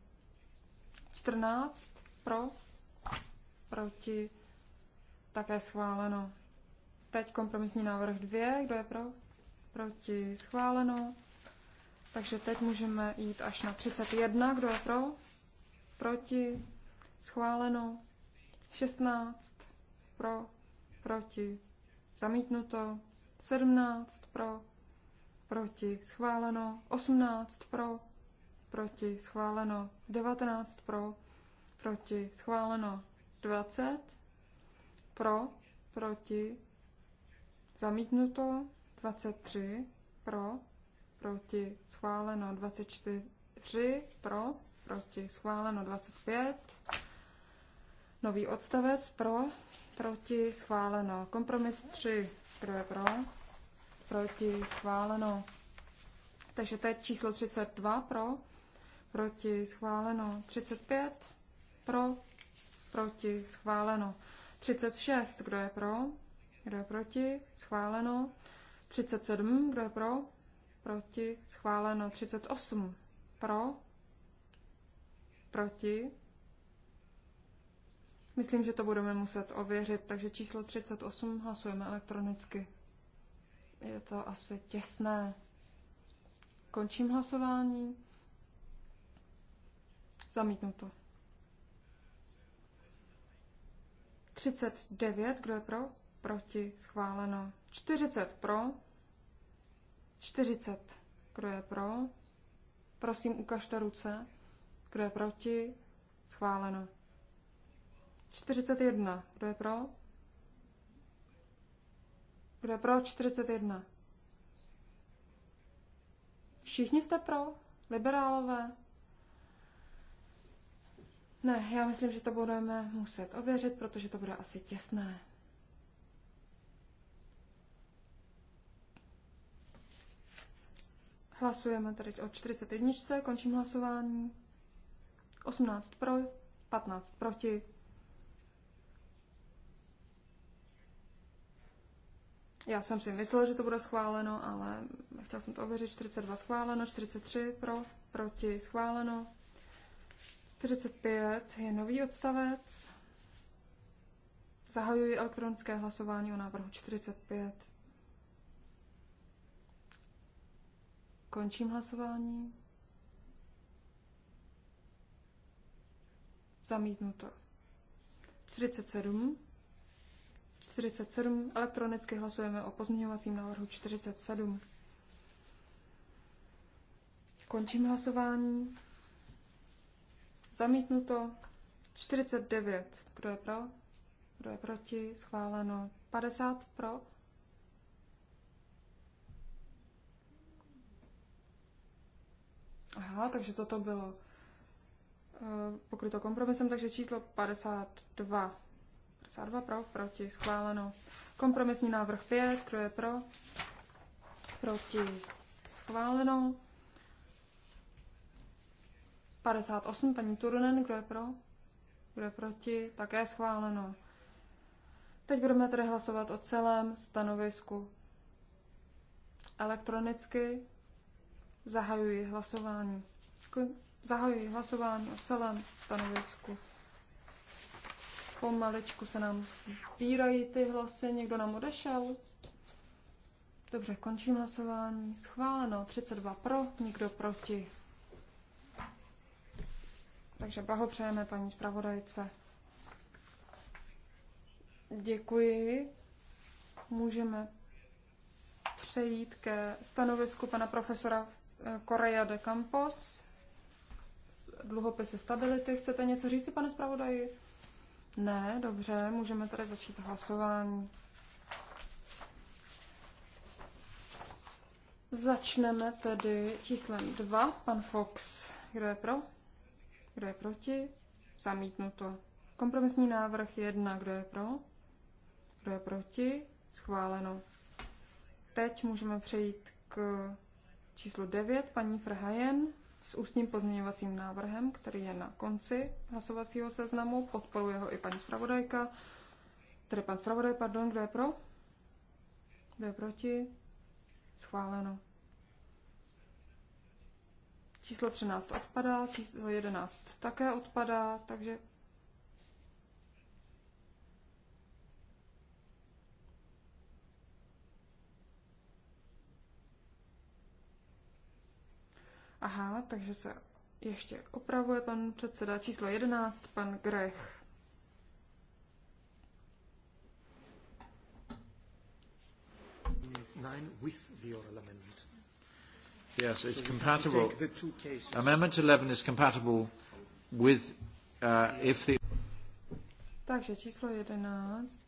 14, pro, proti, také schváleno. Teď kompromisní návrh 2, kdo je pro, proti, schváleno. Takže teď můžeme jít až na 31, kdo je pro, proti, schváleno. 16, pro, proti, zamítnuto, 17 pro, proti, schváleno, 18 pro, proti, schváleno, 19 pro, proti, schváleno, 20 pro, proti, zamítnuto, 23 pro, proti, schváleno, 24 pro, proti, schváleno, 25, nový odstavec pro, proti, schváleno. Kompromis 3, kdo je pro, proti, schváleno. Takže to je číslo 32 pro, proti, schváleno. 35 pro, proti, schváleno. 36, kdo je pro, kdo je proti, schváleno. 37, kdo je pro, proti, schváleno. 38 pro, proti, Myslím, že to budeme muset ověřit, takže číslo 38 hlasujeme elektronicky. Je to asi těsné. Končím hlasování. Zamítnu to. 39, kdo je pro? Proti, schváleno. 40 pro. 40, kdo je pro? Prosím, ukažte ruce. Kdo je proti? Schváleno. 41. Kdo je pro? Kdo je pro 41? Všichni jste pro? Liberálové? Ne, já myslím, že to budeme muset ověřit, protože to bude asi těsné. Hlasujeme tady o 41. Končím hlasování. 18 pro, 15 proti. Já jsem si myslel, že to bude schváleno, ale chtěl jsem to ověřit. 42 schváleno, 43 pro, proti schváleno. 45 je nový odstavec. Zahajuji elektronické hlasování o návrhu 45. Končím hlasování. Zamítnuto. 47 47. Elektronicky hlasujeme o pozměňovacím návrhu 47. Končím hlasování. Zamítnuto 49. Kdo je pro? Kdo je proti? Schváleno 50 pro. Aha, takže toto bylo eh, pokryto kompromisem, takže číslo 52. 52 pro, proti, schváleno. Kompromisní návrh 5, kdo je pro, proti, schváleno. 58, paní Turunen, kdo je pro, kdo je proti, také schváleno. Teď budeme tedy hlasovat o celém stanovisku. Elektronicky zahajuji hlasování. Zahajuji hlasování o celém stanovisku. Pomaličku se nám sbírají ty hlasy. Někdo nám odešel? Dobře, končím hlasování. Schváleno. 32 pro, nikdo proti. Takže blahopřejeme paní zpravodajce. Děkuji. Můžeme přejít ke stanovisku pana profesora eh, Correa de Campos. Dluhopisy stability. Chcete něco říct, pane zpravodaji? Ne, dobře, můžeme tady začít hlasování. Začneme tedy číslem 2, pan Fox. Kdo je pro? Kdo je proti? Zamítnuto. Kompromisní návrh 1, kdo je pro? Kdo je proti? Schváleno. Teď můžeme přejít k číslu 9, paní Frhajen s ústním pozměňovacím návrhem, který je na konci hlasovacího seznamu. Podporuje ho i paní zpravodajka. Tedy pan zpravodaj, pardon, kdo je pro? Kdo je proti? Schváleno. Číslo 13 odpadá, číslo 11 také odpadá, takže Aha, takže se ještě opravuje pan předseda číslo 11, pan Grech. with amendment. Yes, it's compatible. Amendment 11 is compatible with uh, if the... Takže číslo 11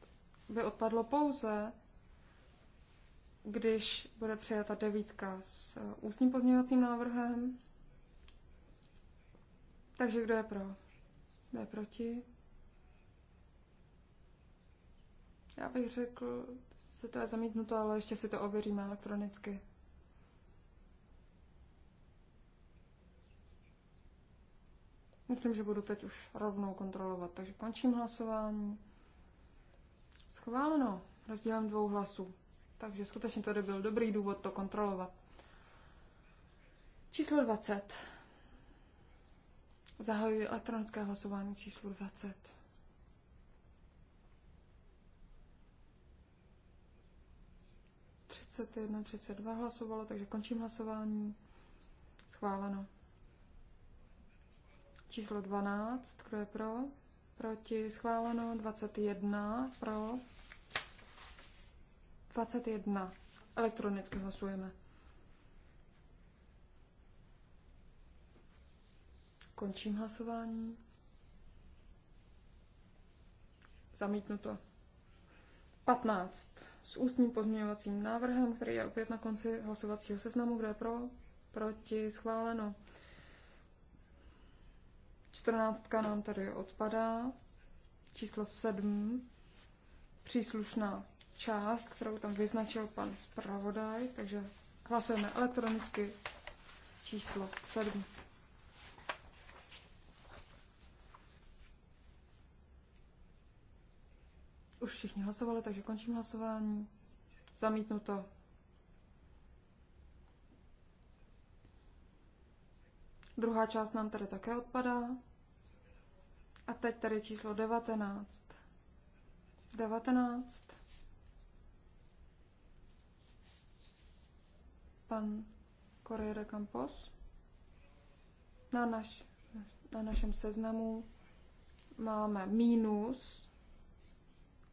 by odpadlo pouze, když bude přijata devítka s eh, ústním pozměňovacím návrhem. Takže kdo je pro? Kdo je proti? Já bych řekl, že to je zamítnuto, ale ještě si to ověříme elektronicky. Myslím, že budu teď už rovnou kontrolovat, takže končím hlasování. Schváleno rozdílem dvou hlasů. Takže skutečně tady byl dobrý důvod to kontrolovat. Číslo 20. Zahajuji elektronické hlasování číslo 20. jedna 32 hlasovalo, takže končím hlasování. Schváleno. Číslo 12, kdo je pro? Proti, schváleno. 21, pro, 21. Elektronicky hlasujeme. Končím hlasování. Zamítnuto. 15. S ústním pozměňovacím návrhem, který je opět na konci hlasovacího seznamu, kde je pro, proti, schváleno. 14. nám tady odpadá. Číslo 7. Příslušná část, kterou tam vyznačil pan zpravodaj, takže hlasujeme elektronicky číslo 7. Už všichni hlasovali, takže končím hlasování. Zamítnuto. Druhá část nám tady také odpadá. A teď tady číslo 19. 19. pan Correa Campos na, naš, na našem seznamu máme mínus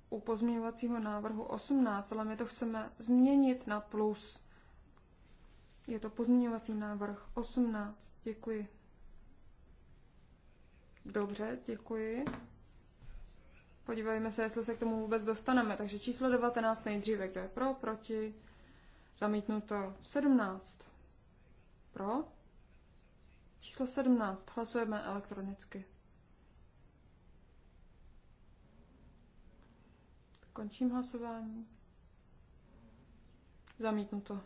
u pozměňovacího návrhu 18, ale my to chceme změnit na plus. Je to pozměňovací návrh 18. Děkuji. Dobře, děkuji. Podívejme se, jestli se k tomu vůbec dostaneme. Takže číslo 19 nejdříve. Kdo je pro, proti? Zamítnuto 17. Pro. Číslo 17. Hlasujeme elektronicky. Končím hlasování. Zamítnuto.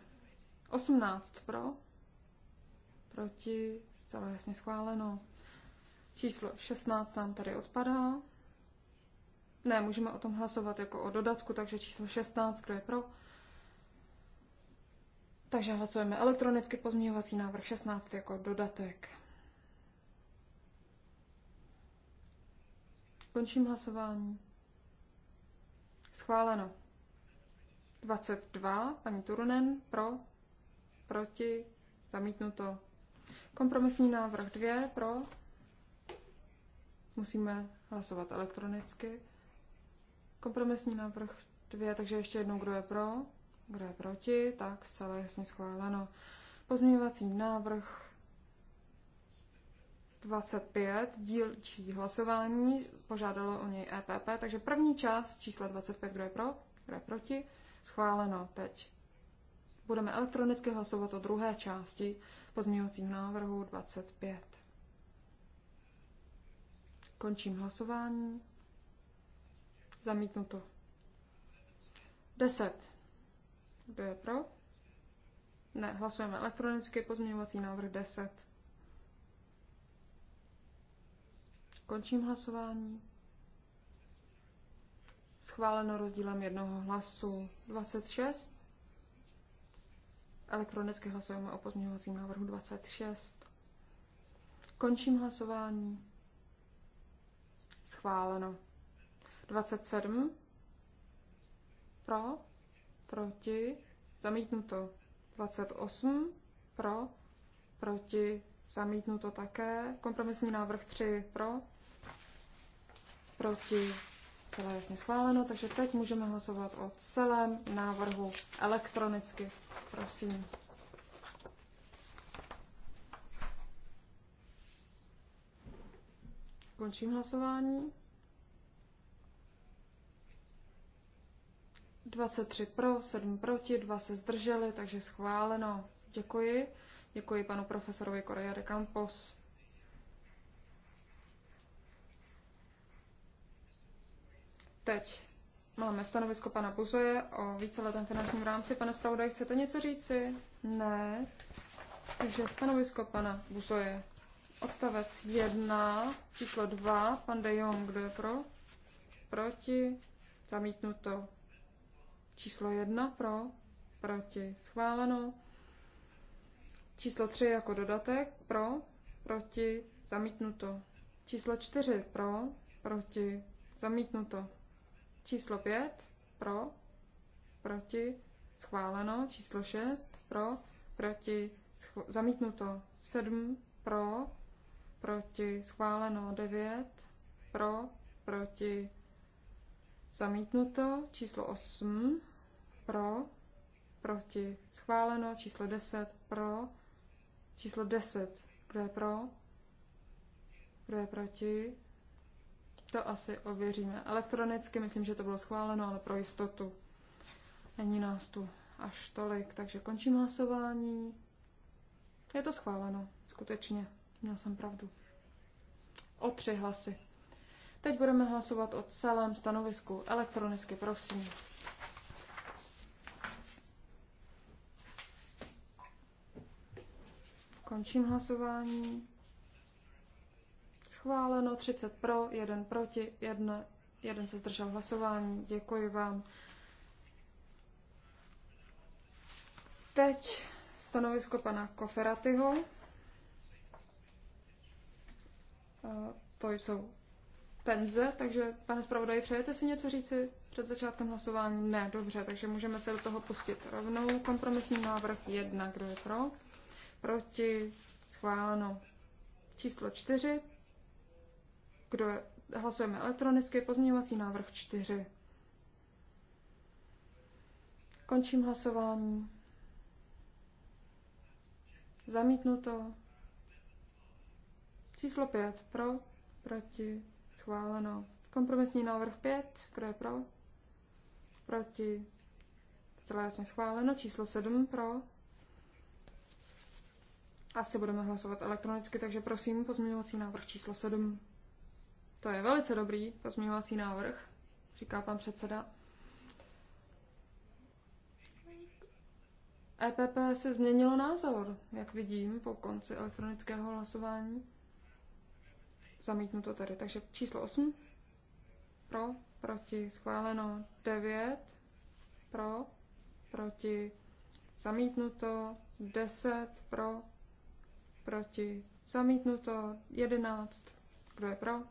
18 pro. Proti. Zcela jasně schváleno. Číslo 16 nám tady odpadá. Ne, můžeme o tom hlasovat jako o dodatku, takže číslo 16, kdo je pro? Takže hlasujeme elektronicky pozměňovací návrh 16 jako dodatek. Končím hlasování. Schváleno. 22, paní Turunen, pro, proti, zamítnuto. Kompromisní návrh 2, pro, musíme hlasovat elektronicky. Kompromisní návrh 2, takže ještě jednou, kdo je pro, kdo je proti, tak zcela jasně schváleno. Pozměňovací návrh 25, dílčí hlasování, požádalo o něj EPP, takže první část čísla 25, kdo je pro, kdo je proti, schváleno teď. Budeme elektronicky hlasovat o druhé části pozměňovacího návrhu 25. Končím hlasování. Zamítnuto. 10. Kdo je pro? Ne, hlasujeme elektronicky. Pozměňovací návrh 10. Končím hlasování. Schváleno rozdílem jednoho hlasu 26. Elektronicky hlasujeme o pozměňovacím návrhu 26. Končím hlasování. Schváleno. 27. Pro proti, zamítnuto. 28 pro, proti, zamítnuto také. Kompromisní návrh 3 pro, proti, celé jasně schváleno, takže teď můžeme hlasovat o celém návrhu elektronicky. Prosím. Končím hlasování. 23 pro, 7 proti, 2 se zdrželi, takže schváleno. Děkuji. Děkuji panu profesorovi Correa de Campos. Teď máme stanovisko pana Buzoje o víceletém finančním rámci. Pane zpravodaj, chcete něco říci? Ne. Takže stanovisko pana Buzoje. Odstavec 1, číslo 2, pan De Jong, kdo je pro? Proti? Zamítnuto. Číslo 1 pro, proti, schváleno. Číslo 3 jako dodatek pro, proti, zamítnuto. Číslo 4 pro, proti, zamítnuto. Číslo 5 pro, proti, schváleno. Číslo 6 pro, proti, zamítnuto. 7 pro, proti, schváleno. 9 pro, proti, zamítnuto. Číslo 8 pro, proti, schváleno, číslo 10 pro, číslo 10, kdo je pro, kdo je proti, to asi ověříme elektronicky, myslím, že to bylo schváleno, ale pro jistotu není nás tu až tolik, takže končím hlasování. Je to schváleno, skutečně, měl jsem pravdu. O tři hlasy. Teď budeme hlasovat o celém stanovisku elektronicky, prosím. Končím hlasování. Schváleno 30 pro, 1 proti, 1, 1 se zdržel hlasování. Děkuji vám. Teď stanovisko pana Koferatyho. E, to jsou penze, takže pane zpravodaji, přejete si něco říci před začátkem hlasování? Ne, dobře, takže můžeme se do toho pustit rovnou. Kompromisní návrh 1, kdo je pro? proti, schváleno. Číslo 4, kdo je, hlasujeme elektronicky, pozměňovací návrh 4. Končím hlasování. Zamítnuto. Číslo 5. Pro, proti, schváleno. Kompromisní návrh 5. Kdo je pro? Proti. Celé jasně schváleno. Číslo 7. Pro, asi budeme hlasovat elektronicky, takže prosím pozměňovací návrh číslo 7. To je velice dobrý pozměňovací návrh, říká pan předseda. EPP se změnilo názor, jak vidím, po konci elektronického hlasování. Zamítnu to tady. Takže číslo 8. Pro, proti, schváleno. 9. Pro, proti, zamítnuto. 10. Pro, proti, zamítnuto, 11, kdo je pro,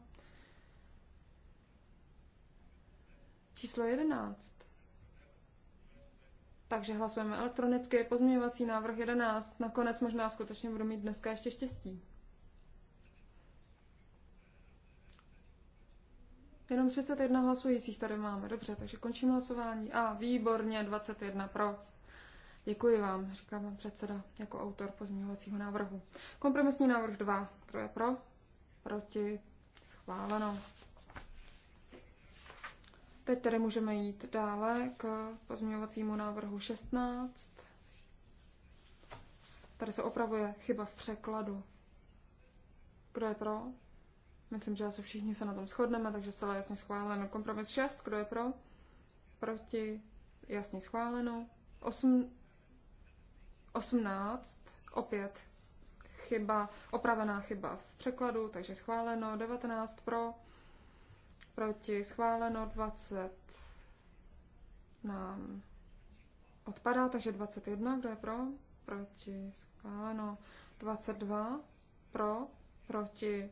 číslo 11. Takže hlasujeme elektronicky, pozměňovací návrh 11, nakonec možná skutečně budu mít dneska ještě štěstí. Jenom 31 hlasujících tady máme, dobře, takže končím hlasování. A výborně, 21 pro. Děkuji vám, říká vám předseda jako autor pozměňovacího návrhu. Kompromisní návrh 2. Kdo je pro? Proti? Schváleno. Teď tedy můžeme jít dále k pozměňovacímu návrhu 16. Tady se opravuje chyba v překladu. Kdo je pro? Myslím, že asi všichni se na tom shodneme, takže celé jasně schváleno. Kompromis 6, kdo je pro? Proti? Jasně schváleno. 8, 18, opět chyba, opravená chyba v překladu, takže schváleno 19 pro, proti schváleno 20 nám odpadá, takže 21, kdo je pro, proti schváleno 22 pro, proti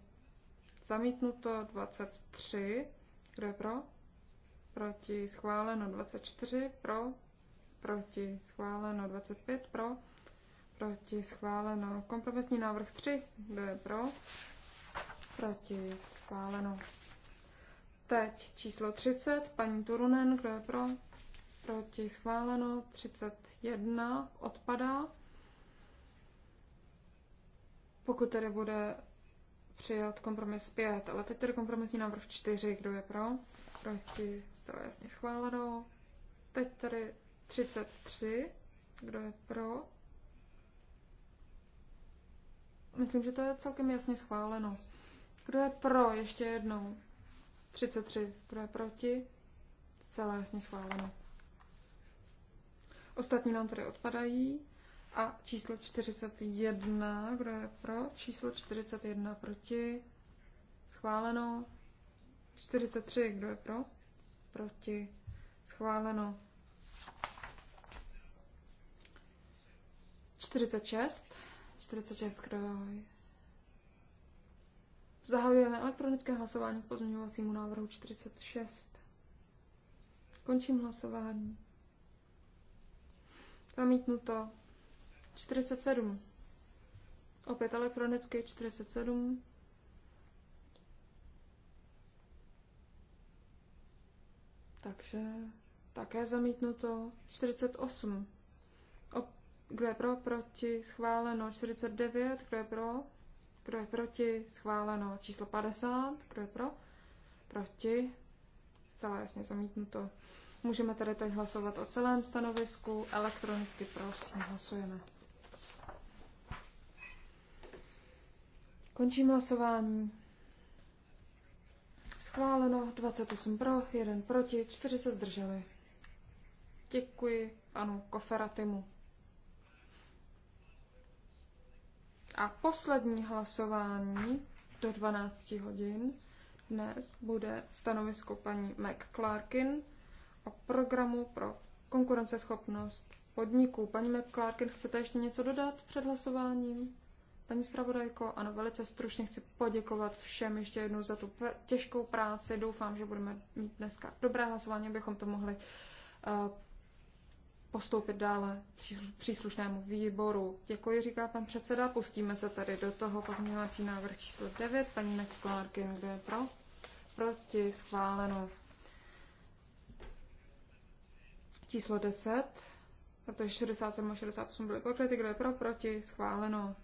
zamítnuto 23, kdo je pro, proti schváleno 24 pro, proti schváleno 25 pro, proti schváleno kompromisní návrh 3, kdo je pro, proti schváleno. Teď číslo 30, paní Turunen, kdo je pro, proti schváleno, 31 odpadá. Pokud tedy bude přijat kompromis 5, ale teď tedy kompromisní návrh 4, kdo je pro, proti zcela jasně schváleno. Teď tedy 33. Kdo je pro? Myslím, že to je celkem jasně schváleno. Kdo je pro? Ještě jednou. 33. Kdo je proti? Celé jasně schváleno. Ostatní nám tady odpadají. A číslo 41. Kdo je pro? Číslo 41 proti. Schváleno. 43. Kdo je pro? Proti. Schváleno. 46. 46 kraj. Zahajujeme elektronické hlasování k pozměňovacímu návrhu 46. Končím hlasování. Zamítnuto 47. Opět elektronicky 47. Takže také zamítnuto 48. Kdo je pro, proti, schváleno 49, kdo je pro, kdo je proti, schváleno číslo 50, kdo je pro, proti, celé jasně zamítnuto. Můžeme tady teď hlasovat o celém stanovisku, elektronicky prosím, hlasujeme. Končím hlasování. Schváleno 28 pro, 1 proti, 4 se zdrželi. Děkuji panu Koferatimu. A poslední hlasování do 12 hodin dnes bude stanovisko paní McClarkin o programu pro konkurenceschopnost podniků. Paní McClarkin, chcete ještě něco dodat před hlasováním? Paní zpravodajko, ano, velice stručně chci poděkovat všem ještě jednou za tu těžkou práci. Doufám, že budeme mít dneska dobré hlasování, abychom to mohli eh, postoupit dále příslušnému výboru. Děkuji, říká pan předseda. Pustíme se tady do toho pozměňovací návrh číslo 9. Paní McClarkin, kdo je pro? Proti, schváleno. Číslo 10, protože 67 a 68 byly pokryty, kdo je pro? Proti, schváleno.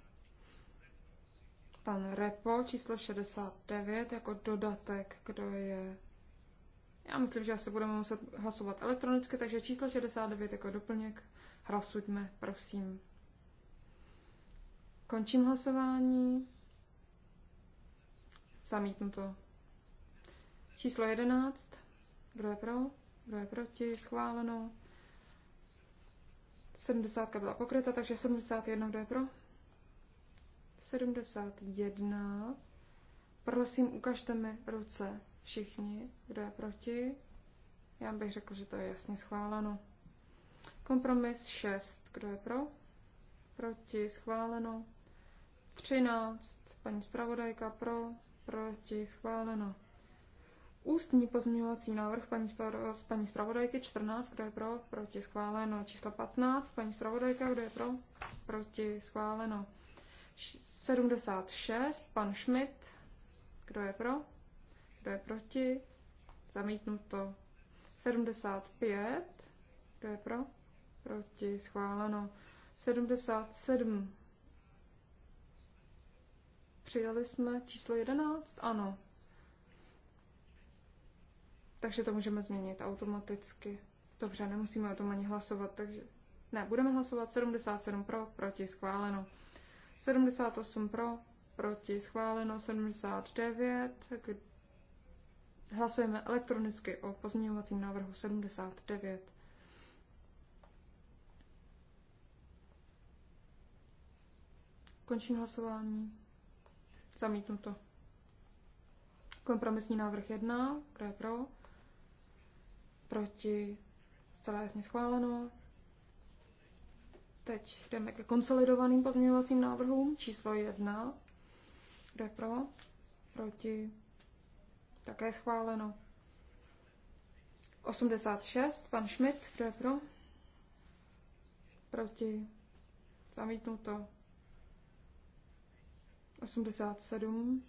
Pan Repo, číslo 69, jako dodatek, kdo je já myslím, že asi budeme muset hlasovat elektronicky, takže číslo 69 jako doplněk. Hlasujme, prosím. Končím hlasování. Zamítnuto. Číslo 11. Kdo je pro? Kdo je proti? Schváleno. 70 byla pokryta, takže 71. Kdo je pro? 71. Prosím, ukažte mi ruce. Všichni, kdo je proti? Já bych řekl, že to je jasně schváleno. Kompromis 6. Kdo je pro? Proti, schváleno. 13. Paní zpravodajka pro, proti, schváleno. Ústní pozměňovací návrh paní, z paní zpravodajky 14, kdo je pro, proti schváleno. Číslo 15, paní zpravodajka, kdo je pro, proti schváleno. 76, pan Schmidt, kdo je pro, kdo je proti, zamítnuto. 75, kdo je pro, proti, schváleno. 77, přijali jsme číslo 11, ano. Takže to můžeme změnit automaticky. Dobře, nemusíme o tom ani hlasovat, takže... Ne, budeme hlasovat 77 pro, proti, schváleno. 78 pro, proti, schváleno. 79, Hlasujeme elektronicky o pozměňovacím návrhu 79. Končím hlasování. Zamítnuto. Kompromisní návrh 1. Kdo je pro? Proti? Zcela jasně schváleno. Teď jdeme ke konsolidovaným pozměňovacím návrhům. Číslo 1. Kdo je pro? Proti? Také schváleno. 86, pan Schmidt, kdo je pro? Proti. Zamítnuto. 87.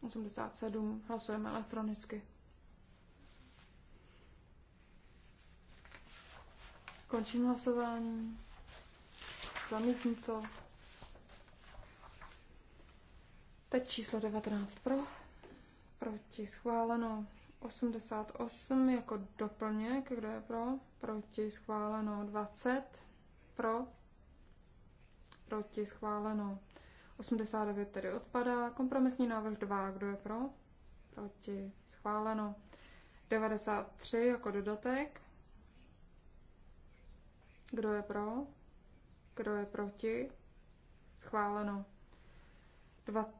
87. Hlasujeme elektronicky. Končím hlasování. Zamítnuto. Teď číslo 19 pro, proti schváleno 88 jako doplněk, kdo je pro, proti schváleno 20, pro, proti schváleno 89 tedy odpadá, kompromisní návrh 2, kdo je pro, proti schváleno 93 jako dodatek, kdo je pro, kdo je proti, schváleno 20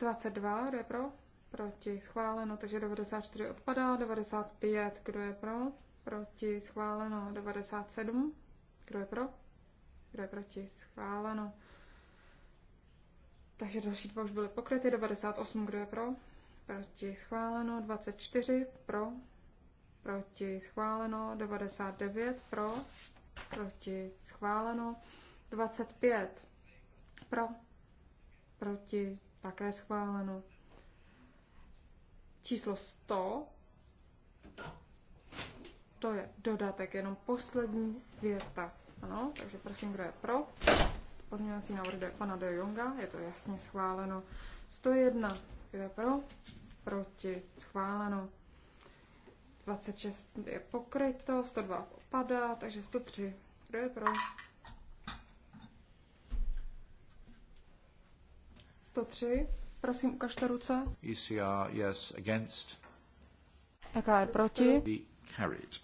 22, kdo je pro? Proti schváleno, takže 94 odpadá. 95, kdo je pro? Proti schváleno. 97, kdo je pro? Kdo je proti schváleno. Takže další dva už byly pokryty. 98, kdo je pro? Proti schváleno. 24, pro? Proti schváleno. 99, pro? Proti schváleno. 25, pro? Proti také schváleno. Číslo 100. To je dodatek, jenom poslední věta. Ano, takže prosím, kdo je pro? Pozměňovací návrh jde pana De Jonga, je to jasně schváleno. 101, kdo je pro? Proti, schváleno. 26 je pokryto, 102 opadá, takže 103, kdo je pro? 103. Prosím, ukažte ruce. ECR, yes, against. EKR proti. Be carried.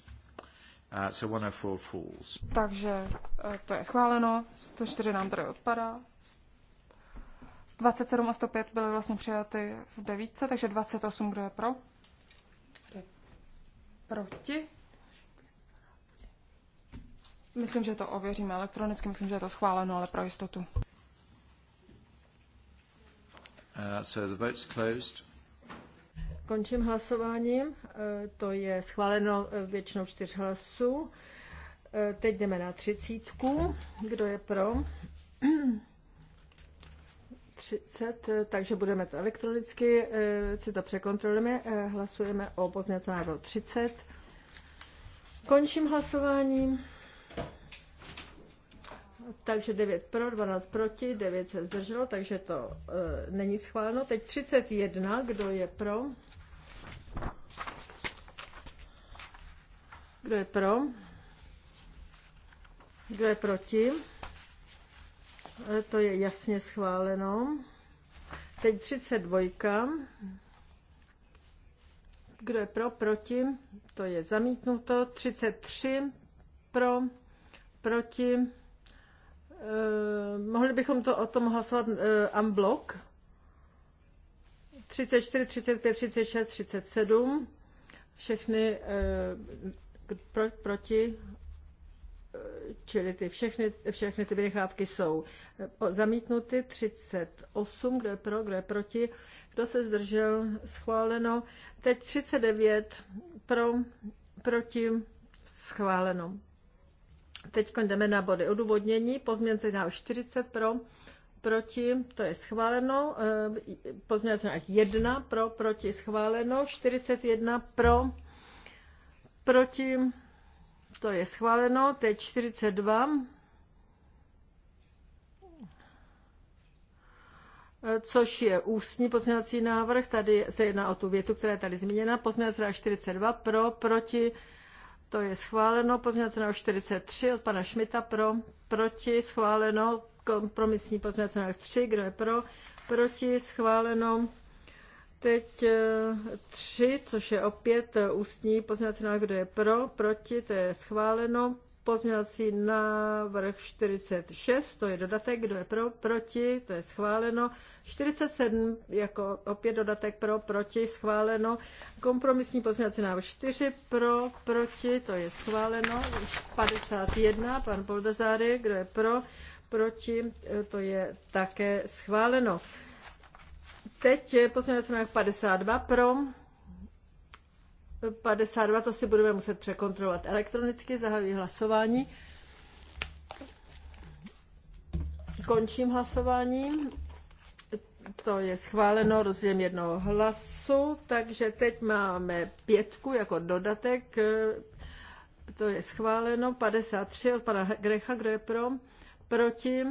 Uh, so 104 falls. Takže uh, to je schváleno, 104 nám tady odpadá. 27 a 105 byly vlastně přijaty v devítce, takže 28, kdo je pro? proti? Myslím, že to ověříme elektronicky, myslím, že je to schváleno, ale pro jistotu. Uh, so the vote's closed. Končím hlasováním. Eh, to je schváleno eh, většinou čtyř hlasů. Eh, teď jdeme na třicítku. Kdo je pro? 30, takže budeme to elektronicky, si to překontrolujeme, hlasujeme o pozměnce návrhu 30. Končím hlasováním takže 9 pro, 12 proti, 9 se zdrželo, takže to e, není schváleno. Teď 31, kdo je pro? Kdo je pro? Kdo je proti? E, to je jasně schváleno. Teď 32. Kdo je pro, proti? To je zamítnuto. 33 pro, proti? Eh, mohli bychom to o tom hlasovat unblock. 34, 35, 36, 37. Všechny eh, pro, proti, eh, čili ty všechny, všechny ty vynechávky jsou zamítnuty. 38, kdo je pro, kdo je proti, kdo se zdržel, schváleno. Teď 39 pro, proti, schváleno. Teď jdeme na body odůvodnění. Pozměnce na 40 pro, proti, to je schváleno. Pozměnce na 1 pro, proti, schváleno. 41 pro, proti, to je schváleno. Teď 42 eh, což je ústní pozměňovací návrh. Tady se jedná o tu větu, která je tady zmíněna. Pozměňovací 42 pro, proti, to je schváleno. Pozměňovací návrh 43 od pana Šmita pro, proti, schváleno. Kompromisní pozměňovací návrh 3, kdo je pro, proti, schváleno. Teď 3, eh, což je opět eh, ústní pozměňovací návrh, kdo je pro, proti, to je schváleno. Pozměňovací návrh 46, to je dodatek, kdo je pro, proti, to je schváleno. 47, jako opět dodatek pro, proti, schváleno. Kompromisní pozměňovací návrh 4, pro, proti, to je schváleno. 51, pan Poldazáry, kdo je pro, proti, to je také schváleno. Teď je pozměňovací návrh 52, pro, 52, to si budeme muset překontrolovat elektronicky, zahajuji hlasování. Končím hlasování. To je schváleno rozdílem jednoho hlasu, takže teď máme pětku jako dodatek. To je schváleno. 53 od pana Grecha, kdo je pro? Proti?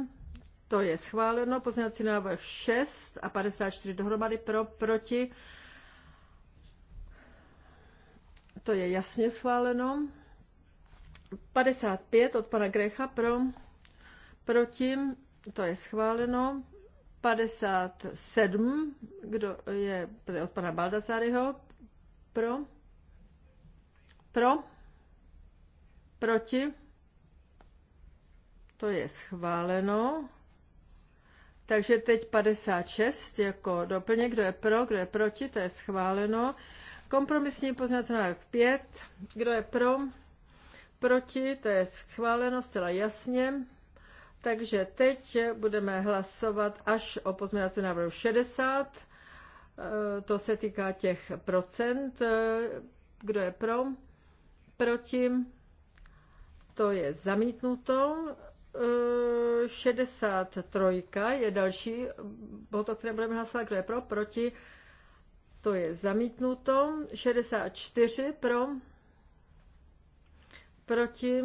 To je schváleno. Pozměňovací návrh 6 a 54 dohromady pro, proti? to je jasně schváleno. 55 od pana Grecha pro, proti, to je schváleno. 57, kdo je od pana Baldazáryho, pro, pro, proti, to je schváleno. Takže teď 56 jako doplněk, kdo je pro, kdo je proti, to je schváleno. Kompromisní poznací návrh 5. Kdo je pro? Proti? To je schváleno zcela jasně. Takže teď budeme hlasovat až o pozměňovacím návrhu 60. E, to se týká těch procent. E, kdo je pro? Proti? To je zamítnuto. 63 e, je další bod, o kterém budeme hlasovat. Kdo je pro? Proti? to je zamítnuto. 64 pro, proti,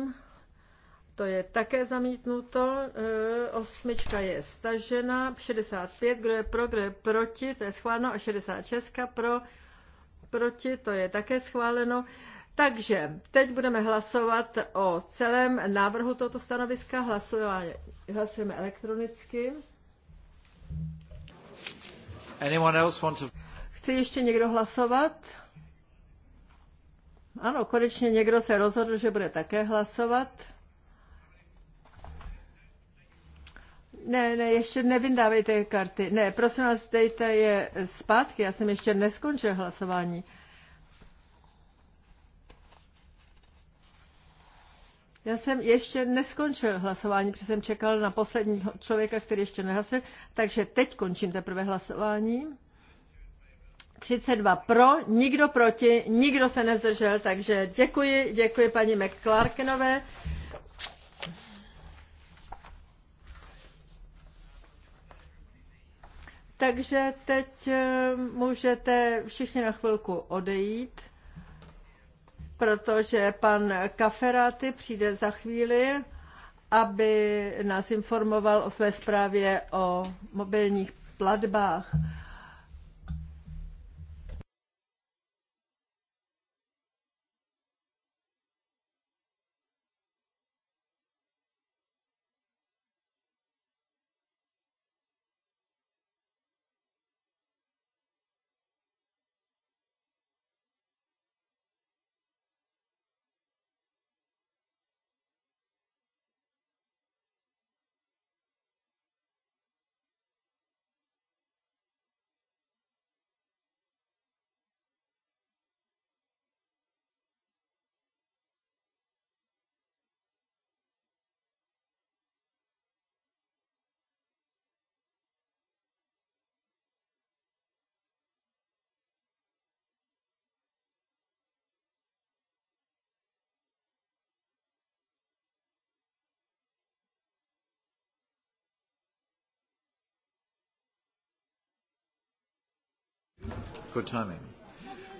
to je také zamítnuto. E, osmička je stažena. 65, kdo je pro, kdo je proti, to je schváleno. A 66 pro, proti, to je také schváleno. Takže teď budeme hlasovat o celém návrhu tohoto stanoviska. Hlasujeme, hlasujeme elektronicky. Anyone else want to... Chce ještě někdo hlasovat? Ano, konečně někdo se rozhodl, že bude také hlasovat. Ne, ne, ještě nevydávejte karty. Ne, prosím vás, dejte je zpátky. Já jsem ještě neskončil hlasování. Já jsem ještě neskončil hlasování, protože jsem čekal na posledního člověka, který ještě nehlasil, takže teď končím teprve hlasování. 32 pro, nikdo proti, nikdo se nezdržel, takže děkuji, děkuji paní McClarkenové. Takže teď eh, můžete všichni na chvilku odejít, protože pan Kaferaty přijde za chvíli, aby nás informoval o své zprávě o mobilních platbách. Good timing.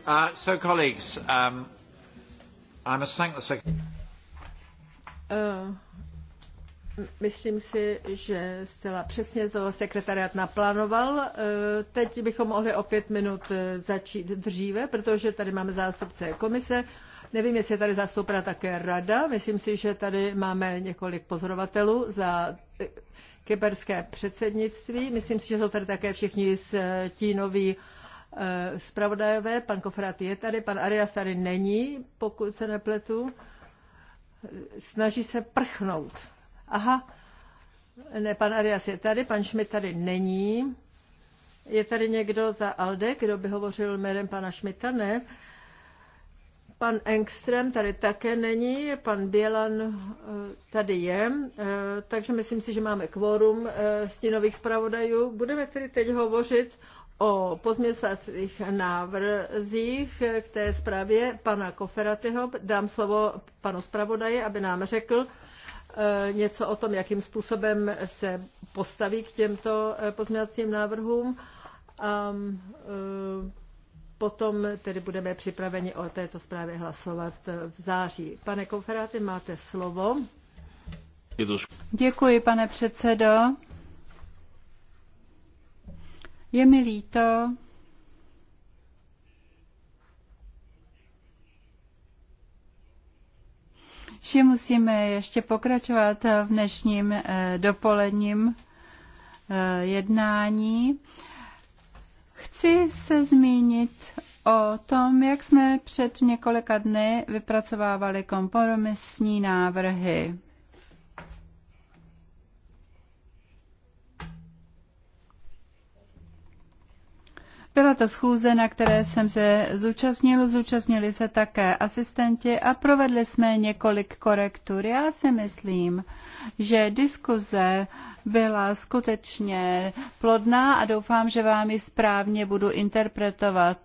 Uh, so, colleagues, um, I must thank the Uh, myslím si, že zcela přesně to sekretariat naplánoval. Uh, teď bychom mohli o pět minut uh, začít dříve, protože tady máme zástupce komise. Nevím, jestli je tady zastoupena také rada. Myslím si, že tady máme několik pozorovatelů za eh, kyberské předsednictví. Myslím si, že jsou tady také všichni z eh, tínoví uh, Eh, zpravodajové. Pan Kofrat je tady, pan Arias tady není, pokud se nepletu. Eh, snaží se prchnout. Aha, ne, pan Arias je tady, pan Šmit tady není. Je tady někdo za ALDE, kdo by hovořil jménem pana Šmita? Ne. Pan Engström tady také není, pan Bělan eh, tady je, takže myslím si, že máme kvórum stínových zpravodajů. Budeme tedy teď hovořit o pozměstacích návrzích k té zprávě pana Koferatyho. Dám slovo panu zpravodaji, aby nám řekl e, něco o tom, jakým způsobem se postaví k těmto e, pozměstacím návrhům. A e, potom tedy budeme připraveni o této zprávě hlasovat v září. Pane Koferaty, máte slovo. Děkuji, pane předsedo. Je mi líto, že musíme ještě pokračovat v dnešním eh, dopoledním eh, jednání. Chci se zmínit o tom, jak jsme před několika dny vypracovávali kompromisní návrhy. Byla to schůze, na které jsem se zúčastnil, zúčastnili se také asistenti a provedli jsme několik korektur. Já si myslím, že diskuze byla skutečně plodná a doufám, že vám ji správně budu interpretovat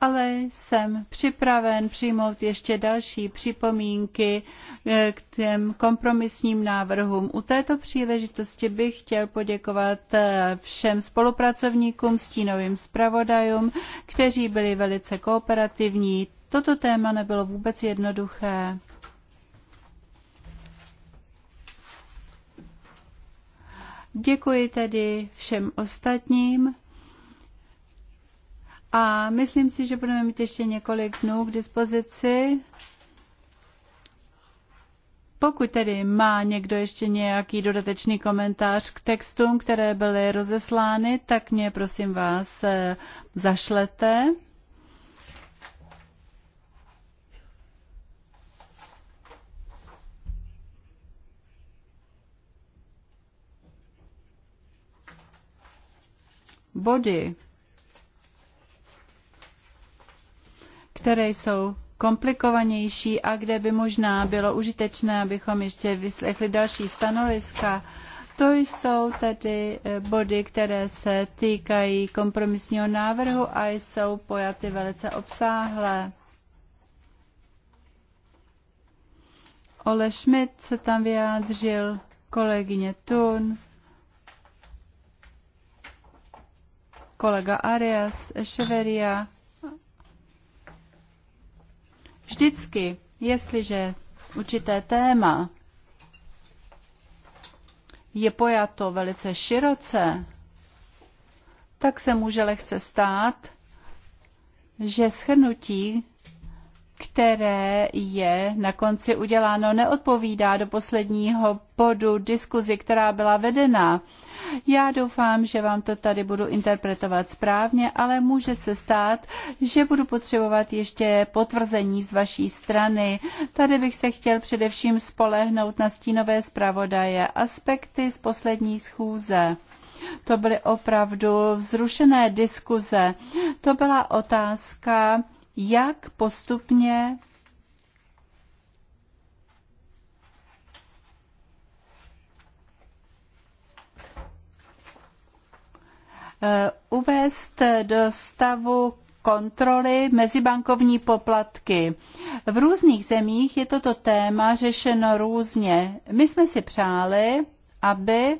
ale jsem připraven přijmout ještě další připomínky eh, k těm kompromisním návrhům. U této příležitosti bych chtěl poděkovat eh, všem spolupracovníkům, stínovým zpravodajům, kteří byli velice kooperativní. Toto téma nebylo vůbec jednoduché. Děkuji tedy všem ostatním. A myslím si, že budeme mít ještě několik dnů k dispozici. Pokud tedy má někdo ještě nějaký dodatečný komentář k textům, které byly rozeslány, tak mě prosím vás eh, zašlete. Body které jsou komplikovanější a kde by možná bylo užitečné, abychom ještě vyslechli další stanoviska. To jsou tedy eh, body, které se týkají kompromisního návrhu a jsou pojaty velice obsáhlé. Ole Schmidt se tam vyjádřil, kolegyně Tun, kolega Arias, Echeveria, Vždycky, jestliže určité téma je pojato velice široce, tak se může lehce stát, že schrnutí které je na konci uděláno, neodpovídá do posledního bodu diskuzi, která byla vedena. Já doufám, že vám to tady budu interpretovat správně, ale může se stát, že budu potřebovat ještě potvrzení z vaší strany. Tady bych se chtěl především spolehnout na stínové zpravodaje aspekty z poslední schůze. To byly opravdu vzrušené diskuze. To byla otázka jak postupně eh, uvést do stavu kontroly mezibankovní poplatky. V různých zemích je toto téma řešeno různě. My jsme si přáli, aby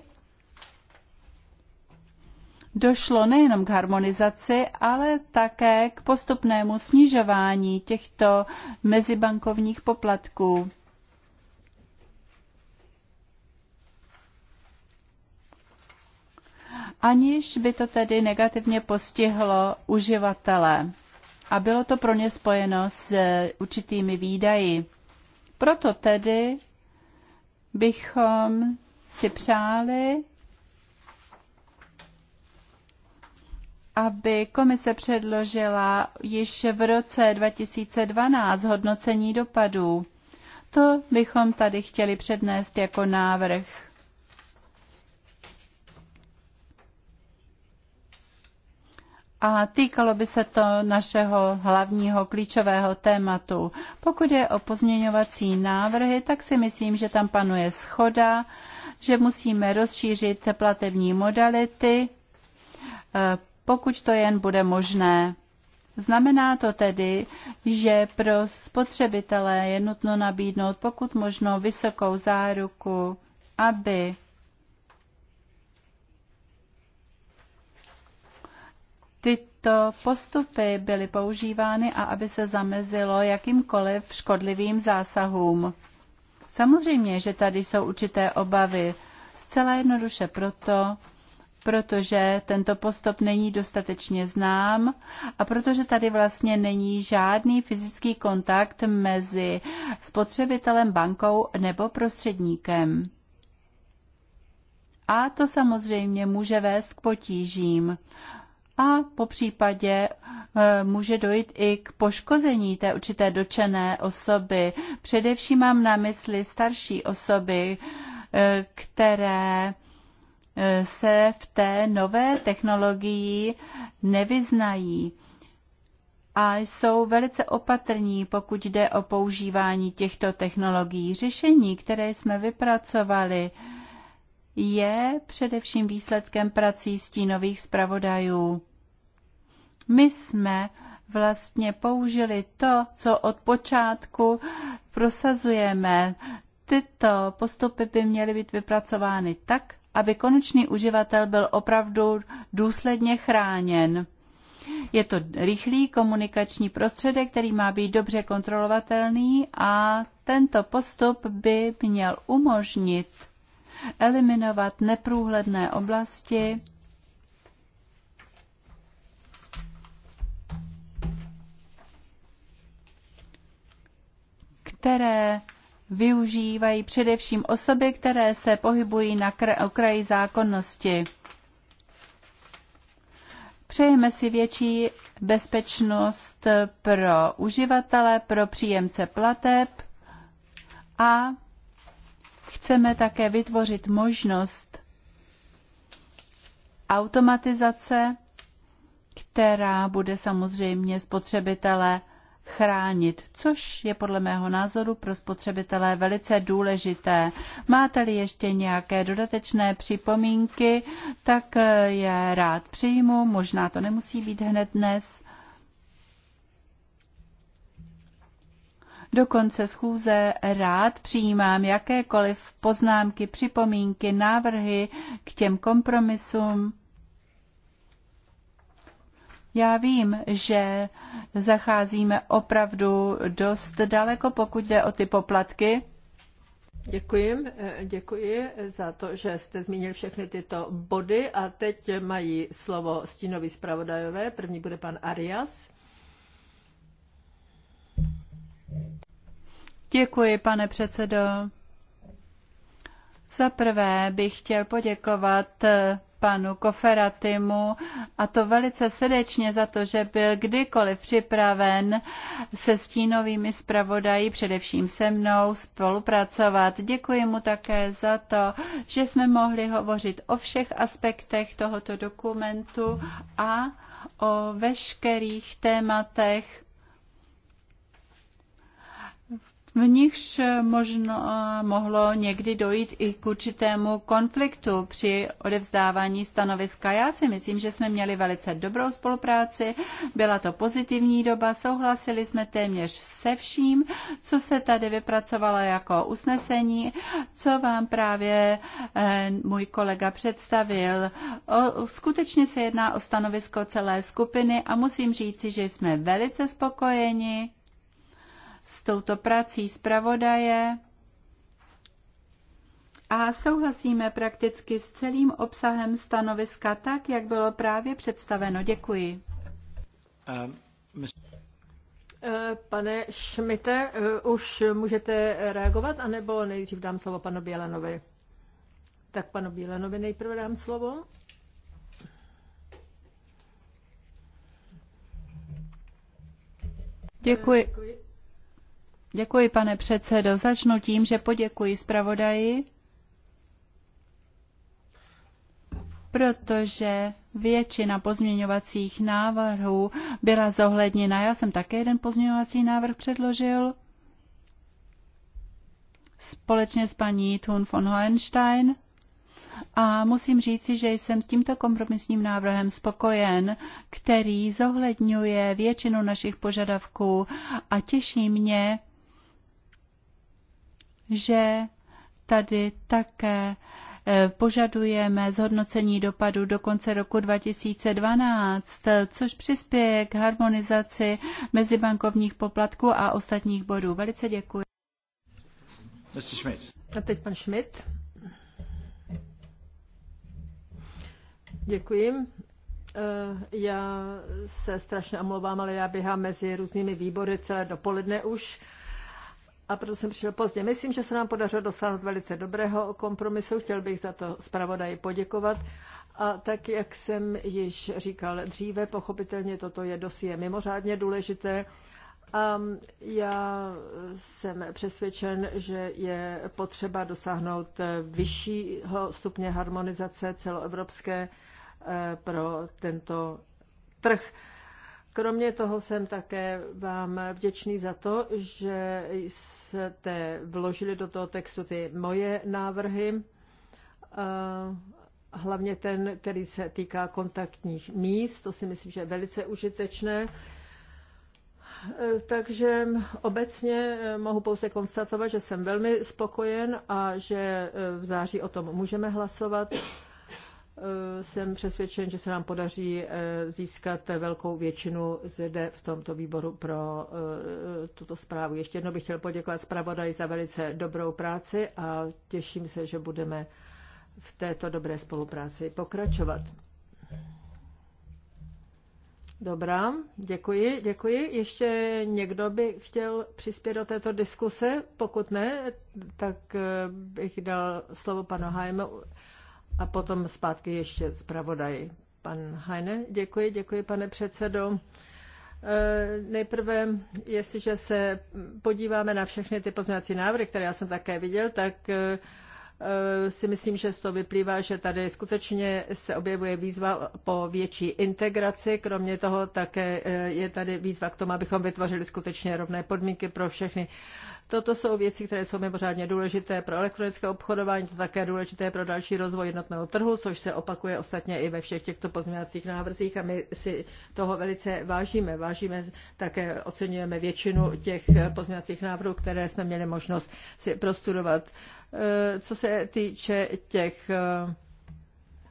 došlo nejenom k harmonizaci, ale také k postupnému snižování těchto mezibankovních poplatků. aniž by to tedy negativně postihlo uživatele. A bylo to pro ně spojeno s e, určitými výdaji. Proto tedy bychom si přáli, aby komise předložila již v roce 2012 hodnocení dopadů. To bychom tady chtěli přednést jako návrh. A týkalo by se to našeho hlavního klíčového tématu. Pokud je o pozměňovací návrhy, tak si myslím, že tam panuje schoda, že musíme rozšířit platební modality, eh, pokud to jen bude možné. Znamená to tedy, že pro spotřebitele je nutno nabídnout pokud možno vysokou záruku, aby tyto postupy byly používány a aby se zamezilo jakýmkoliv škodlivým zásahům. Samozřejmě, že tady jsou určité obavy, zcela jednoduše proto, protože tento postup není dostatečně znám a protože tady vlastně není žádný fyzický kontakt mezi spotřebitelem, bankou nebo prostředníkem. A to samozřejmě může vést k potížím a po případě eh, může dojít i k poškození té určité dočené osoby. Především mám na mysli starší osoby, eh, které se v té nové technologii nevyznají a jsou velice opatrní, pokud jde o používání těchto technologií. Řešení, které jsme vypracovali, je především výsledkem prací stínových zpravodajů. My jsme vlastně použili to, co od počátku prosazujeme. Tyto postupy by měly být vypracovány tak, aby konečný uživatel byl opravdu důsledně chráněn. Je to rychlý komunikační prostředek, který má být dobře kontrolovatelný a tento postup by měl umožnit eliminovat neprůhledné oblasti, které využívají především osoby, které se pohybují na okraji zákonnosti. Přejeme si větší bezpečnost pro uživatele, pro příjemce plateb a chceme také vytvořit možnost automatizace, která bude samozřejmě spotřebitele chránit, což je podle mého názoru pro spotřebitele velice důležité. Máte-li ještě nějaké dodatečné připomínky, tak eh, je rád přijmu, možná to nemusí být hned dnes. Do konce schůze rád přijímám jakékoliv poznámky, připomínky, návrhy k těm kompromisům já vím, že zacházíme opravdu dost daleko, pokud jde o ty poplatky. Děkuji, eh, děkuji za to, že jste zmínil všechny tyto body a teď mají slovo stínoví zpravodajové. První bude pan Arias. Děkuji, pane předsedo. Za prvé bych chtěl poděkovat eh, panu Koferatimu a to velice srdečně za to, že byl kdykoliv připraven se stínovými zpravodají, především se mnou, spolupracovat. Děkuji mu také za to, že jsme mohli hovořit o všech aspektech tohoto dokumentu a o veškerých tématech, v nichž možno, eh, mohlo někdy dojít i k určitému konfliktu při odevzdávání stanoviska. Já si myslím, že jsme měli velice dobrou spolupráci, byla to pozitivní doba, souhlasili jsme téměř se vším, co se tady vypracovalo jako usnesení, co vám právě eh, můj kolega představil. O, skutečně se jedná o stanovisko celé skupiny a musím říci, že jsme velice spokojeni s touto prací zpravodaje a souhlasíme prakticky s celým obsahem stanoviska tak, jak bylo právě představeno. Děkuji. Um, eh, pane Šmite, eh, už můžete reagovat, anebo nejdřív dám slovo panu Bělanovi. Tak panu Bílenovi nejprve dám slovo. Děkuji. Eh, děkuji. Děkuji, pane předsedo. Začnu tím, že poděkuji zpravodaji, protože většina pozměňovacích návrhů byla zohledněna. Já jsem také jeden pozměňovací návrh předložil společně s paní Thun von Hohenstein. A musím říci, že jsem s tímto kompromisním návrhem spokojen, který zohledňuje většinu našich požadavků a těší mě, že tady také eh, požadujeme zhodnocení dopadu do konce roku 2012, což přispěje k harmonizaci mezibankovních poplatků a ostatních bodů. Velice děkuji. Mr. Schmidt. A teď pan Schmidt. Děkuji. Eh, já se strašně omlouvám, ale já běhám mezi různými výbory celé dopoledne už a proto jsem přišel pozdě. Myslím, že se nám podařilo dosáhnout velice dobrého kompromisu. Chtěl bych za to zpravodaji poděkovat. A tak, jak jsem již říkal dříve, pochopitelně toto je dosie mimořádně důležité. A já jsem přesvědčen, že je potřeba dosáhnout vyššího stupně harmonizace celoevropské eh, pro tento trh. Kromě toho jsem také vám vděčný za to, že jste vložili do toho textu ty moje návrhy, eh, hlavně ten, který se týká kontaktních míst, to si myslím, že je velice užitečné. Eh, takže obecně eh, mohu pouze konstatovat, že jsem velmi spokojen a že v září o tom můžeme hlasovat. Eh, jsem přesvědčen, že se nám podaří eh, získat velkou většinu zde v tomto výboru pro eh, tuto zprávu. Ještě jednou bych chtěl poděkovat zpravodaji za velice dobrou práci a těším se, že budeme v této dobré spolupráci pokračovat. Dobrá, děkuji, děkuji. Ještě někdo by chtěl přispět do této diskuse? Pokud ne, tak bych dal slovo panu Hajmu a potom zpátky ještě zpravodaj. Pan Heine, děkuji, děkuji, pane předsedo. E, nejprve, jestliže se podíváme na všechny ty pozměňovací návrhy, které já jsem také viděl, tak e, Eh, si myslím, že z toho vyplývá, že tady skutečně se objevuje výzva po větší integraci. Kromě toho také eh, je tady výzva k tomu, abychom vytvořili skutečně rovné podmínky pro všechny. Toto jsou věci, které jsou mimořádně důležité pro elektronické obchodování, to také důležité pro další rozvoj jednotného trhu, což se opakuje ostatně i ve všech těchto pozměňovacích návrzích a my si toho velice vážíme. Vážíme, také oceňujeme většinu těch eh, pozměňovacích návrhů, které jsme měli možnost si prostudovat. Eh, co se týče těch eh,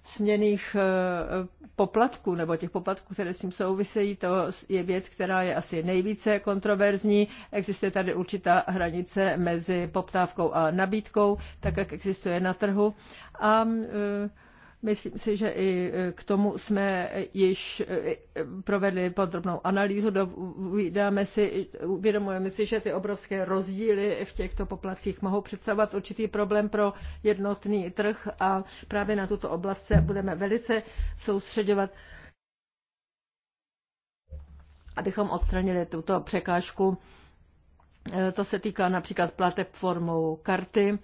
směných eh, poplatků nebo těch poplatků, které s tím souvisejí, to je věc, která je asi nejvíce kontroverzní. Existuje tady určitá hranice mezi poptávkou a nabídkou, tak jak existuje na trhu. A Myslím si, že i e, k tomu jsme již e, provedli podrobnou analýzu. Dovídáme si, uvědomujeme si, že ty obrovské rozdíly v těchto poplacích mohou představovat určitý problém pro jednotný trh a právě na tuto oblast se budeme velice soustředovat abychom odstranili tuto překážku. E, to se týká například plateb formou karty.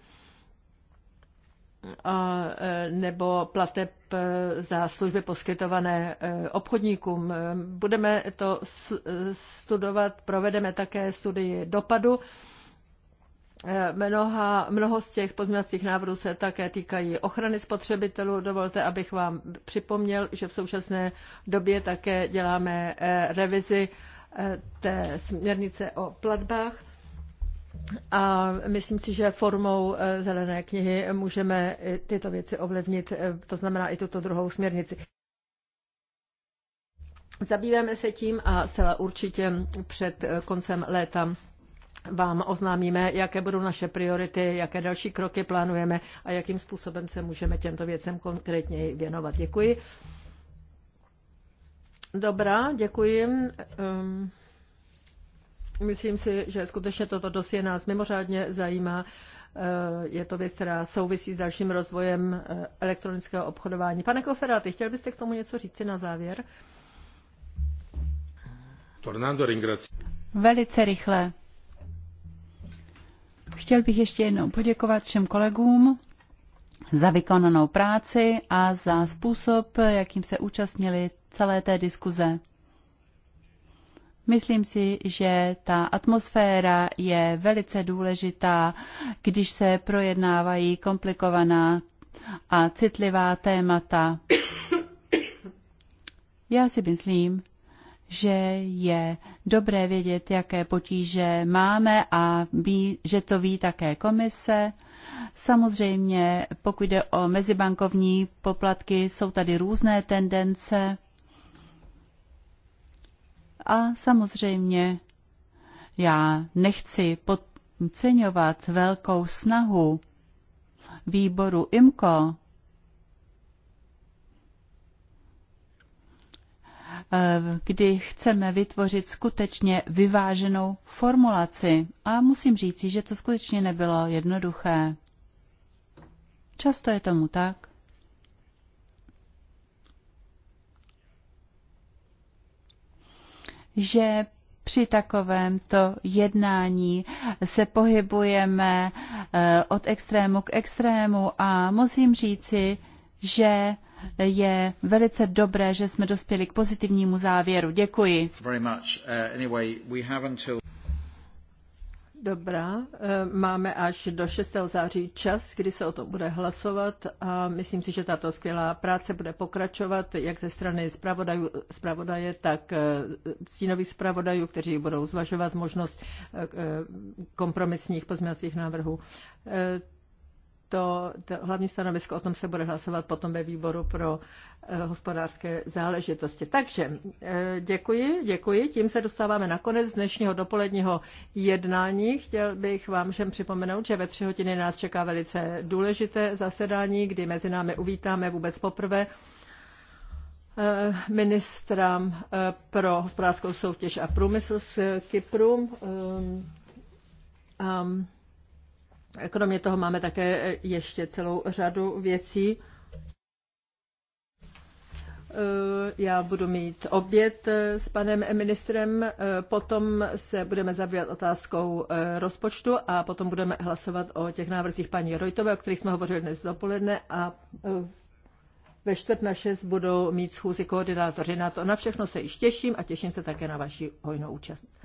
E, nebo plateb e, za služby poskytované e, obchodníkům. Budeme to studovat, provedeme také studii dopadu. Mnoha, mnoho z těch pozměňovacích návrhů se také týkají ochrany spotřebitelů. Dovolte, abych vám připomněl, že v současné době také děláme revizi té směrnice o platbách. A myslím si, že formou eh, zelené knihy můžeme tyto věci ovlivnit, eh, to znamená i tuto druhou směrnici. Zabýváme se tím a zcela určitě před eh, koncem léta vám oznámíme, jaké budou naše priority, jaké další kroky plánujeme a jakým způsobem se můžeme těmto věcem konkrétně věnovat. Děkuji. Dobrá, děkuji. Ehm, Myslím si, že skutečně toto dosie nás mimořádně zajímá. Eh, je to věc, která souvisí s dalším rozvojem eh, elektronického obchodování. Pane Koferáty, chtěl byste k tomu něco říct? na závěr? Velice rychle. Chtěl bych ještě jednou poděkovat všem kolegům za vykonanou práci a za způsob, jakým se účastnili celé té diskuze. Myslím si, že ta atmosféra je velice důležitá, když se projednávají komplikovaná a citlivá témata. Já si myslím, že je dobré vědět, jaké potíže máme a ví, že to ví také komise. Samozřejmě, pokud jde o mezibankovní poplatky, jsou tady různé tendence. A samozřejmě já nechci podceňovat velkou snahu výboru IMCO eh, kdy chceme vytvořit skutečně vyváženou formulaci. A musím říci, že to skutečně nebylo jednoduché. Často je tomu tak, že při takovémto jednání se pohybujeme eh, od extrému k extrému a musím říci, že je velice dobré, že jsme dospěli k pozitivnímu závěru. Děkuji. Dobrá, eh, máme až do 6. září čas, kdy se o tom bude hlasovat a myslím si, že tato skvělá práce bude pokračovat jak ze strany zpravodaje, tak eh, stínových zpravodajů, kteří budou zvažovat možnost eh, kompromisních pozměňovacích návrhů to, to hlavní stanovisko, o tom se bude hlasovat potom ve výboru pro eh, hospodářské záležitosti. Takže eh, děkuji, děkuji. Tím se dostáváme na konec dnešního dopoledního jednání. Chtěl bych vám všem připomenout, že ve tři hodiny nás čeká velice důležité zasedání, kdy mezi námi uvítáme vůbec poprvé eh, ministra pro hospodářskou soutěž a průmysl z Kypru. Um, um, Kromě toho máme také e, ještě celou řadu věcí. E, já budu mít oběd e, s panem ministrem, potom se budeme zabývat otázkou rozpočtu a potom budeme hlasovat o těch návrzích paní Rojtové, o kterých jsme hovořili dnes dopoledne a ve čtvrt na šest budou mít schůzi koordinátoři na to. Na všechno se již těším a těším se také na vaši hojnou účast.